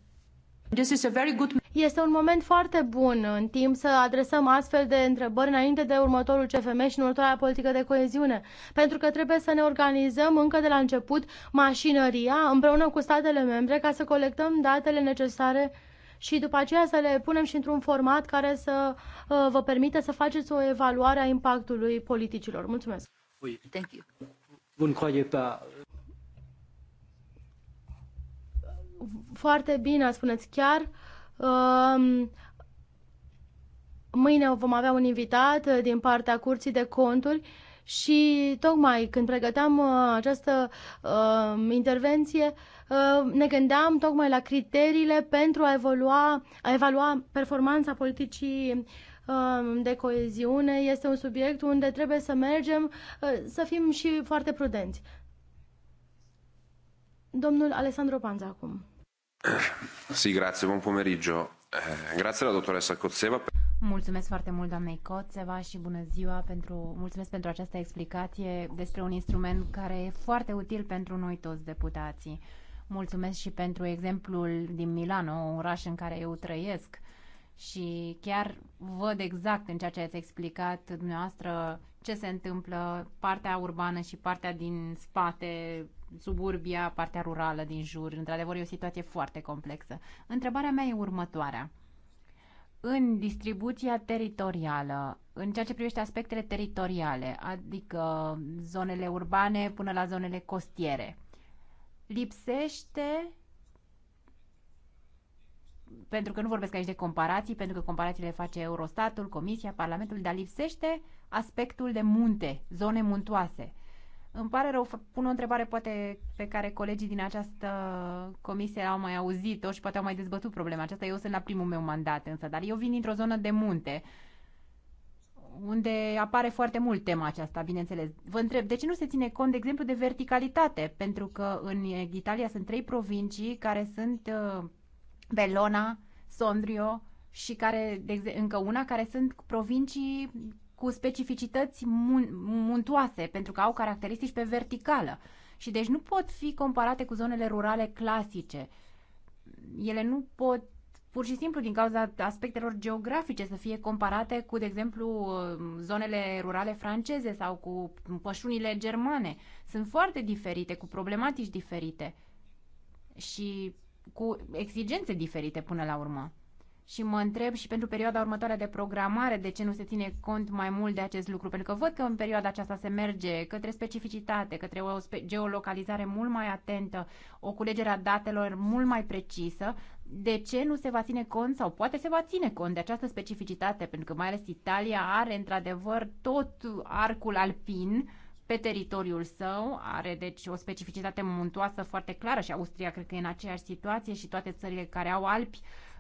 S3: Este un moment foarte bun în timp să adresăm astfel de întrebări înainte de următorul CFM și în următoarea politică de coeziune, pentru că trebuie să ne organizăm încă de la început mașinăria împreună cu statele membre ca să colectăm datele necesare și după aceea să le punem și într-un format care să uh, vă permite să faceți o evaluare a impactului politicilor. Mulțumesc! Bun, Thank
S1: you.
S3: Foarte bine, spuneți chiar. Uh, mâine vom avea un invitat uh, din partea Curții de Conturi și tocmai când pregăteam uh, această uh, intervenție, uh, ne gândeam tocmai la criteriile pentru a, evolua, a evalua performanța politicii um, de coeziune. Este un subiect unde trebuie să mergem, uh, să fim și foarte prudenți. Domnul Alessandro Panza acum.
S5: Sì, grazie, buon pomeriggio. Eh, grazie dottoressa Cozzeva.
S2: Mulțumesc foarte mult, doamnei Coțeva, și bună ziua. Pentru, mulțumesc pentru această explicație despre un instrument care e foarte util pentru noi toți deputații. Mulțumesc și pentru exemplul din Milano, un oraș în care eu trăiesc și chiar văd exact în ceea ce ați explicat dumneavoastră ce se întâmplă, partea urbană și partea din spate suburbia, partea rurală din jur. Într-adevăr, e o situație foarte complexă. Întrebarea mea e următoarea. În distribuția teritorială, în ceea ce privește aspectele teritoriale, adică zonele urbane până la zonele costiere, lipsește pentru că nu vorbesc aici de comparații, pentru că comparațiile face Eurostatul, Comisia, Parlamentul, dar lipsește aspectul de munte, zone muntoase. Îmi pare rău, pun o întrebare poate pe care colegii din această comisie au mai auzit-o și poate au mai dezbătut problema aceasta. Eu sunt la primul meu mandat însă, dar eu vin dintr-o zonă de munte unde apare foarte mult tema aceasta, bineînțeles. Vă întreb, de ce nu se ține cont, de exemplu, de verticalitate? Pentru că în Italia sunt trei provincii care sunt uh, Bellona, Sondrio și care, de, încă una, care sunt provincii cu specificități mun- muntoase, pentru că au caracteristici pe verticală și deci nu pot fi comparate cu zonele rurale clasice. Ele nu pot pur și simplu din cauza aspectelor geografice să fie comparate cu, de exemplu, zonele rurale franceze sau cu pășunile germane. Sunt foarte diferite, cu problematici diferite și cu exigențe diferite până la urmă și mă întreb și pentru perioada următoare de programare de ce nu se ține cont mai mult de acest lucru, pentru că văd că în perioada aceasta se merge către specificitate, către o geolocalizare mult mai atentă, o culegere a datelor mult mai precisă. De ce nu se va ține cont sau poate se va ține cont de această specificitate, pentru că mai ales Italia are într-adevăr tot arcul alpin pe teritoriul său, are deci o specificitate muntoasă foarte clară și Austria cred că e în aceeași situație și toate țările care au alpi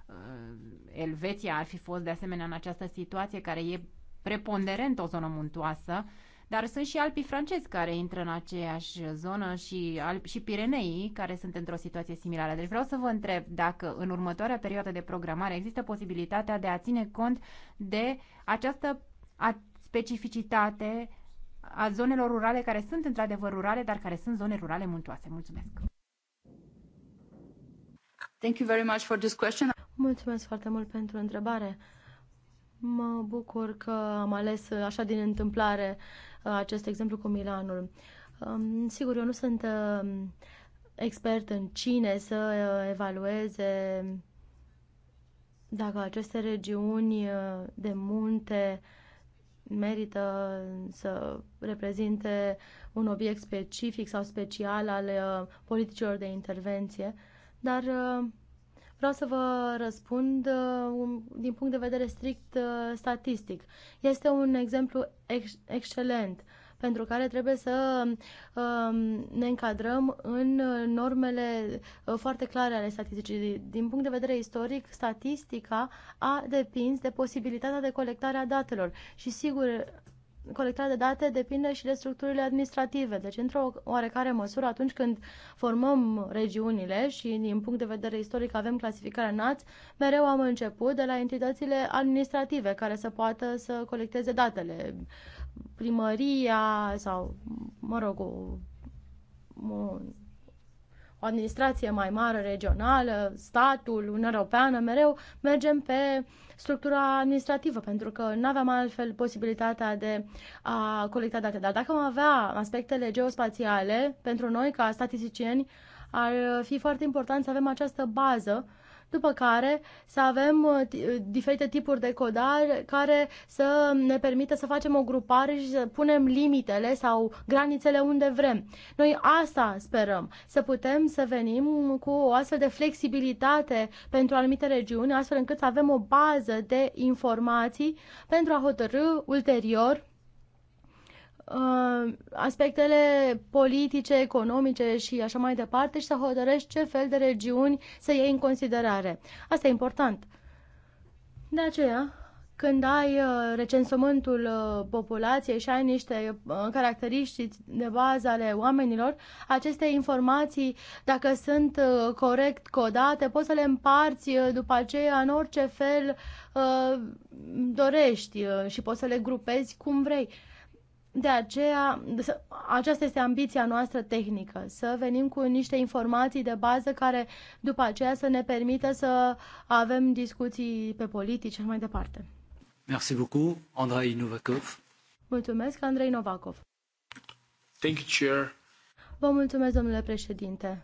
S2: Uh, Elveția ar fi fost de asemenea în această situație care e preponderent o zonă muntoasă, dar sunt și alpii francezi care intră în aceeași zonă și, Alp- și Pireneii care sunt într-o situație similară. Deci vreau să vă întreb dacă în următoarea perioadă de programare există posibilitatea de a ține cont de această specificitate a zonelor rurale care sunt într-adevăr rurale, dar care sunt zone rurale muntoase. Mulțumesc!
S3: Thank you very much for this question. Mulțumesc foarte mult pentru întrebare. Mă bucur că am ales așa din întâmplare uh, acest exemplu cu Milanul. Um, sigur, eu nu sunt um, expert în cine să uh, evalueze dacă aceste regiuni uh, de munte merită să reprezinte un obiect specific sau special al politicilor de intervenție dar uh, vreau să vă răspund uh, din punct de vedere strict uh, statistic. Este un exemplu ex- excelent pentru care trebuie să um, ne încadrăm în normele foarte clare ale statisticii. Din punct de vedere istoric, statistica a depins de posibilitatea de colectare a datelor și sigur colectarea de date depinde și de structurile administrative. Deci, într-o oarecare măsură, atunci când formăm regiunile și din punct de vedere istoric avem clasificarea NAT, mereu am început de la entitățile administrative care să poată să colecteze datele. Primăria sau, mă rog, o, o o administrație mai mare regională, statul, Uniunea Europeană, mereu mergem pe structura administrativă, pentru că nu aveam altfel posibilitatea de a colecta date. Dar dacă am avea aspectele geospațiale, pentru noi, ca statisticieni, ar fi foarte important să avem această bază după care să avem uh, uh, diferite tipuri de codare care să ne permită să facem o grupare și să punem limitele sau granițele unde vrem. Noi asta sperăm, să putem să venim cu o astfel de flexibilitate pentru anumite regiuni, astfel încât să avem o bază de informații pentru a hotărâ ulterior Uh, aspectele politice, economice și așa mai departe și să hotărăști ce fel de regiuni să iei în considerare. Asta e important. De aceea, când ai uh, recensământul uh, populației și ai niște caracteristici de bază ale oamenilor, aceste informații, dacă sunt corect codate, poți să le împarți după aceea în orice fel dorești și poți să le grupezi cum vrei. De aceea, aceasta este ambiția noastră tehnică, să venim cu niște informații de bază care după aceea să ne permită să avem discuții pe politici și mai departe.
S1: Merci beaucoup, Andrei Novakov.
S3: Mulțumesc, Andrei Novakov.
S5: Thank you, Chair.
S3: Vă mulțumesc, domnule președinte.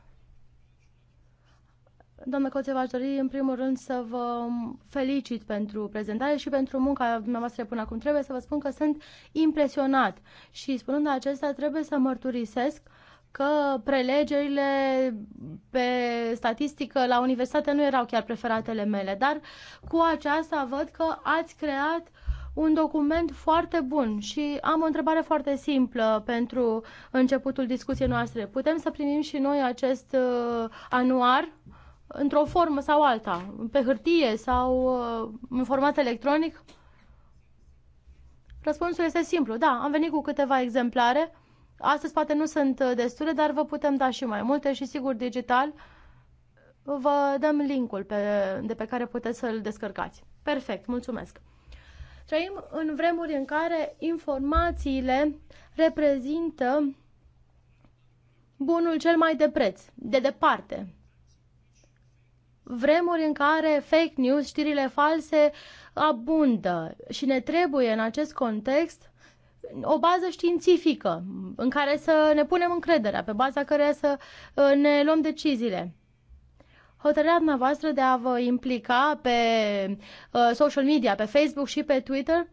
S3: Doamne v aș dori în primul rând să vă felicit pentru prezentare și pentru munca dumneavoastră până acum. Trebuie să vă spun că sunt impresionat și spunând acesta trebuie să mărturisesc că prelegerile pe statistică la universitate nu erau chiar preferatele mele, dar cu aceasta văd că ați creat un document foarte bun și am o întrebare foarte simplă pentru începutul discuției noastre. Putem să primim și noi acest uh, anuar? Uh, într-o formă sau alta, pe hârtie sau uh, în format electronic? Răspunsul este simplu. Da, am venit cu câteva exemplare. Astăzi poate nu sunt uh, destule, dar vă putem da și mai multe și sigur digital vă dăm linkul pe, de pe care puteți să-l descărcați. Perfect, mulțumesc! Trăim în vremuri în care informațiile reprezintă bunul cel mai de preț, de departe, vremuri în care fake news, știrile false abundă și ne trebuie în acest context o bază științifică în care să ne punem încrederea, pe baza căreia să uh, ne luăm deciziile. Hotărârea dumneavoastră de a vă implica pe uh, social media, pe Facebook și pe Twitter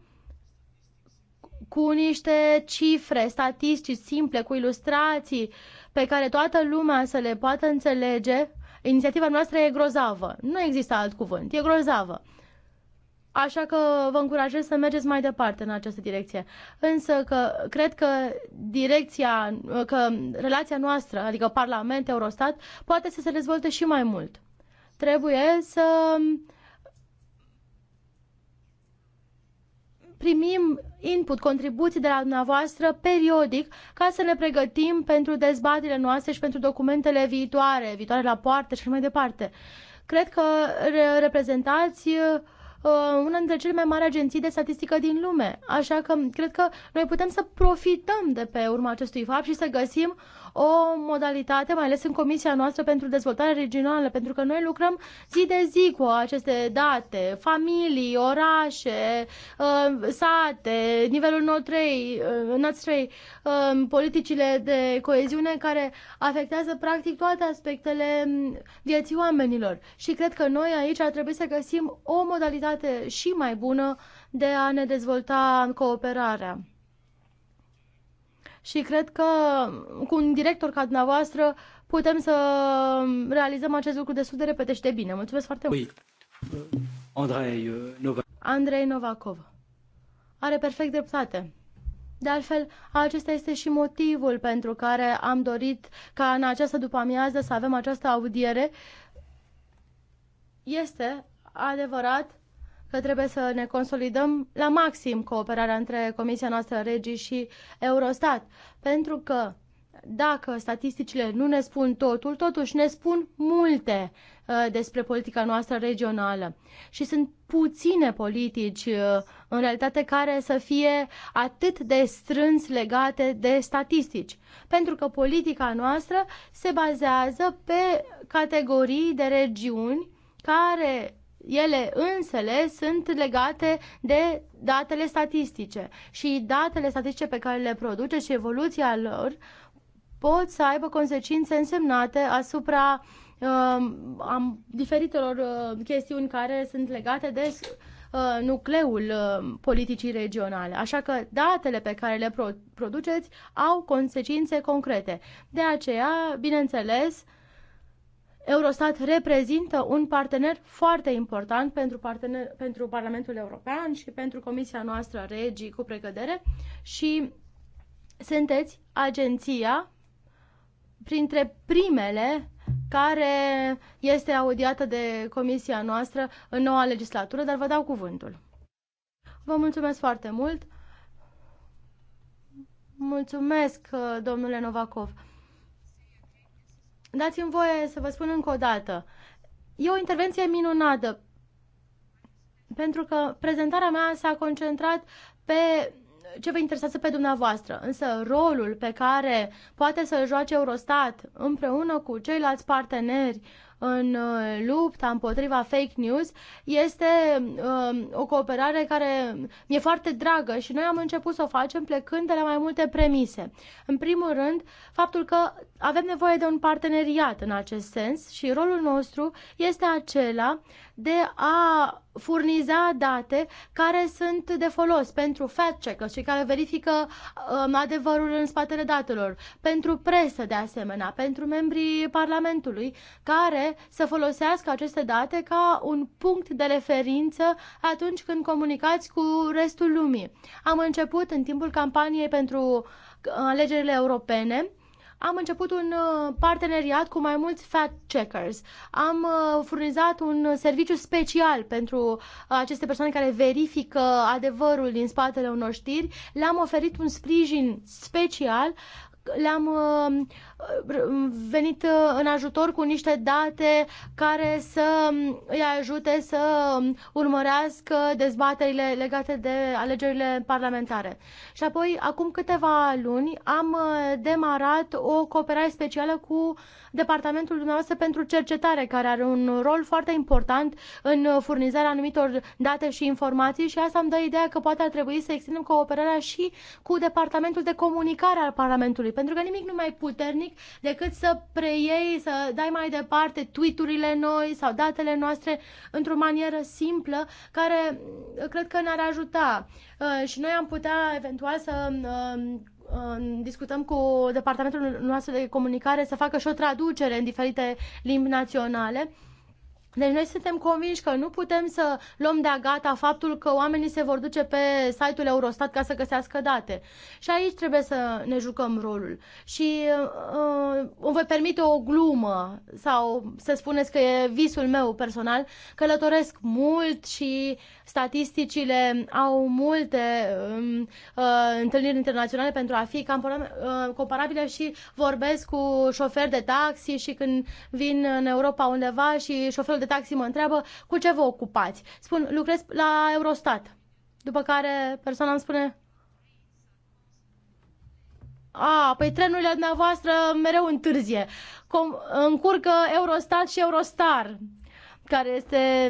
S3: cu niște cifre, statistici simple, cu ilustrații pe care toată lumea să le poată înțelege, Inițiativa noastră e grozavă. Nu există alt cuvânt. E grozavă. Așa că vă încurajez să mergeți mai departe în această direcție. Însă că cred că direcția, că relația noastră, adică Parlament, Eurostat, poate să se dezvolte și mai mult. Trebuie să primim input, contribuții de la dumneavoastră periodic ca să ne pregătim pentru dezbaterile noastre și pentru documentele viitoare, viitoare la poartă și mai departe. Cred că reprezentați uh, una dintre cele mai mari agenții de statistică din lume. Așa că cred că noi putem să profităm de pe urma acestui fapt și să găsim o modalitate, mai ales în Comisia noastră pentru dezvoltare regională, pentru că noi lucrăm zi de zi cu aceste date, familii, orașe, uh, sate, nivelul NOT 3, uh, um, politicile de coeziune care afectează practic toate aspectele um, vieții oamenilor. Și cred că noi aici ar trebui să găsim o modalitate și mai bună de a ne dezvolta cooperarea și cred că cu un director ca dumneavoastră putem să realizăm acest lucru destul de repede și de bine. Mulțumesc foarte mult!
S1: Oui. Andrei, euh, Novak.
S3: Andrei Novakov. Are perfect dreptate. De altfel, acesta este și motivul pentru care am dorit ca în această după-amiază să avem această audiere. Este adevărat că trebuie să ne consolidăm la maxim cooperarea între Comisia noastră Regii și Eurostat, pentru că dacă statisticile nu ne spun totul, totuși ne spun multe uh, despre politica noastră regională. Și sunt puține politici, uh, în realitate, care să fie atât de strâns legate de statistici. Pentru că politica noastră se bazează pe categorii de regiuni care ele însele sunt legate de datele statistice și datele statistice pe care le produce și evoluția lor pot să aibă consecințe însemnate asupra uh, am, diferitelor uh, chestiuni care sunt legate de uh, nucleul uh, politicii regionale. Așa că datele pe care le pro- produceți au consecințe concrete. De aceea, bineînțeles, Eurostat reprezintă un partener foarte important pentru, partener, pentru Parlamentul European și pentru Comisia noastră Regii cu precădere și sunteți agenția printre primele care este audiată de comisia noastră în noua legislatură, dar vă dau cuvântul. Vă mulțumesc foarte mult. Mulțumesc, domnule Novakov. Dați-mi voie să vă spun încă o dată. E o intervenție minunată, pentru că prezentarea mea s-a concentrat pe ce vă interesează pe dumneavoastră, însă rolul pe care poate să-l joace Eurostat împreună cu ceilalți parteneri în uh, lupta împotriva fake news este uh, o cooperare care mi-e foarte dragă și noi am început să o facem plecând de la mai multe premise. În primul rând, faptul că avem nevoie de un parteneriat în acest sens și rolul nostru este acela de a furniza date care sunt de folos pentru fact-checkers și care verifică um, adevărul în spatele datelor, pentru presă de asemenea, pentru membrii Parlamentului, care să folosească aceste date ca un punct de referință atunci când comunicați cu restul lumii. Am început în timpul campaniei pentru alegerile europene am început un uh, parteneriat cu mai mulți fact checkers. Am uh, furnizat un serviciu special pentru uh, aceste persoane care verifică adevărul din spatele unor știri. Le-am oferit un sprijin special le-am venit uh, în ajutor cu niște date care să îi ajute să urmărească dezbaterile legate de alegerile parlamentare. Și apoi, acum câteva luni, am uh, demarat o cooperare specială cu departamentul dumneavoastră pentru cercetare, care are un rol foarte important în furnizarea anumitor date și informații și asta îmi dă ideea că poate ar trebui să extindem cooperarea și cu departamentul de comunicare al Parlamentului, pentru că nimic nu mai puternic nimic decât să preiei, să dai mai departe tweet-urile noi sau datele noastre într-o manieră simplă care mm, cred că ne-ar ajuta. Uh, și noi am putea eventual să mm, uh, mm, uh, discutăm cu departamentul nostru de comunicare să facă și o traducere în diferite limbi naționale deci noi suntem convinși că nu putem să luăm de-a gata faptul că oamenii se vor duce pe site-ul Eurostat ca să găsească date. Și aici trebuie să ne jucăm rolul. Și uh, îmi voi permite o glumă sau să spuneți că e visul meu personal. Călătoresc mult și statisticile au multe um, uh, întâlniri internaționale pentru a fi cam, uh, comparabile și vorbesc cu șoferi de taxi și când vin în Europa undeva și șoferul de taxi mă întreabă cu ce vă ocupați. Spun, lucrez la Eurostat. După care persoana îmi spune, a, păi trenurile dumneavoastră mereu întârzie. Com- încurcă Eurostat și Eurostar care este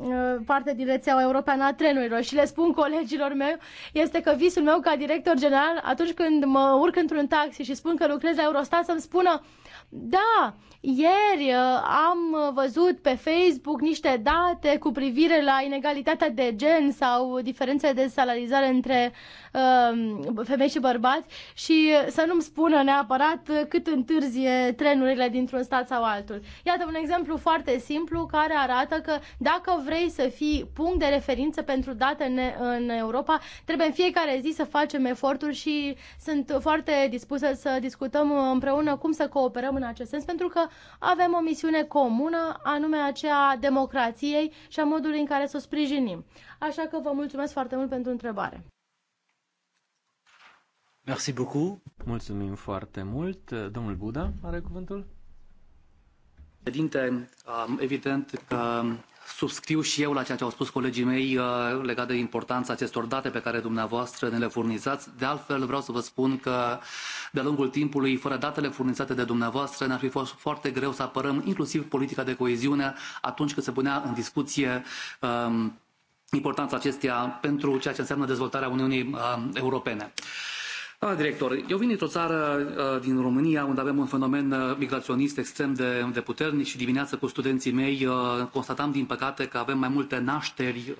S3: uh, parte din rețeaua europeană a trenurilor și le spun colegilor mei, este că visul meu ca director general, atunci când mă urc într-un taxi și spun că lucrez la Eurostat, să-mi spună uh, da, ieri uh, am uh, văzut pe Facebook niște date cu privire la inegalitatea de gen sau diferențe de salarizare între Uh, femei și bărbați și uh, să nu-mi spună neapărat uh, cât întârzie trenurile dintr-un stat sau altul. Iată un exemplu foarte simplu care arată că dacă vrei să fii punct de referință pentru date în Europa, trebuie în fiecare zi să facem eforturi și sunt foarte dispusă să discutăm împreună cum să cooperăm în acest sens, pentru că avem o misiune comună, anume aceea democrației și a modului în care să o sprijinim. Așa că vă mulțumesc foarte mult pentru întrebare.
S4: Merci beaucoup. Mulțumim foarte mult. Domnul Buda
S5: are cuvântul. Președinte, evident că subscriu și eu la ceea ce au spus colegii mei uh, legat de importanța acestor date pe care dumneavoastră ne le furnizați. De altfel, vreau să vă spun că de-a lungul timpului, fără datele furnizate de dumneavoastră, ne-ar fi fost foarte greu să apărăm inclusiv politica de coeziune atunci când se punea în discuție um, importanța acesteia pentru ceea ce înseamnă dezvoltarea Uniunii um, Europene. Uh, Doamna director, eu vin dintr-o țară uh, din România unde avem un fenomen uh, migraționist extrem de, de puternic și dimineața cu studenții mei uh, constatam din păcate că avem mai multe nașteri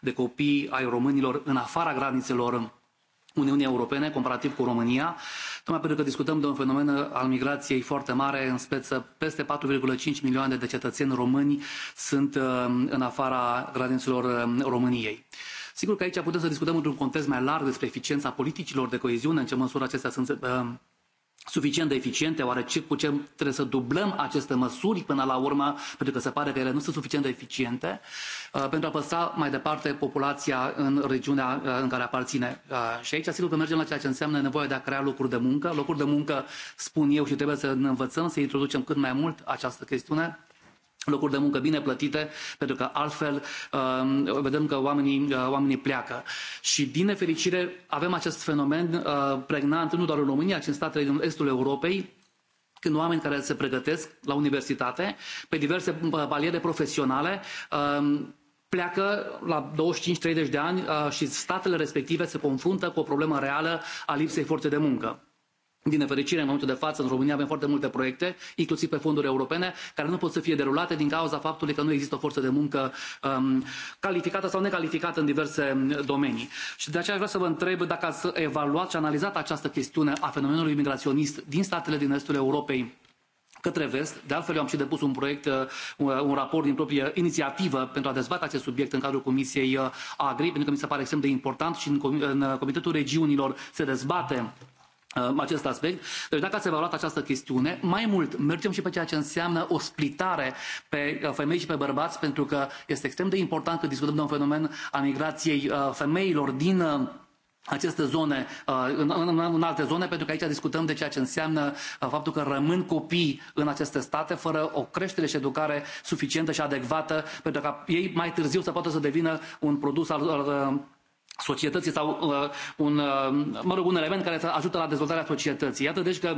S5: de copii ai românilor în afara granițelor Uniunii Europene comparativ cu România, tocmai pentru că discutăm de un fenomen al migrației foarte mare, în speță peste 4,5 milioane de cetățeni români sunt în afara granițelor României. Sigur că aici putem să discutăm într-un context mai larg despre eficiența politicilor de coeziune, în ce măsură acestea sunt uh, suficient de eficiente, oare ce, cu ce trebuie să dublăm aceste măsuri până la urmă, pentru că se pare că ele nu sunt suficient de eficiente, uh, pentru a păstra mai departe populația în regiunea uh, în care aparține. Uh, și aici sigur că mergem la ceea ce înseamnă nevoia de a crea locuri de muncă. Locuri de muncă, spun eu, și trebuie să ne învățăm să introducem cât mai mult această chestiune, locuri de muncă bine plătite pentru că altfel um, vedem că oamenii, uh, oamenii pleacă. Și din nefericire avem acest fenomen uh, pregnant nu doar în România, ci în statele din estul Europei, când oameni care se pregătesc la universitate pe diverse paliere uh, profesionale um, pleacă la 25-30 de ani și statele respective se confruntă cu o problemă reală a lipsei forței de muncă. Din nefericire, în momentul de față, în România avem foarte multe proiecte, inclusiv pe fonduri europene, care nu pot să fie derulate din cauza faptului că nu există o forță de muncă um, calificată sau necalificată în diverse domenii. Și de aceea aș vrea să vă întreb dacă ați evaluat și analizat această chestiune a fenomenului migraționist din statele din estul Europei către vest. De altfel, eu am și depus un proiect, uh, un raport din proprie inițiativă pentru a dezbate acest subiect în cadrul Comisiei uh, Agri, pentru că mi se pare extrem de important și în uh, Comitetul Regiunilor se dezbate Uh, acest aspect. Deci dacă ați evaluat această chestiune, mai mult mergem și pe ceea ce înseamnă o splitare pe uh, femei și pe bărbați, pentru că este extrem de important că discutăm de un fenomen a migrației uh, femeilor din aceste zone, în alte zone, pentru că aici discutăm de ceea ce înseamnă faptul că rămân copii în aceste state fără o creștere și educare suficientă și adecvată pentru ca ei mai târziu să poată să devină un produs al societății sau uh, un, uh, mă rog, un element care să ajută la dezvoltarea societății. Iată deci că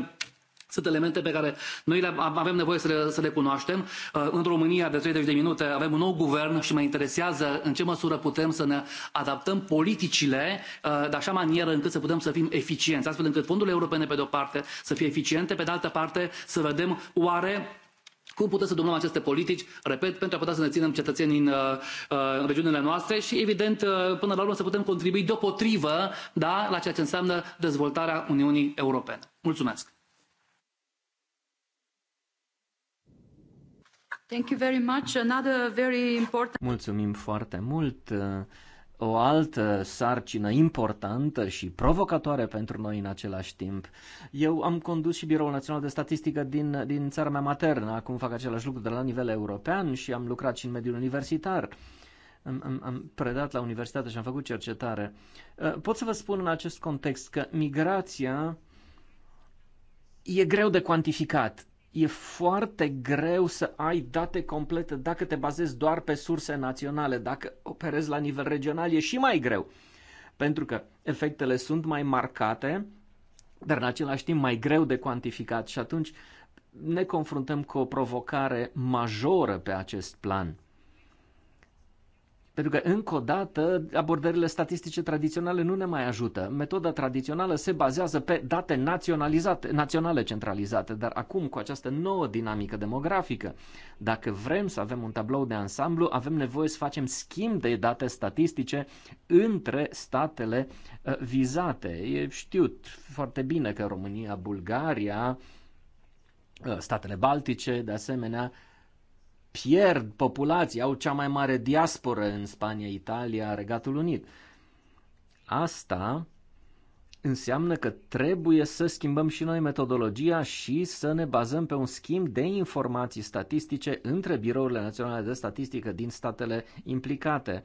S5: sunt elemente pe care noi le avem nevoie să le, să le cunoaștem. Uh, în România, de 30 de minute, avem un nou guvern și mă interesează în ce măsură putem să ne adaptăm politicile uh, de așa manieră încât să putem să fim eficienți, astfel încât fondurile europene, pe de-o parte, să fie eficiente, pe de altă parte, să vedem oare cum putem să dublăm aceste politici repet pentru a putea să ne ținem cetățenii în uh, regiunile noastre și evident uh, până la urmă să putem contribui deopotrivă da, la ceea ce înseamnă dezvoltarea uniunii europene. mulțumesc.
S4: Mulțumim foarte mult. O altă sarcină importantă și provocatoare pentru noi în același timp. Eu am condus și Biroul Național de Statistică din, din țara mea maternă, acum fac același lucru de la nivel european și am lucrat și în mediul universitar. Am, am, am predat la universitate și am făcut cercetare. Uh, pot să vă spun în acest context că migrația e greu de cuantificat e foarte greu să ai date complete dacă te bazezi doar pe surse naționale. Dacă operezi la nivel regional, e și mai greu, pentru că efectele sunt mai marcate, dar în același timp mai greu de cuantificat și atunci ne confruntăm cu o provocare majoră pe acest plan. Pentru că, încă o dată, abordările statistice tradiționale nu ne mai ajută. Metoda tradițională se bazează pe date naționalizate, naționale centralizate, dar acum, cu această nouă dinamică demografică, dacă vrem să avem un tablou de ansamblu, avem nevoie să facem schimb de date statistice între statele uh, vizate. E știut foarte bine că România, Bulgaria, uh, statele baltice, de asemenea, pierd populații, au cea mai mare diasporă în Spania, Italia, Regatul Unit. Asta înseamnă că trebuie să schimbăm și noi metodologia și să ne bazăm pe un schimb de informații statistice între birourile naționale de statistică din statele implicate.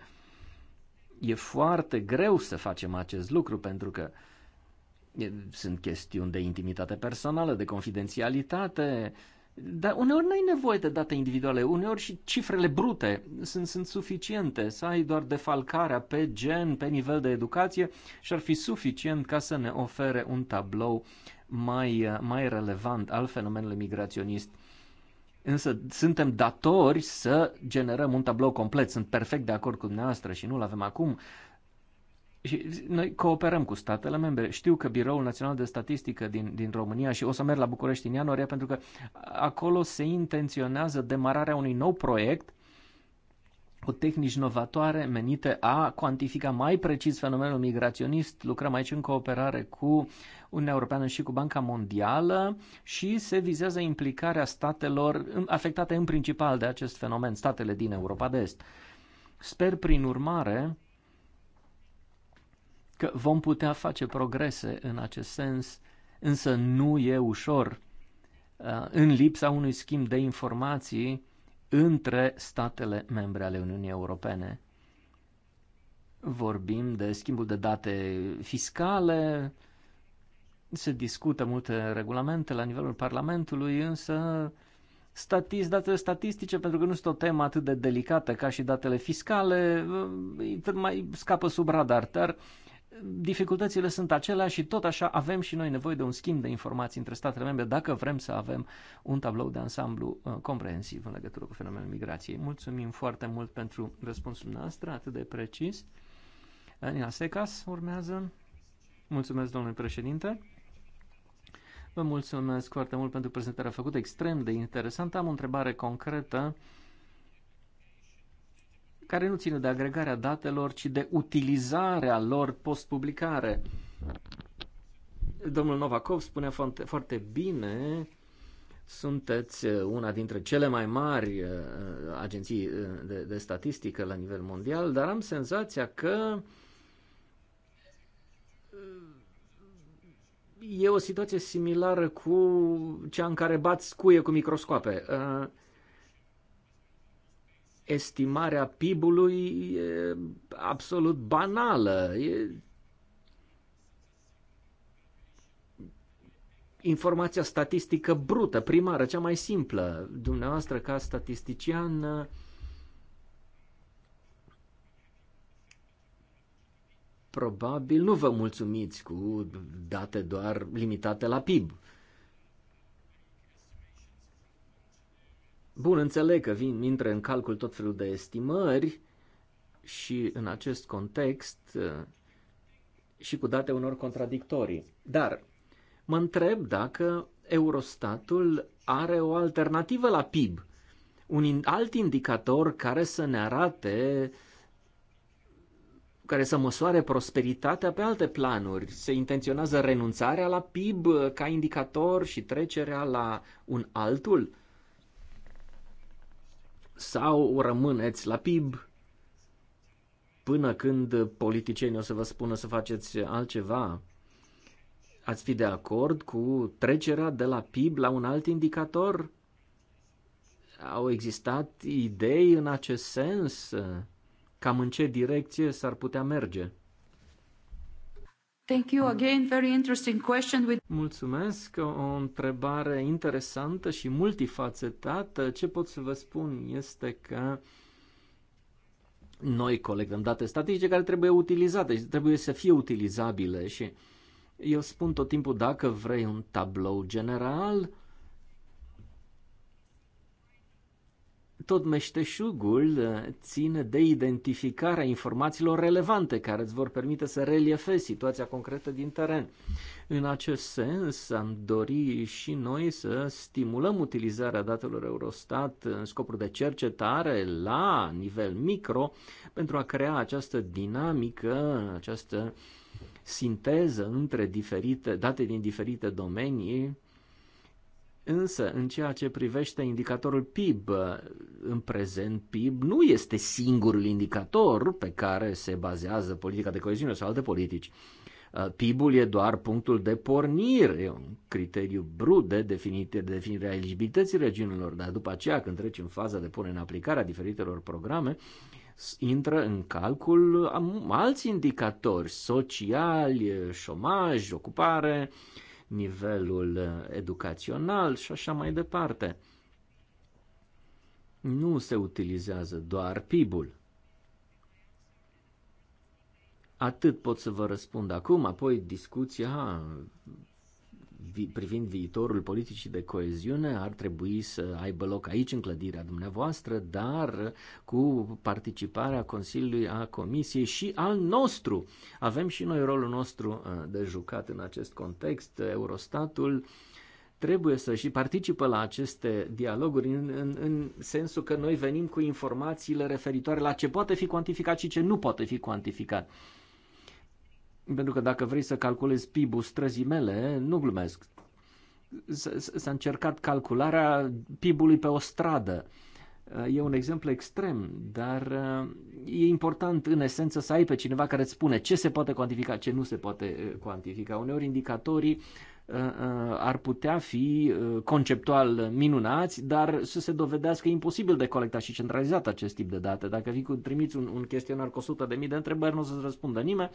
S4: E foarte greu să facem acest lucru pentru că sunt chestiuni de intimitate personală, de confidențialitate, dar uneori nu ai nevoie de date individuale, uneori și cifrele brute sunt, sunt suficiente. Să ai doar defalcarea pe gen, pe nivel de educație și ar fi suficient ca să ne ofere un tablou mai, mai relevant al fenomenului migraționist. Însă suntem datori să generăm un tablou complet. Sunt perfect de acord cu dumneavoastră și nu-l avem acum. Și noi cooperăm cu statele membre. Știu că Biroul Național de Statistică din, din România și o să merg la București în ianuarie pentru că acolo se intenționează demararea unui nou proiect cu tehnici novatoare menite a cuantifica mai precis fenomenul migraționist. Lucrăm aici în cooperare cu Uniunea Europeană și cu Banca Mondială și se vizează implicarea statelor afectate în principal de acest fenomen, statele din Europa de Est. Sper prin urmare că vom putea face progrese în acest sens, însă nu e ușor uh, în lipsa unui schimb de informații între statele membre ale Uniunii Europene. Vorbim de schimbul de date fiscale, se discută multe regulamente la nivelul Parlamentului, însă statist, datele statistice, pentru că nu sunt o temă atât de delicată ca și datele fiscale, uh, mai scapă sub radar, dar dificultățile sunt aceleași și tot așa avem și noi nevoie de un schimb de informații între statele membre dacă vrem să avem un tablou de ansamblu uh, comprehensiv în legătură cu fenomenul migrației. Mulțumim foarte mult pentru răspunsul noastră atât de precis. Nina Secas urmează. Mulțumesc, domnule președinte. Vă mulțumesc foarte mult pentru prezentarea făcută, extrem de interesantă. Am o întrebare concretă care nu țină de agregarea datelor, ci de utilizarea lor post-publicare. Domnul Novakov spune foarte, foarte bine, sunteți una dintre cele mai mari uh, agenții uh, de, de statistică la nivel mondial, dar am senzația că uh, e o situație similară cu cea în care bați cuie cu microscoape estimarea PIB-ului e absolut banală. E... Informația statistică brută, primară, cea mai simplă. Dumneavoastră, ca statistician, probabil nu vă mulțumiți cu date doar limitate la PIB. Bun, înțeleg că vin, intră în calcul tot felul de estimări și în acest context uh, și cu date unor contradictorii. Dar mă întreb dacă Eurostatul are o alternativă la PIB, un alt indicator care să ne arate care să măsoare prosperitatea pe alte planuri. Se intenționează renunțarea la PIB ca indicator și trecerea la un altul? sau rămâneți la PIB până când politicienii o să vă spună să faceți altceva? Ați fi de acord cu trecerea de la PIB la un alt indicator? Au existat idei în acest sens? Cam în ce direcție s-ar putea merge? Thank you again, very interesting question with... Mulțumesc, o întrebare interesantă și multifacetată. Ce pot să vă spun este că noi colectăm date statistice care trebuie utilizate și trebuie să fie utilizabile și eu spun tot timpul dacă vrei un tablou general, Tot meșteșugul uh, ține de identificarea informațiilor relevante care îți vor permite să reliefezi situația concretă din teren. În acest sens, am dori și noi să stimulăm utilizarea datelor Eurostat în scopuri de cercetare la nivel micro pentru a crea această dinamică, această sinteză între diferite date din diferite domenii Însă, în ceea ce privește indicatorul PIB, în prezent PIB nu este singurul indicator pe care se bazează politica de coeziune sau alte politici. Uh, PIB-ul e doar punctul de pornire, un criteriu brut de definire, de definire a eligibilității regiunilor, dar după aceea, când treci în faza de pune în aplicare a diferitelor programe, intră în calcul alți indicatori sociali, șomaj, ocupare, uh, nivelul uh, educațional și așa mai departe. Nu se utilizează doar PIB-ul. Atât pot să vă răspund acum, apoi discuția privind viitorul politicii de coeziune ar trebui să aibă loc aici în clădirea dumneavoastră, dar cu participarea Consiliului a Comisiei și al nostru. Avem și noi rolul nostru uh, de jucat în acest context. Eurostatul trebuie să și participă la aceste dialoguri în, în, în sensul că noi venim cu informațiile referitoare la ce poate fi cuantificat și ce nu poate fi cuantificat pentru că dacă vrei să calculezi PIB-ul străzii mele, nu glumesc. S-a încercat calcularea PIB-ului pe o stradă. E un exemplu extrem, dar uh, e important în esență să ai pe cineva care îți spune ce se poate cuantifica, ce nu se poate uh, cuantifica. Uneori indicatorii uh, Uh, uh, ar putea fi uh, conceptual minunați, dar să se dovedească imposibil de colectat și centralizat acest tip de date. Dacă vii cu trimiți un, un chestionar cu 100 de mii de întrebări, nu o să-ți răspundă nimeni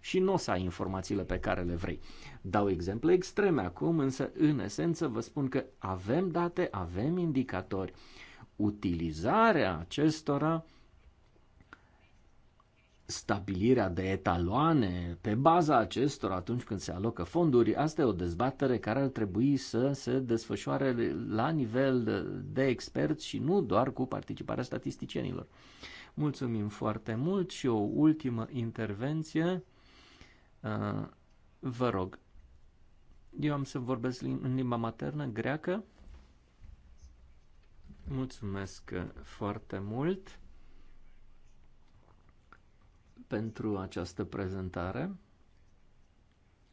S4: și nu o să ai informațiile pe care le vrei. Dau exemple extreme acum, însă în esență vă spun că avem date, avem indicatori. Utilizarea acestora stabilirea de etaloane pe baza acestor atunci când se alocă fonduri, asta e o dezbatere care ar trebui să se desfășoare la nivel de experți și nu doar cu participarea statisticienilor. Mulțumim foarte mult și o ultimă intervenție. Uh, vă rog, eu am să vorbesc în limba maternă greacă. Mulțumesc foarte mult pentru această prezentare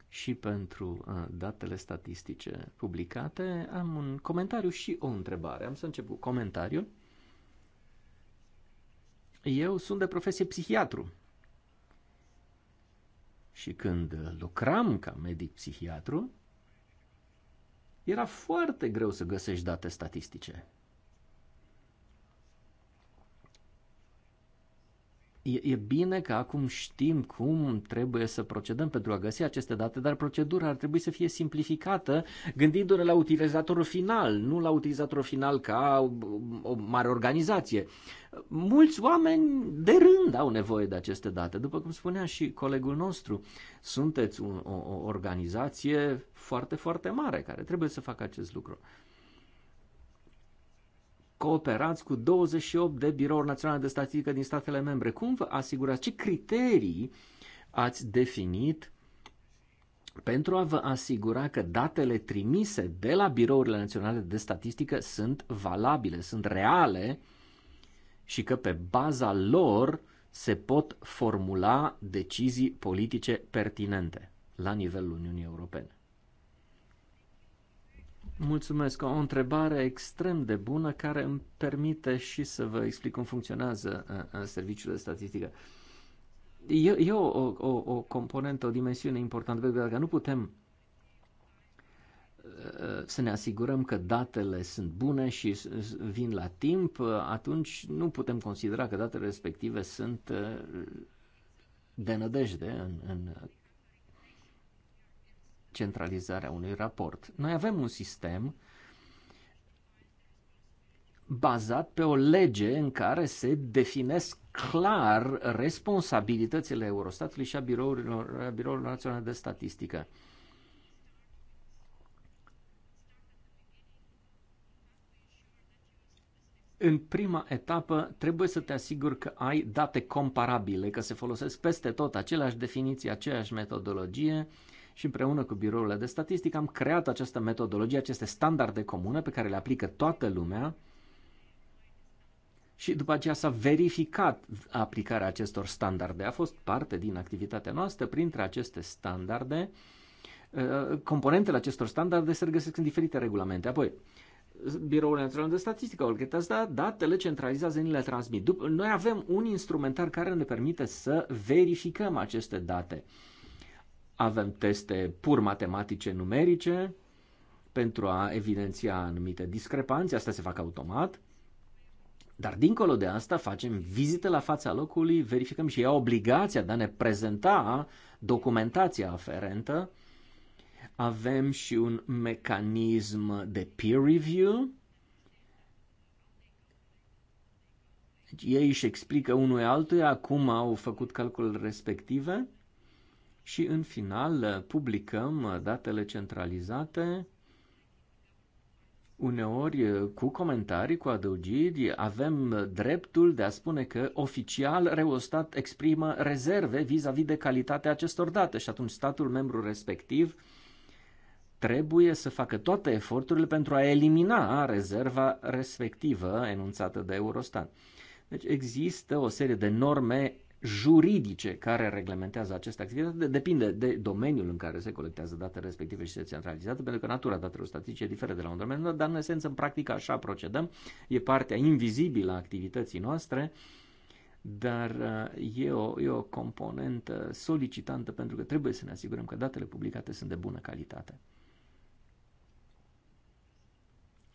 S4: și pentru uh, datele statistice publicate. Am un comentariu și o întrebare. Am să încep cu comentariul. Eu sunt de profesie psihiatru. Și când lucram ca medic psihiatru, era foarte greu să găsești date statistice. e, e bine că acum știm cum trebuie să procedăm pentru a găsi aceste date, dar procedura ar trebui să fie simplificată, gândindu-ne la utilizatorul final, nu la utilizatorul final ca o, o mare organizație. Mulți oameni de rând au nevoie de aceste date. După cum spunea și colegul nostru, sunteți un, o, o organizație foarte, foarte mare care trebuie să facă acest lucru cooperați cu 28 de birouri naționale de statistică din statele membre. Cum vă asigurați? Ce criterii ați definit pentru a vă asigura că datele trimise de la birourile naționale de statistică sunt valabile, sunt reale și că pe baza lor se pot formula decizii politice pertinente la nivelul Uniunii Europene. Mulțumesc! O întrebare extrem de bună care îmi permite și să vă explic cum funcționează uh, uh, serviciul de statistică. E, e o, o, o componentă, o dimensiune importantă, pentru că dacă nu putem uh, să ne asigurăm că datele sunt bune și vin la timp, atunci nu putem considera că datele respective sunt de nădejde în, în centralizarea unui raport. Noi avem un sistem bazat pe o lege în care se definesc clar responsabilitățile Eurostatului și a birourilor, a birourilor naționale de statistică. În prima etapă trebuie să te asiguri că ai date comparabile, că se folosesc peste tot aceleași definiții, aceeași metodologie și împreună cu birourile de statistică am creat această metodologie, aceste standarde comune pe care le aplică toată lumea și după aceea s-a verificat aplicarea acestor standarde. A fost parte din activitatea noastră printre aceste standarde. Uh, componentele acestor standarde se regăsesc în diferite regulamente. Apoi, Biroul Național de Statistică da datele, centralizează, ni le transmit. Noi avem un instrumentar care ne permite să verificăm aceste date. Avem teste pur matematice numerice pentru a evidenția anumite discrepanțe, asta se fac automat. Dar dincolo de asta facem vizite la fața locului, verificăm și ea obligația de a ne prezenta documentația aferentă. Avem și un mecanism de peer review. Ei își explică unul altuia cum au făcut calculele respective și în final publicăm datele centralizate uneori cu comentarii, cu adăugiri, avem dreptul de a spune că oficial Reostat exprimă rezerve vis-a-vis -vis de calitatea acestor date și atunci statul membru respectiv trebuie să facă toate eforturile pentru a elimina rezerva respectivă enunțată de Eurostat. Deci există o serie de norme juridice care reglementează aceste activități depinde de domeniul în care se colectează datele respective și se centralizează, pentru că natura datelor statistice diferă de la un domeniu, dar în esență, în practică, așa procedăm. E partea invizibilă a activității noastre, dar uh, e o, e o componentă solicitantă pentru că trebuie să ne asigurăm că datele publicate sunt de bună calitate.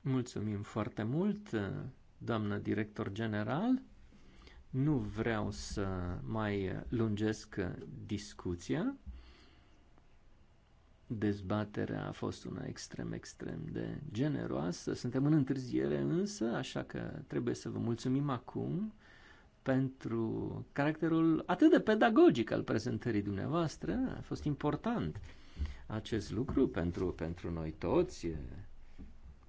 S4: Mulțumim foarte mult, uh, doamnă director general. Nu vreau să mai lungesc discuția. Dezbaterea a fost una extrem, extrem de generoasă. Suntem în întârziere însă, așa că trebuie să vă mulțumim acum pentru caracterul atât de pedagogic al prezentării dumneavoastră. A fost important acest lucru pentru, pentru noi toți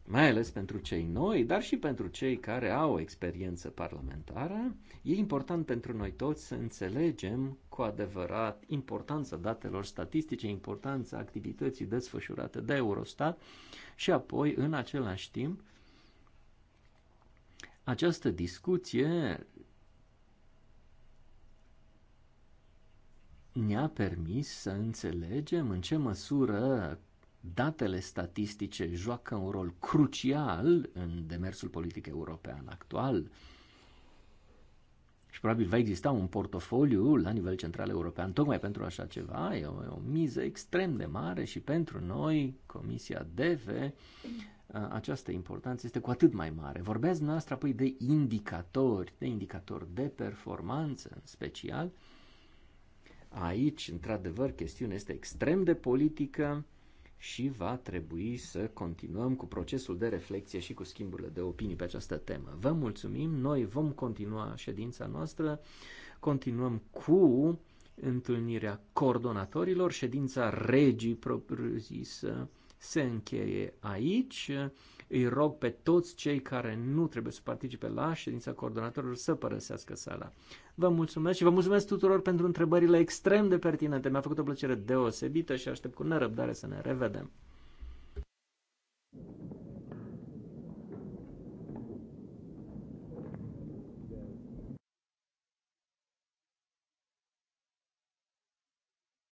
S4: mai ales pentru cei noi, dar și pentru cei care au experiență parlamentară, e important pentru noi toți să înțelegem cu adevărat importanța datelor statistice, importanța activității desfășurate de Eurostat și apoi, în același timp, această discuție ne-a permis să înțelegem în ce măsură Datele statistice joacă un rol crucial în demersul politic european actual și probabil va exista un portofoliu la nivel central european tocmai pentru așa ceva. E o, e o miză extrem de mare și pentru noi, Comisia DEVE, această importanță este cu atât mai mare. Vorbeați noastră apoi de indicatori, de indicatori de performanță în special. Aici, într-adevăr, chestiunea este extrem de politică și va trebui să continuăm cu procesul de reflexie și cu schimburile de opinii pe această temă. Vă mulțumim, noi vom continua ședința noastră, continuăm cu întâlnirea coordonatorilor, ședința regii propriu-zisă se încheie aici. Îi rog pe toți cei care nu trebuie să participe la ședința coordonatorilor să părăsească sala. Vă mulțumesc și vă mulțumesc tuturor pentru întrebările extrem de pertinente. Mi-a făcut o plăcere deosebită și aștept cu nerăbdare să ne revedem.